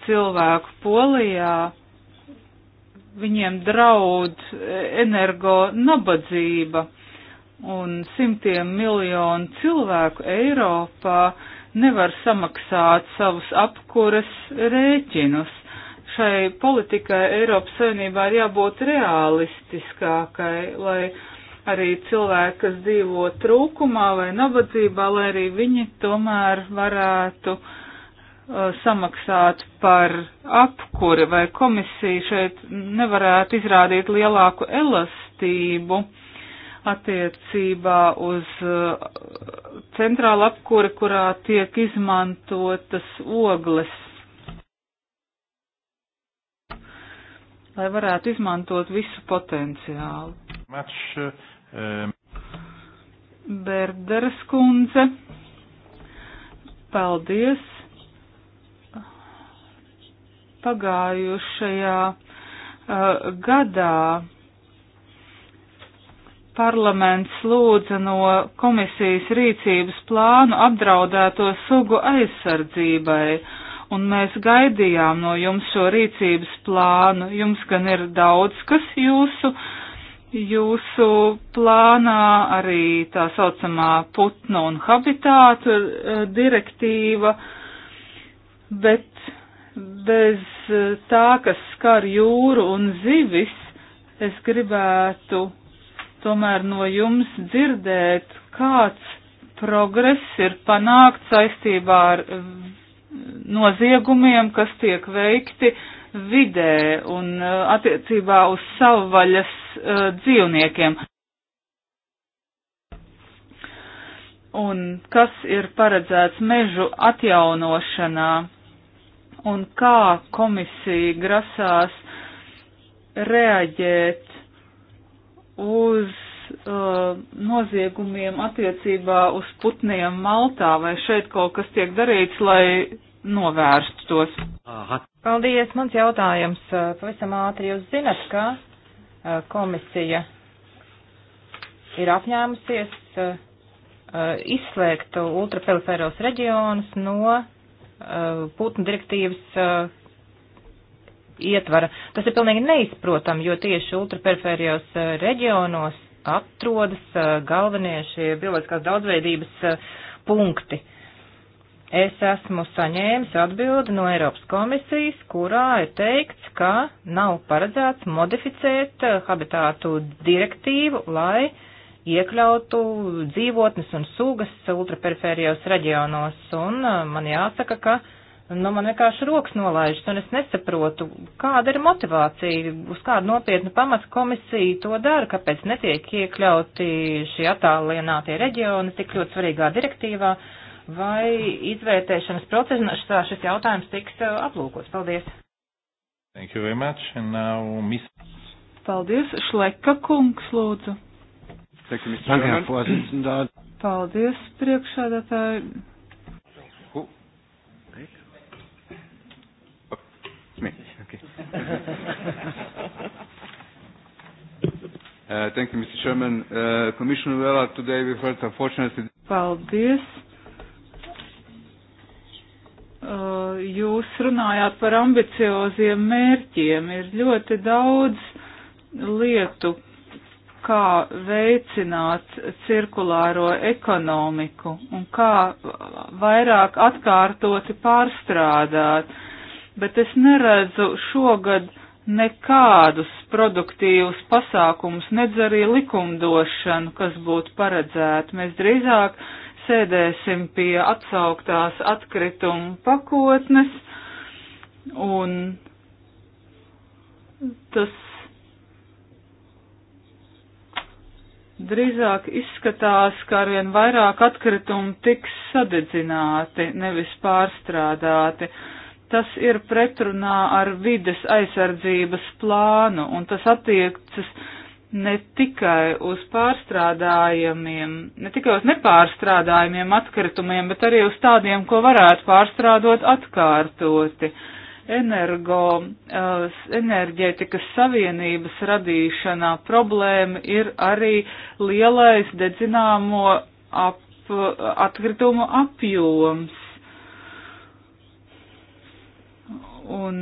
cilvēku polijā, viņiem draud eh, energo nabadzība, un simtiem miljonu cilvēku Eiropā nevar samaksāt savus apkuras rēķinus šai politikai Eiropas Savienībā ir jābūt realistiskākai, lai arī cilvēki, kas dzīvo trūkumā vai nabadzībā, lai arī viņi tomēr varētu uh, samaksāt par apkuri, vai komisija šeit nevarētu izrādīt lielāku elastību attiecībā uz uh, centrālu apkuri, kurā tiek izmantotas ogles lai varētu izmantot visu potenciālu. Mač, um. Eh, Berderas kundze, paldies. Pagājušajā uh, gadā parlaments lūdza no komisijas rīcības plānu apdraudēto sugu aizsardzībai un mēs gaidījām no jums šo rīcības plānu. Jums gan ir daudz, kas jūsu, jūsu plānā, arī tā saucamā putnu un habitātu eh, direktīva, bet bez eh, tā, kas skar jūru un zivis, es gribētu tomēr no jums dzirdēt, kāds progress ir panākts saistībā ar noziegumiem, kas tiek veikti vidē un uh, attiecībā uz savvaļas uh, dzīvniekiem. Un kas ir paredzēts mežu atjaunošanā un kā komisija grasās reaģēt uz uh, noziegumiem attiecībā uz putniem Maltā, vai šeit kaut kas tiek darīts, lai novērst tos. Aha. Paldies, mans jautājums. Eh, pavisam ātri jūs zinat, ka eh, komisija ir apņēmusies eh, izslēgt ultraperiferos reģionus no putnu direktīvas ietvara. Tas ir pilnīgi neizprotam, jo tieši ultraperiferijos reģionos atrodas galvenie šie bioloģiskās daudzveidības punkti. Uh, Es esmu saņēmis atbildi no Eiropas komisijas, kurā ir teikts, ka nav paredzēts modificēt eh, habitātu direktīvu, lai iekļautu dzīvotnes un sugas ultraperifērijos reģionos. Un eh, man jāsaka, ka nu, man vienkārši rokas nolaižas, un es nesaprotu, kāda ir motivācija, uz kādu nopietnu pamatu komisija to dara, kāpēc netiek iekļauti šie attālinātie reģioni tik ļoti svarīgā direktīvā. Uh, vai izvērtēšanas procesā šis jautājums tiks uh, aplūkots. Paldies! Thank you very much, and now Miss. Paldies, Šleka kungs, lūdzu. Thank you, Mr. Chairman. Paldies, priekšādātāji. Okay. uh, thank you, Mr. Chairman. Uh, Commissioner Vela, today we heard unfortunately. Paldies. jūs runājāt par ambicioziem mērķiem. Ir ļoti daudz lietu, kā veicināt cirkulāro ekonomiku un kā vairāk atkārtoti pārstrādāt, bet es neredzu šogad nekādus produktīvus pasākumus, nedz arī likumdošanu, kas būtu paredzēta. Mēs drīzāk uh, sēdēsim pie atsauktās atkritumu pakotnes un tas drīzāk izskatās, ka arvien vairāk atkritumu tiks sadedzināti, nevis pārstrādāti. Tas ir pretrunā ar vides aizsardzības plānu, un tas attiecas ne tikai uz pārstrādājumiem, ne tikai uz nepārstrādājumiem atkritumiem, bet arī uz tādiem, ko varētu pārstrādot atkārtoti. Energo, eh, enerģētikas savienības radīšanā problēma ir arī lielais dedzināmo ap, atkritumu apjoms. Un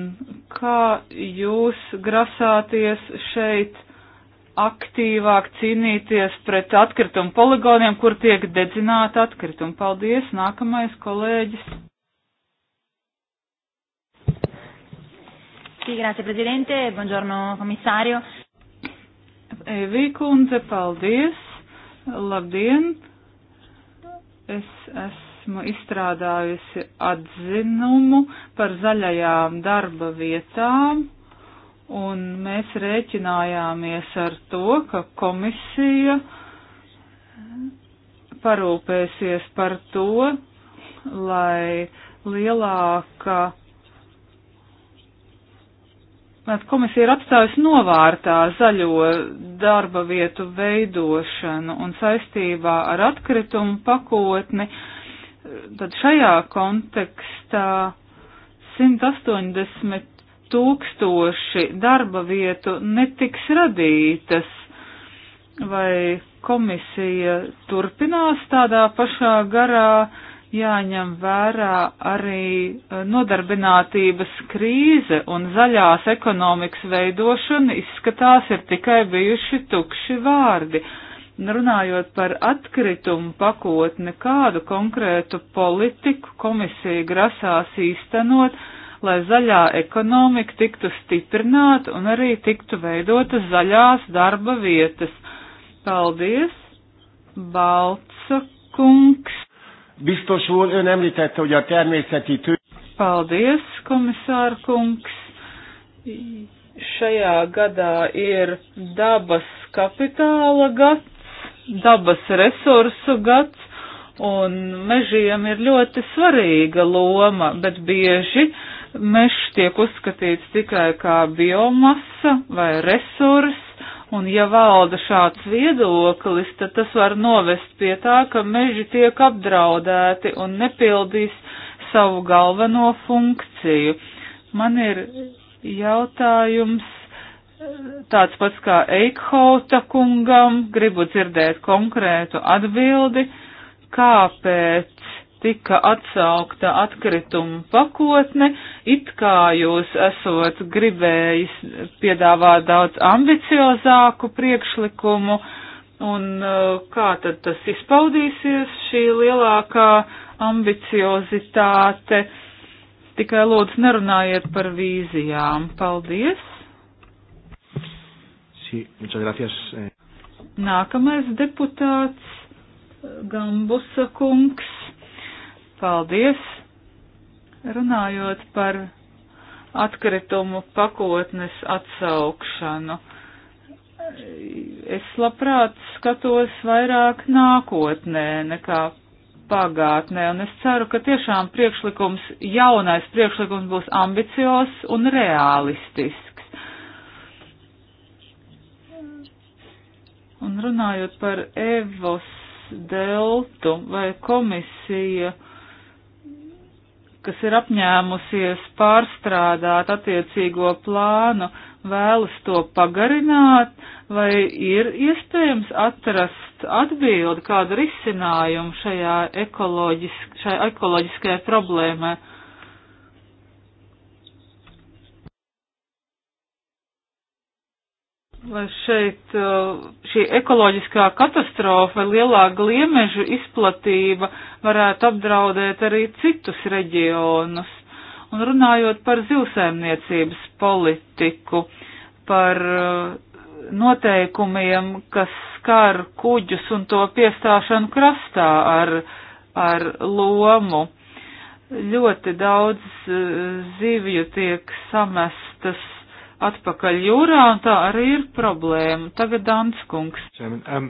kā jūs grasāties šeit? aktīvāk cīnīties pret atkritumu poligoniem, kur tiek dedzināti atkritumi. Paldies, nākamais kolēģis. Sì, grazie Presidente, buongiorno Commissario. Evi kundze, paldies, labdien. Es esmu izstrādājusi atzinumu par zaļajām darba vietām un mēs rēķinājāmies ar to, ka komisija parūpēsies par to, lai lielāka. Komisija ir atstājusi novārtā zaļo darba vietu veidošanu un saistībā ar atkritumu pakotni. Tad šajā kontekstā 180 tūkstoši darba vietu netiks radītas. Vai komisija turpinās tādā pašā garā, jāņem vērā arī eh, nodarbinātības krīze un zaļās ekonomikas veidošana izskatās ir tikai bijuši tukši vārdi. Runājot par atkritumu pakotni, kādu konkrētu politiku komisija grasās īstenot, lai zaļā ekonomika tiktu stiprināta un arī tiktu veidotas zaļās darba vietas. Paldies, Balca kungs! Biztos úr, ön említette, hogy a természeti tő... Paldies, komisār kungs! Šajā gadā ir dabas kapitāla gads, dabas resursu gads, un mežiem ir ļoti svarīga loma, bet bieži Mešs tiek uzskatīts tikai kā biomasa vai resurs, un ja valda šāds viedoklis, tad tas var novest pie tā, ka meži tiek apdraudēti un nepildīs savu galveno funkciju. Man ir jautājums tāds pats kā Eikhauta kungam, gribu dzirdēt konkrētu atbildi, kāpēc tika atsaukta atkritumu pakotne, it kā jūs esot gribējis piedāvāt daudz ambiciozāku priekšlikumu, un uh, kā tad tas izpaudīsies, šī lielākā ambiciozitāte. Tikai lūdzu nerunājiet par vīzijām. Paldies! Sí, muchas gracias. Eh. Nākamais deputāts Gambusa kungs. Paldies! Runājot par atkritumu pakotnes atsaukšanu, es labprāt skatos vairāk nākotnē nekā pagātnē, un es ceru, ka tiešām priekšlikums, jaunais priekšlikums būs ambiciozs un realistisks. Un runājot par Evos deltu vai komisiju, uh, kas ir apņēmusies pārstrādāt attiecīgo plānu, vēlas to pagarināt, vai ir iespējams atrast atbildi, kādu risinājumu šajā ekoloģisk, šai ekoloģiskajai problēmai? lai šeit uh, šī ekoloģiskā katastrofa, lielā gliemežu izplatība varētu apdraudēt arī citus reģionus. Un runājot par zivsēmniecības politiku, par uh, noteikumiem, kas skar kuģus un to piestāšanu krastā ar, ar lomu. Ļoti daudz uh, zivju tiek samestas atpakaļ jūrā, un tā arī ir problēma. Tagad Danskungs. Um,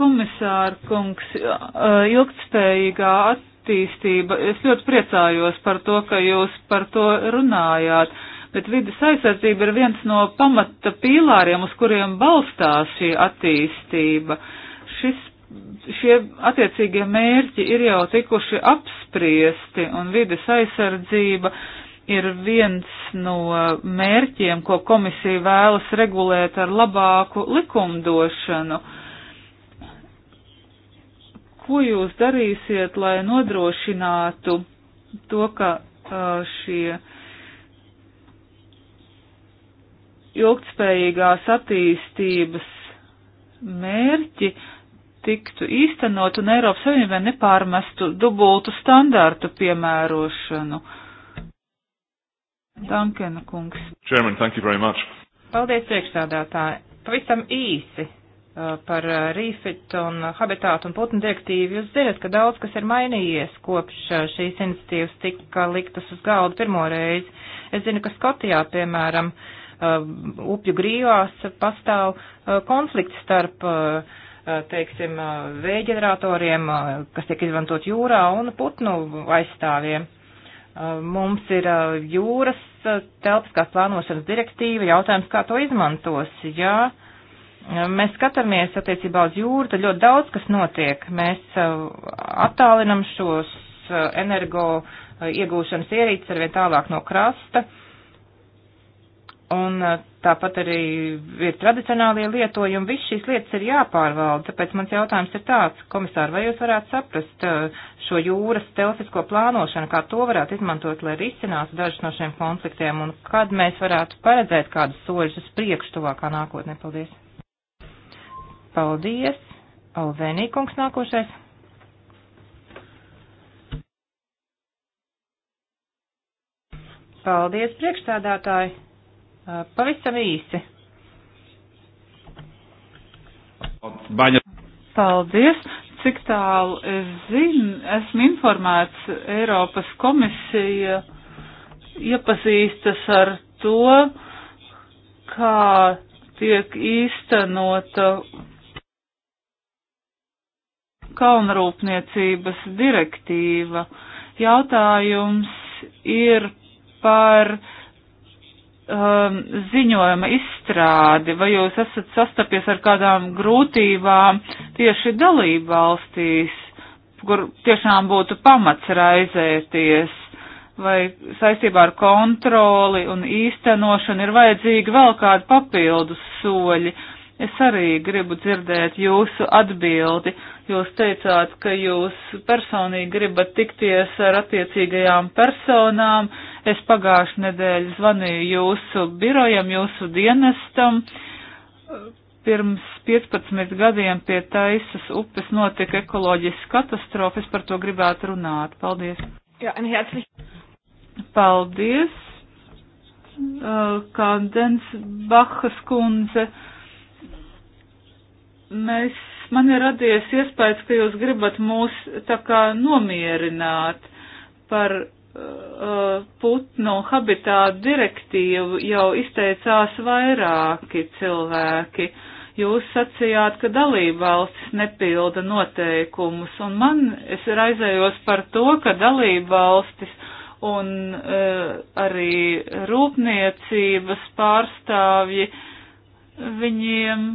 Komisāra kungs, uh, ilgtspējīgā attīstība, es ļoti priecājos par to, ka jūs par to runājāt, bet vidas aizsardzība ir viens no pamata pīlāriem, uz kuriem balstās šī attīstība. Šis šie attiecīgie mērķi ir jau tikuši apspriesti un vides aizsardzība ir viens no mērķiem, ko komisija vēlas regulēt ar labāku likumdošanu. Ko jūs darīsiet, lai nodrošinātu to, ka šie ilgtspējīgās attīstības mērķi tiktu īstenot un Eiropas Savienībai nepārmestu dubultu standārtu piemērošanu? Uh, Dankena kungs. Chairman, thank you very much. Paldies priekšstādātāji. Pavisam īsi uh, par uh, rīfit un habitātu un putnu direktīvu. Jūs zinat, ka daudz kas ir mainījies kopš uh, šīs iniciatīvas tika liktas uz galdu pirmo reizi. Es zinu, ka Skotijā, piemēram, upju grīvās pastāv konflikts starp teiksim, vējģeneratoriem, kas tiek izmantot jūrā, un putnu aizstāvjiem. Uh, mums ir uh, jūras uh, telpiskās plānošanas direktīva, jautājums, kā to izmantos. Ja mēs skatāmies attiecībā uz jūru, tad ļoti daudz kas notiek. Mēs attālinam šos energo iegūšanas ierīces arvien tālāk no krasta. Un Tāpat arī ir tradicionālie lietojumi. Viss šīs lietas ir jāpārvalda, tāpēc mans jautājums ir tāds, komisāri, vai jūs varētu saprast uh, šo jūras telfisko plānošanu, kā to varētu izmantot, lai risinātu dažus no šiem konfliktiem, un kad mēs varētu paredzēt kādus soļus uz priekšu tuvākā nākotnē? Paldies! Paldies! Alvenī kungs nākošais. Paldies, priekšstādātāji! Pavisam īsi. Baņa. Paldies. Cik tālu es zinu, esmu informēts, Eiropas komisija iepazīstas ar to, kā tiek īstenota kalnrūpniecības direktīva. Jautājums ir par uh, um, ziņojuma izstrādi, vai jūs esat sastapies ar kādām grūtībām tieši dalību valstīs, kur tiešām būtu pamats raizēties, vai saistībā ar kontroli un īstenošanu ir vajadzīgi vēl kādi papildus soļi. Es arī gribu dzirdēt jūsu atbildi. Jūs teicāt, ka jūs personīgi gribat tikties ar attiecīgajām personām, uh, Es pagājušajā nedēļā zvanīju jūsu birojam, jūsu dienestam. Pirms 15 gadiem pie Taisas upes notika ekoloģiska katastrofa. Es par to gribētu runāt. Paldies! Jā, Paldies, uh, Kandens Bahas kundze. Mēs, man ir radies iespējas, ka jūs gribat mūs tā kā nomierināt par Uh, putnu habitātu direktīvu jau izteicās vairāki cilvēki. Jūs sacījāt, ka dalībvalstis nepilda noteikumus, un man es raizējos par to, ka dalībvalstis un uh, arī rūpniecības pārstāvji viņiem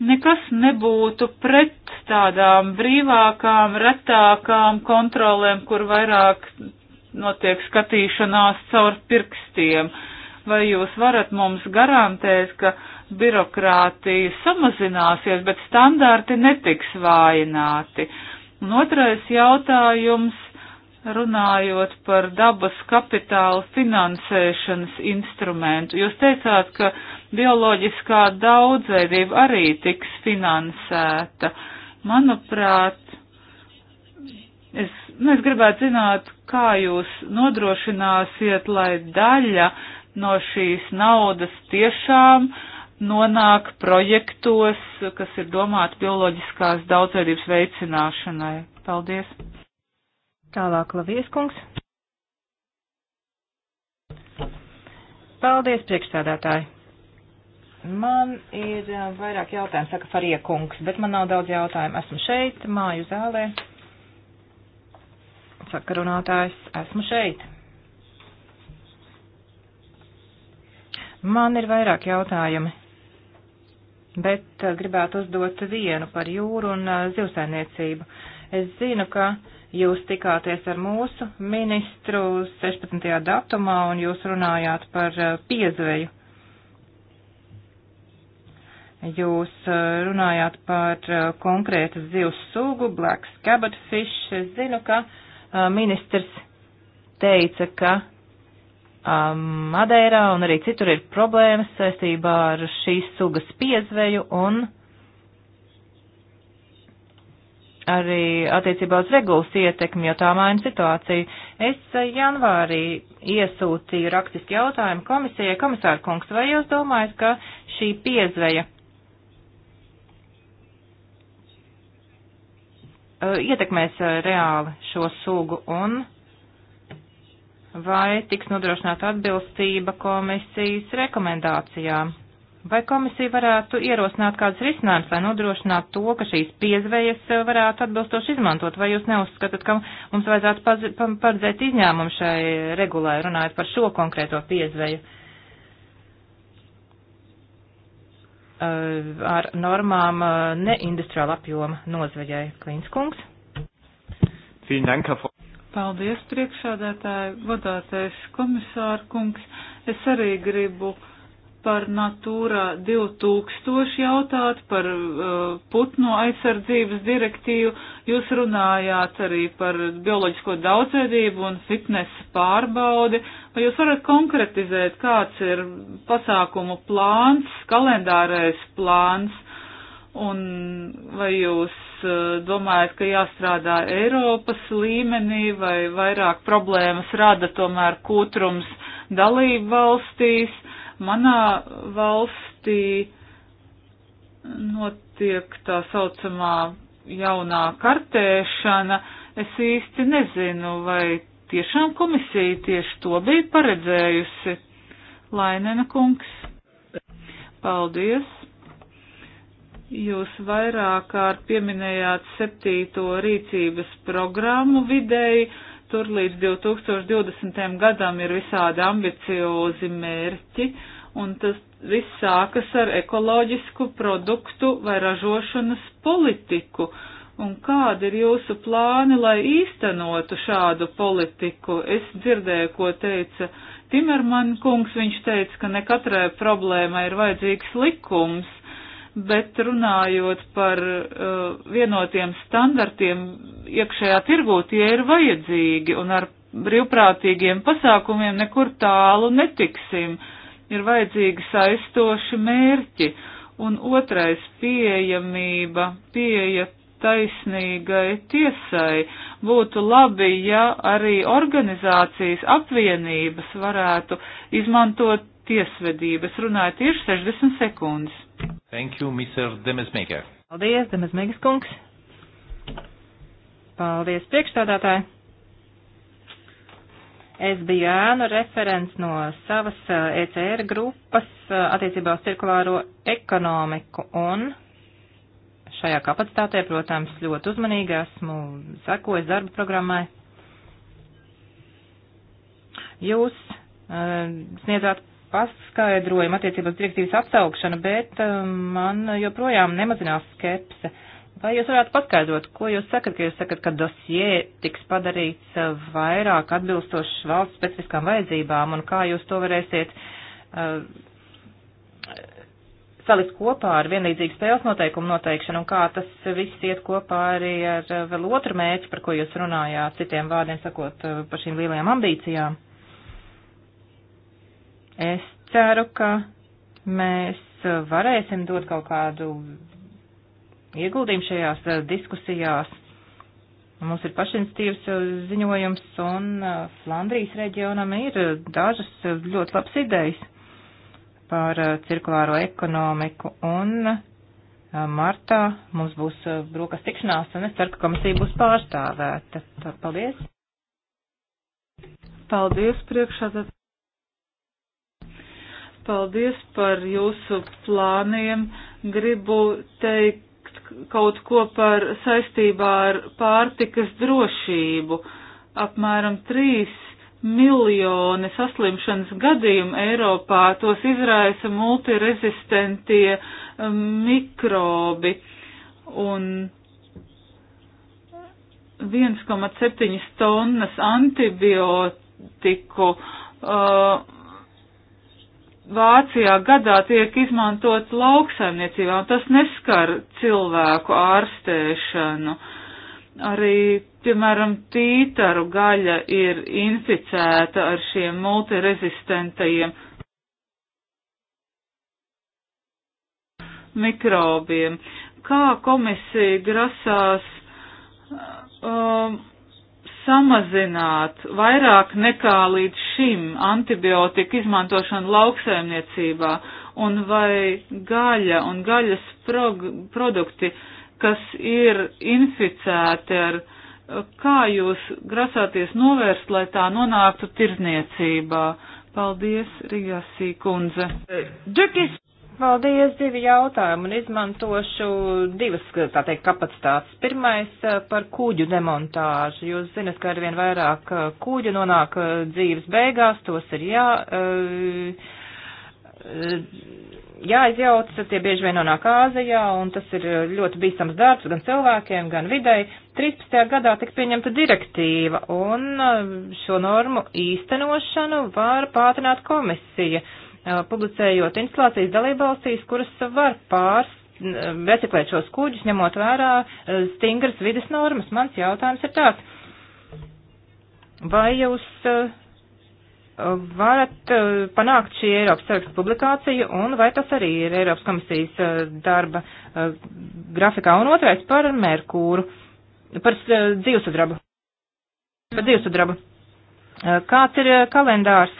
nekas nebūtu pret tādām brīvākām, retākām kontrolēm, kur vairāk notiek skatīšanās caur pirkstiem. Vai jūs varat mums garantēt, ka birokrātija samazināsies, bet standarti netiks vājināti? Un otrais jautājums runājot par dabas kapitāla finansēšanas instrumentu. Jūs teicāt, ka bioloģiskā daudzveidība arī tiks finansēta. Manuprāt, es, nu, es gribētu zināt, kā jūs nodrošināsiet, lai daļa no šīs naudas tiešām nonāk projektos, kas ir domāti bioloģiskās daudzveidības veicināšanai. Paldies! Tālāk Lavieskungs. Paldies, priekšstādātāji. Man ir eh, vairāk jautājumu, saka Fariekungs, bet man nav daudz jautājumu. Esmu šeit, māju zālē. Saka runātājs, esmu šeit. Man ir vairāk jautājumi, bet eh, gribētu uzdot vienu par jūru un eh, zivsainiecību. Es zinu, ka uh, Jūs tikāties ar mūsu ministru 16. datumā un jūs runājāt par eh, piezveju. Jūs eh, runājāt par eh, konkrētas zivs sugu, black scabbard fish. Es zinu, ka ministrs teica, ka Madeirā un arī citur ir problēmas saistībā ar šīs sugas piezveju un arī attiecībā uz regulas ietekmi, jo tā maina situāciju. Es eh, janvārī iesūtīju rakstiski jautājumu komisijai, komisāra kungs, vai jūs domājat, ka šī piezveja eh, ietekmēs eh, reāli šo sugu un vai tiks nodrošināta atbilstība komisijas rekomendācijām? Vai komisija varētu ierosināt kādas risinājumas, lai nodrošinātu to, ka šīs piezvejas varētu atbilstoši izmantot? Vai jūs neuzskatāt, ka mums vajadzētu paredzēt izņēmumu šai regulai, runājot par šo konkrēto piezveju? ar normām neindustriāla apjoma nozveģai Klinskungs. Paldies, priekšādātāji, vadātais komisāra kungs. Es arī gribu par Natūra 2000 jautāt, par uh, putnu aizsardzības direktīvu. Jūs runājāt arī par bioloģisko daudzveidību un fitnesa pārbaudi. Vai jūs varat konkretizēt, kāds ir pasākumu plāns, kalendārais plāns? Un vai jūs uh, domājat, ka jāstrādā Eiropas līmenī vai vairāk problēmas rada tomēr kūtrums dalību valstīs? Manā valstī notiek tā saucamā jaunā kartēšana. Es īsti nezinu, vai tiešām komisija tieši to bija paredzējusi. Lainena kungs, paldies! Jūs vairāk kārt pieminējāt septīto rīcības programmu videi Tur līdz 2020. gadam ir visādi ambiciozi mērķi, un tas viss sākas ar ekoloģisku produktu vai ražošanas politiku. Un kādi ir jūsu plāni, lai īstenotu šādu politiku? Es dzirdēju, ko teica Timerman kungs, viņš teica, ka ne katrai problēmai ir vajadzīgs likums, bet runājot par uh, vienotiem standartiem iekšējā tirgū, tie ir vajadzīgi un ar brīvprātīgiem pasākumiem nekur tālu netiksim. Ir vajadzīgi saistoši mērķi. Un otrais - pieejamība, pieeja taisnīgai tiesai. Būtu labi, ja arī organizācijas apvienības varētu izmantot tiesvedības. Runāju tieši 60 sekundes. Thank you, Mr. Demesmaker. Paldies, Demesmakas kungs. Paldies, priekšstādātāji. Es biju ēnu referents no savas ECR eh, e grupas eh, attiecībā uz cirkulāro ekonomiku un šajā kapacitātē, protams, ļoti uzmanīgi esmu sekojis darba programmai. Jūs uh, sniedzāt paskaidrojumu attiecībā uz direktīvas atsaukšanu, bet eh, man joprojām nemazinās skepse. Vai jūs varētu paskaidrot, ko jūs sakat, ka jūs sakat, ka dosie tiks padarīts eh, vairāk atbilstošs valsts specifiskām vajadzībām un kā jūs to varēsiet uh, salikt kopā ar vienlīdzīgu spēles noteikumu noteikšanu un kā tas viss iet kopā arī ar vēl otru mērķi, par ko jūs runājāt, citiem vārdiem sakot, par šīm lielajām ambīcijām? Es ceru, ka mēs varēsim dot kaut kādu ieguldījumu šajās eh, diskusijās. Mums ir pašinstīvs eh, ziņojums, un eh, Flandrijas reģionam ir dažas ļoti labas idejas par cirkulāro ekonomiku, un martā mums būs brokas tikšanās, un es ceru, ka komisija būs pārstāvēta. Paldies! Paldies priekšā! Paldies par jūsu plāniem. Gribu teikt kaut ko par saistībā ar pārtikas drošību. Apmēram 3 miljoni saslimšanas gadījumu Eiropā tos izraisa multirezistentie um, mikrobi. Un 1,7 tonnas antibiotiku uh, Vācijā gadā tiek izmantots lauksaimniecībā, un tas neskar cilvēku ārstēšanu. Arī, piemēram, tītaru gaļa ir inficēta ar šiem multirezistentajiem mikrobiem. Kā komisija grasās um, samazināt vairāk nekā līdz šim antibiotika izmantošanu lauksaimniecībā un vai gaļa un gaļas produkti, kas ir inficēti ar, kā jūs grasāties novērst, lai tā nonāktu tirzniecībā? Paldies, Rigasī kundze. Džekis. Paldies, divi jautājumi un izmantošu divas, tā teikt, kapacitātes. Pirmais eh, par kūģu demontāžu. Jūs zinat, ka arvien vairāk eh, kūģu nonāk eh, dzīves beigās, tos ir jā, jāizjauc, tie bieži vien nonāk Āzijā un tas ir ļoti bīstams darbs gan cilvēkiem, gan videi. 13. gadā tika pieņemta direktīva un šo normu īstenošanu var pātrināt komisija publicējot instalācijas dalībvalstīs, kuras var pārs reciklēt šos kuģus, ņemot vērā stingras vidas normas. Mans jautājums ir tāds. Vai jūs varat panākt šī Eiropas sarakstu publikāciju un vai tas arī ir Eiropas komisijas darba grafikā? Un otrais par Merkūru, par dzīvesudrabu. Par dzīvesudrabu. Kāds ir kalendārs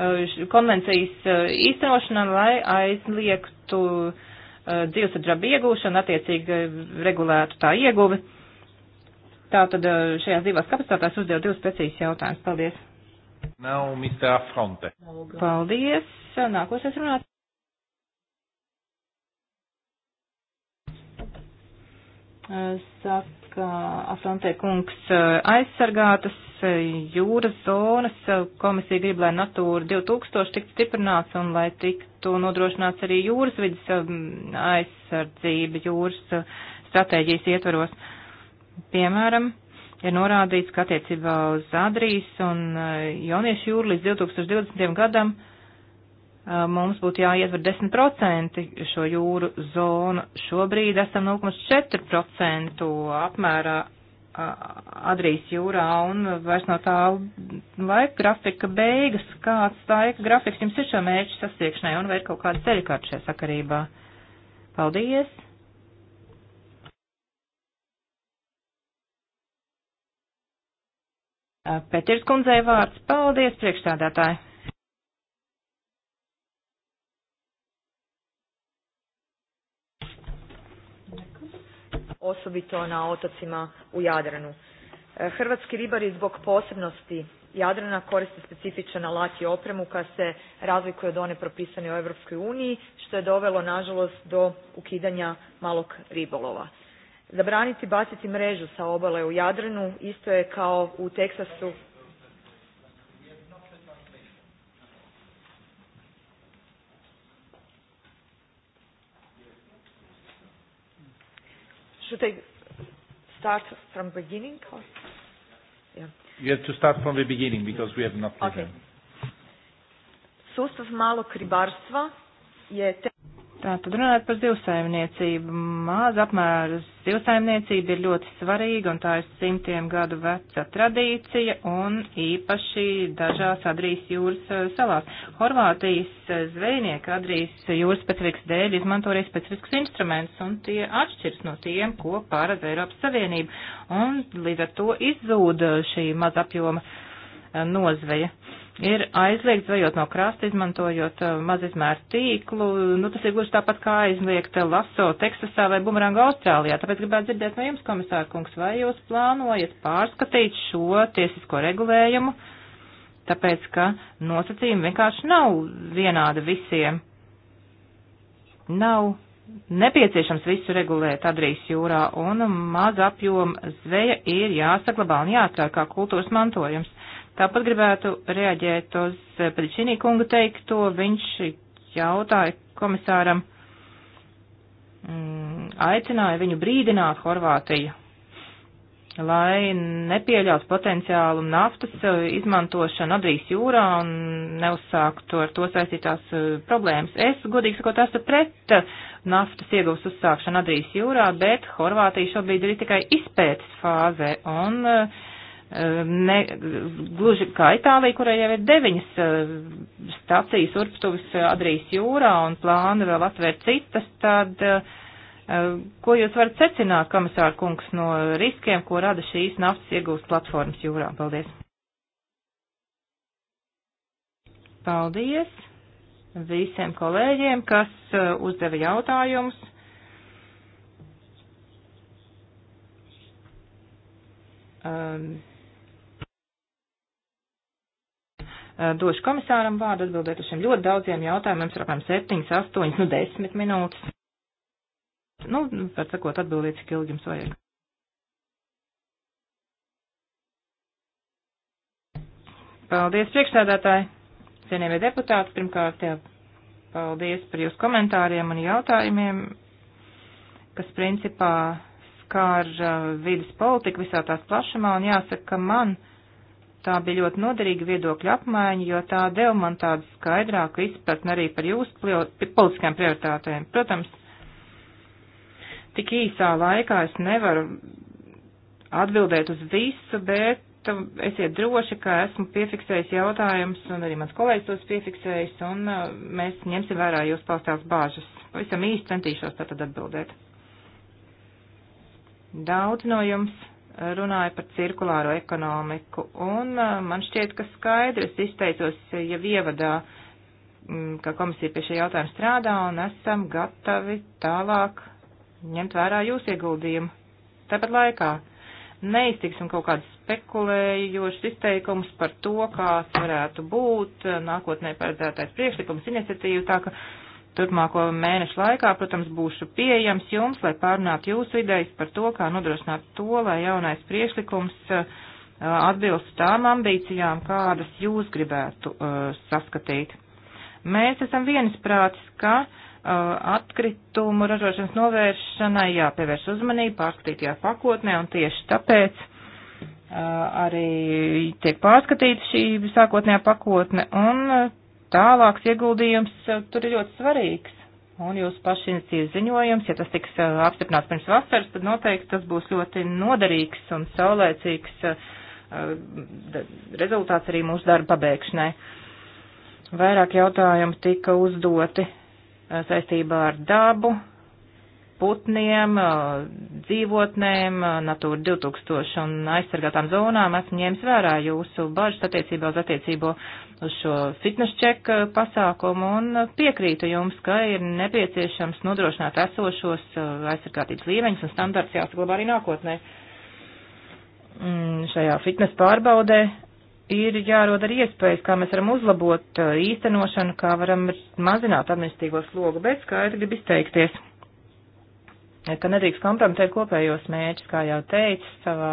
Eh, konvencijas īstenošanā, eh, lai aizliegtu eh, dzīvesadrabu iegūšanu, attiecīgi regulētu tā ieguvi. Tātad šajās divās kapacitātēs uzdevu divas precīzes jautājumus. Paldies. Nav mistā fronte. Paldies. Nākošais runāt. Saka ka Atlantē kungs eh, aizsargātas eh, jūras zonas, eh, komisija grib, lai Natūra 2000 tiktu stiprināts un lai tiktu nodrošināts arī jūras vidas aizsardzība jūras stratēģijas ietvaros. Piemēram, ir norādīts, ka attiecībā uz Adrijas un Jauniešu jūru līdz 2020. gadam Uh, mums būtu jāietver 10% šo jūru zonu. Šobrīd esam 0,4% apmērā uh, Adrijas jūrā un vairs no tā laika grafika beigas. Kāds laika grafiks jums ir šo mērķu sasiekšanai un vai ir kaut kāda ceļkārta šajā sakarībā? Paldies! Uh, Petirs kundzei vārds. Paldies, priekšstādātāji! osobito na otocima u Jadranu. E, hrvatski ribari zbog posebnosti Jadrana koriste specifičan alat i opremu koja se razlikuje od one propisane u Europskoj uniji, što je dovelo nažalost do ukidanja malog ribolova. Zabraniti baciti mrežu sa obale u Jadranu isto je kao u Teksasu Should I start from beginning? Or? Yeah. You have to start from the beginning because we have not. Okay. Sustav malog ribarstva je Tātad runājot par zivsaimniecību, māza apmēra zivsaimniecība ir ļoti svarīga un tā ir simtiem gadu veca tradīcija un īpaši dažās Adrijas jūras eh, salās. Horvātijas eh, zvejnieki Adrijas jūras specifikas dēļ izmanto arī specifiskus instrumentus un tie atšķirs no tiem, ko pārēdz Eiropas Savienība un līdz ar to izzūda eh, šī mazapjoma nozveja. Uh, ir aizliegts zvejot no krasta, izmantojot uh, mazizmēru tīklu. Nu, tas ir gluži tāpat kā aizliegt uh, laso Teksasā vai bumerangu Austrālijā. Tāpēc gribētu dzirdēt no jums, komisāra kungs, vai jūs plānojat pārskatīt šo tiesisko regulējumu, tāpēc ka nosacījumi vienkārši nav vienādi visiem. Nav nepieciešams visu regulēt Adrijas jūrā, un maza apjoma zveja ir jāsaglabā un jāatļauj kā kultūras mantojums. Tāpat gribētu reaģēt uz eh, Pedičīnī kunga teikto. Viņš jautāja komisāram, mm, aicināja viņu brīdināt Horvātiju, lai nepieļaus potenciālu naftas eh, izmantošanu Adrijas jūrā un neuzsāktu ar to saistītās eh, problēmas. Es, godīgi sakot, esmu pret naftas ieguvas uzsākšanu Adrijas jūrā, bet Horvātija šobrīd ir tikai izpētes fāzē un uh, Ehm, ne, gluži kā Itālija, kurai jau ir deviņas ehm, stācijas urptuvis eh, Adrijas jūrā un plāna vēl atvērt citas, tad ehm, ko jūs varat secināt, komisāra kungs, no riskiem, ko rada šīs naftas iegūst platformas jūrā? Paldies! Paldies visiem kolēģiem, kas eh, uzdeva jautājumus. Um, Eh, došu komisāram vārdu atbildēt uz šiem ļoti daudziem jautājumiem, apmēram 7, 8, nu 10 minūtes. Nu, var sakot, atbildiet, cik ilgi jums vajag. Paldies, priekšsēdētāji, cienījamie deputāti, pirmkārt, jā, paldies par jūsu komentāriem un jautājumiem, kas principā skār eh, vidas politiku visā tās plašumā, un jāsaka, ka man. Uh, Tā bija ļoti noderīga viedokļa apmaiņa, jo tā deva man tādu skaidrāku izpratni arī par jūsu politiskajām prioritātēm. Protams, tik īsā laikā es nevaru atbildēt uz visu, bet esiet droši, ka esmu piefiksējis jautājumus, un arī mans kolēģis tos piefiksējis, un uh, mēs ņemsim vērā jūs paustās bāžas. Pavisam īsti centīšos tātad atbildēt. Daudz no jums runāja par cirkulāro ekonomiku, un uh, man šķiet, ka skaidrs izteicos uh, jau ievadā, mm, ka komisija pie šī jautājuma strādā, un esam gatavi tālāk ņemt vērā jūsu ieguldījumu. Tāpat laikā neiztiksim kaut kādus spekulējošus izteikumus par to, kāds varētu būt uh, nākotnē paredzētais priekšlikums, iniciatīva, tā ka turpmāko mēnešu laikā, protams, būšu pieejams jums, lai pārunātu jūsu idejas par to, kā nodrošināt to, lai jaunais priekšlikums uh, atbilst tām ambīcijām, kādas jūs gribētu uh, saskatīt. Mēs esam vienisprātis, ka uh, atkritumu ražošanas novēršanai jāpievērš uzmanība pārskatītajā pakotnē, un tieši tāpēc uh, arī tiek pārskatīta šī sākotnējā pakotne, un uh, tālāks ieguldījums eh, tur ir ļoti svarīgs. Un jūs paši iniciatīvas ziņojums, ja tas tiks eh, apstiprināts pirms vasaras, tad noteikti tas būs ļoti noderīgs un saulēcīgs eh, rezultāts arī mūsu darba pabeigšanai. Vairāk jautājumu tika uzdoti saistībā ar dabu, putniem, dzīvotnēm, Natūra 2000 un aizsargātām zonām esmu ņēmis vērā jūsu bažas attiecībā uz attiecībo uz šo fitness check uh, pasākumu un uh, piekrītu jums, ka ir nepieciešams nodrošināt esošos uh, aizsargātības līmeņus un standarts jāsaglabā arī nākotnē. Mm, šajā fitness pārbaudē ir jārod arī iespējas, kā mēs varam uzlabot īstenošanu, kā varam mazināt administīvo slogu, bet skaidri grib izteikties, ka nedrīkst kompromitēt kopējos mērķus, kā jau teicu, savā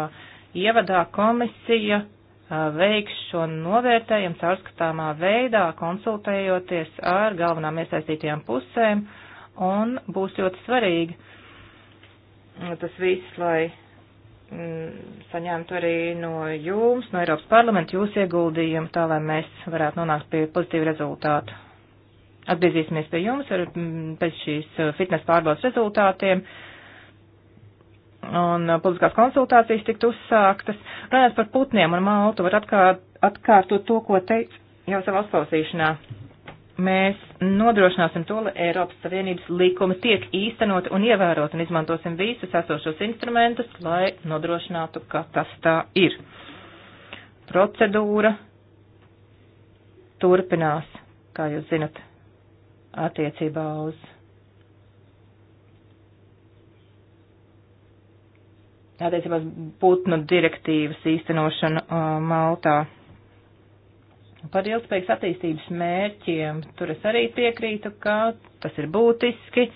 ievadā komisija veiks šo novērtējumu caurskatāmā veidā, konsultējoties ar galvenām iesaistītajām pusēm, un būs ļoti svarīgi tas viss, lai mm, saņemtu arī no jums, no Eiropas parlamenta jūs ieguldījumu, tā lai mēs varētu nonākt pie pozitīvu rezultātu. Atgriezīsimies pie jums ar, mm, pēc šīs fitnes pārbaudas rezultātiem. Uh, un uh, publiskās konsultācijas tiktu uzsāktas. Runājot par putniem un maltu, var atkārt, atkārtot to, ko teicu jau savā uzklausīšanā. Mēs nodrošināsim to, lai Eiropas Savienības likumi tiek īstenot un ievērot un izmantosim visus esošos instrumentus, lai nodrošinātu, ka tas tā ir. Procedūra turpinās, kā jūs zinat, attiecībā uz attiecībā uz putnu direktīvas īstenošanu uh, Maltā. Par ilgspējīgas attīstības mērķiem tur es arī piekrītu, ka tas ir būtiski.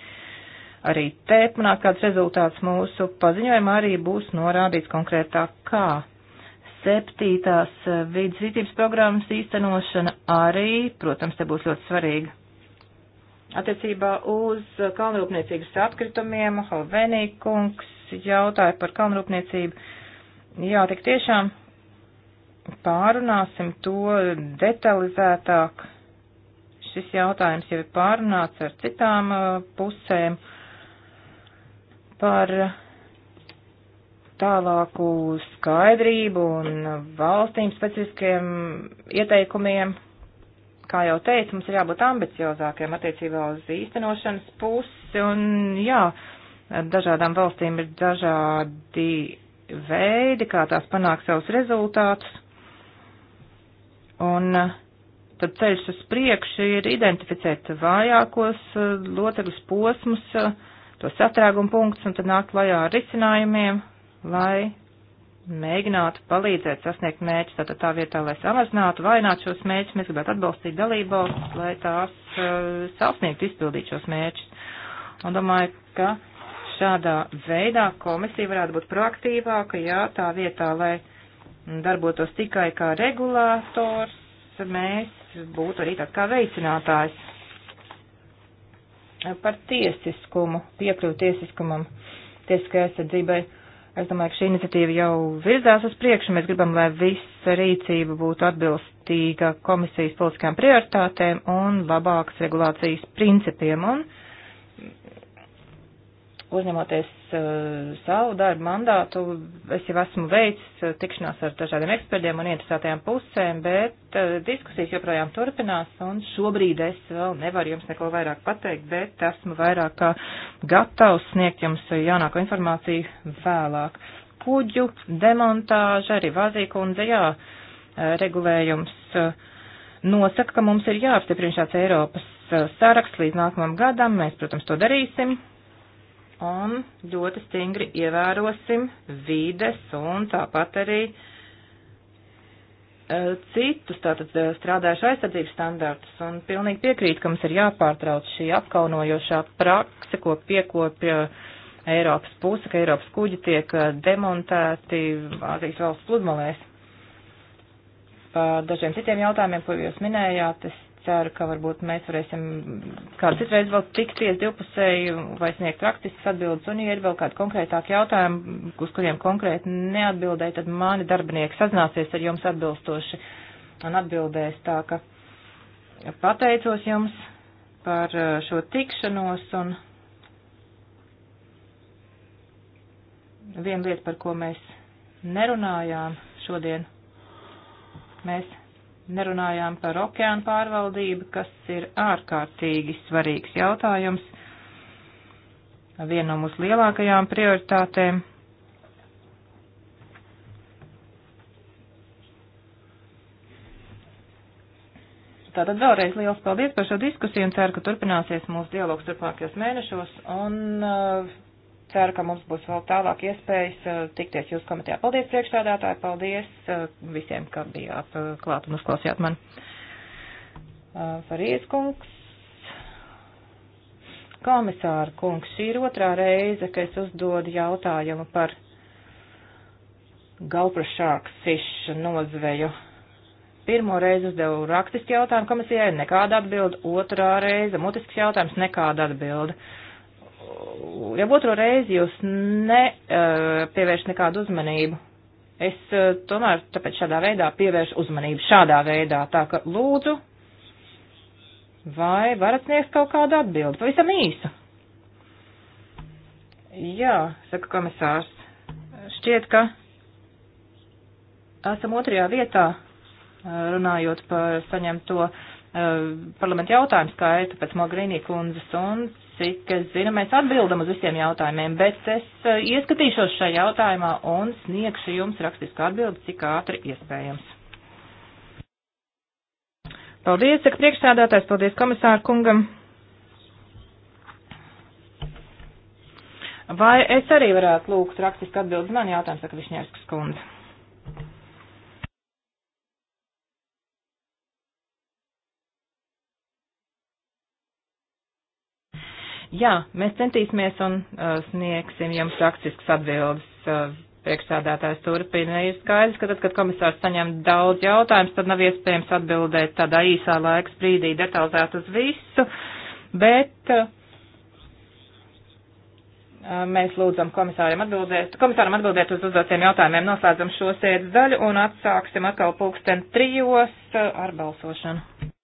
Arī te panākt kāds rezultāts mūsu paziņojumā arī būs norādīts konkrētāk kā. Septītās uh, vidas rīcības programmas īstenošana arī, protams, te būs ļoti svarīga. Attiecībā uz uh, kalnrūpniecības atkritumiem, Hovenī kungs jautāja par kalnrūpniecību. Jā, tik tiešām pārunāsim to detalizētāk. Šis jautājums jau ir pārunāts ar citām uh, pusēm par tālāku skaidrību un valstīm specifiskiem ieteikumiem. Kā jau teicu, mums ir jābūt ambiciozākiem attiecībā uz īstenošanas pusi un jā, uh, Dažādām valstīm ir dažādi veidi, kā tās panāk savus rezultātus. Un eh, tad ceļš uz priekšu ir identificēt vājākos eh, locekļus posmus, eh, to satrēgumu punktus un tad nākt klajā ar risinājumiem, lai mēģinātu palīdzēt sasniegt mērķus. Tātad tā vietā, lai samazinātu, vainātu šos mērķus, mēs gribētu atbalstīt dalībvalstis, lai tās uh, sasniegtu, izpildītu šos mērķus. Un domāju, ka uh, Šādā veidā komisija varētu būt proaktīvāka, jā, tā vietā, lai darbotos tikai kā regulātors, mēs būtu arī tāds kā veicinātājs par tiesiskumu, piekļuvu tiesiskumam, tiesiskai aizsardzībai. Es domāju, ka šī iniciatīva jau virzās uz priekšu. Mēs gribam, lai visa rīcība būtu atbilstīga komisijas politiskajām prioritātēm un labākas regulācijas principiem. Un uzņemoties uh, savu darbu mandātu, es jau esmu veicis uh, tikšanās ar dažādiem ekspertiem un interesētajām pusēm, bet uh, diskusijas joprojām turpinās un šobrīd es vēl nevaru jums neko vairāk pateikt, bet esmu vairāk kā gatavs sniegt jums jaunāko informāciju vēlāk. Kuģu demontāža arī Vazīkundze, jā, uh, regulējums uh, nosaka, ka mums ir jāapstiprina šāds Eiropas uh, saraksts līdz nākamam gadam, mēs, protams, to darīsim un ļoti stingri ievērosim vides un tāpat arī e, citus tātad e, strādājuši aizsardzības standartus un pilnīgi piekrīt, ka mums ir jāpārtrauc šī apkaunojošā prakse, ko piekopja Eiropas puse, ka Eiropas kuģi tiek e, demontēti Āzijas valsts pludmalēs. Par dažiem citiem jautājumiem, ko jūs minējāt, es ceru, ka varbūt mēs varēsim kādu citreiz vēl tikties divpusēji vai sniegt praktiskas atbildes, un, ja ir vēl kādi konkrētāki jautājumi, uz kuriem konkrēti neatbildēja, tad mani darbinieki sazināsies ar jums atbilstoši un atbildēs tā, ka pateicos jums par eh, šo tikšanos un viena lieta, par ko mēs nerunājām šodien, mēs nerunājām par okeānu pārvaldību, kas ir ārkārtīgi svarīgs jautājums. Viena no mūsu lielākajām prioritātēm. Tātad vēlreiz liels paldies par šo diskusiju un ceru, ka turpināsies mūsu dialogs turpmākajos mēnešos un uh, ceru, ka mums būs vēl tālāk iespējas uh, tikties jūs komitejā. Paldies priekšstādātāji, paldies uh, visiem, ka bijāt uh, klāt un uzklausījāt mani. Farijas kungs, komisāra kungs, šī ir otrā reize, ka es uzdodu jautājumu par galprašāku sišu nozveju. Pirmo reizi uzdevu rakstisku jautājumu komisijai, nekāda atbilda, otrā reize mutisks jautājums, nekāda atbilda. Uh, jau otro reizi jūs nepievērš eh, uh, nekādu uzmanību. Es uh, tomēr tāpēc šādā veidā pievēršu uzmanību, šādā veidā, tā ka lūdzu, vai varat sniegt kaut kādu atbildi, pavisam īsu. Jā, saka komisārs, šķiet, ka esam otrajā vietā eh, runājot par saņemto uh, parlamentu jautājumu skaitu pēc Mogrīnī kundzes un cik es zinu, mēs atbildam uz visiem jautājumiem, bet es eh, ieskatīšos šajā jautājumā un sniegšu jums rakstisku atbildi, cik ātri iespējams. Paldies, saka priekšsādātājs, paldies komisāru kungam. Vai es arī varētu lūgt rakstisku atbildi man jautājumu, saka Višņērskas kundze. Jā, mēs centīsimies un uh, sniegsim jums praktiskas atbildes. Uh, Priekšsādātājs turpina. Ir skaidrs, ka tad, kad komisārs saņem daudz jautājumus, tad nav iespējams atbildēt tādā īsā laika sprīdī detalizēt uz visu, bet uh, mēs lūdzam komisāriem atbildēt, komisāram atbildēt uz uzdotiem jautājumiem. Noslēdzam šo sēdes daļu un atsāksim atkal pulksten trijos uh, ar balsošanu.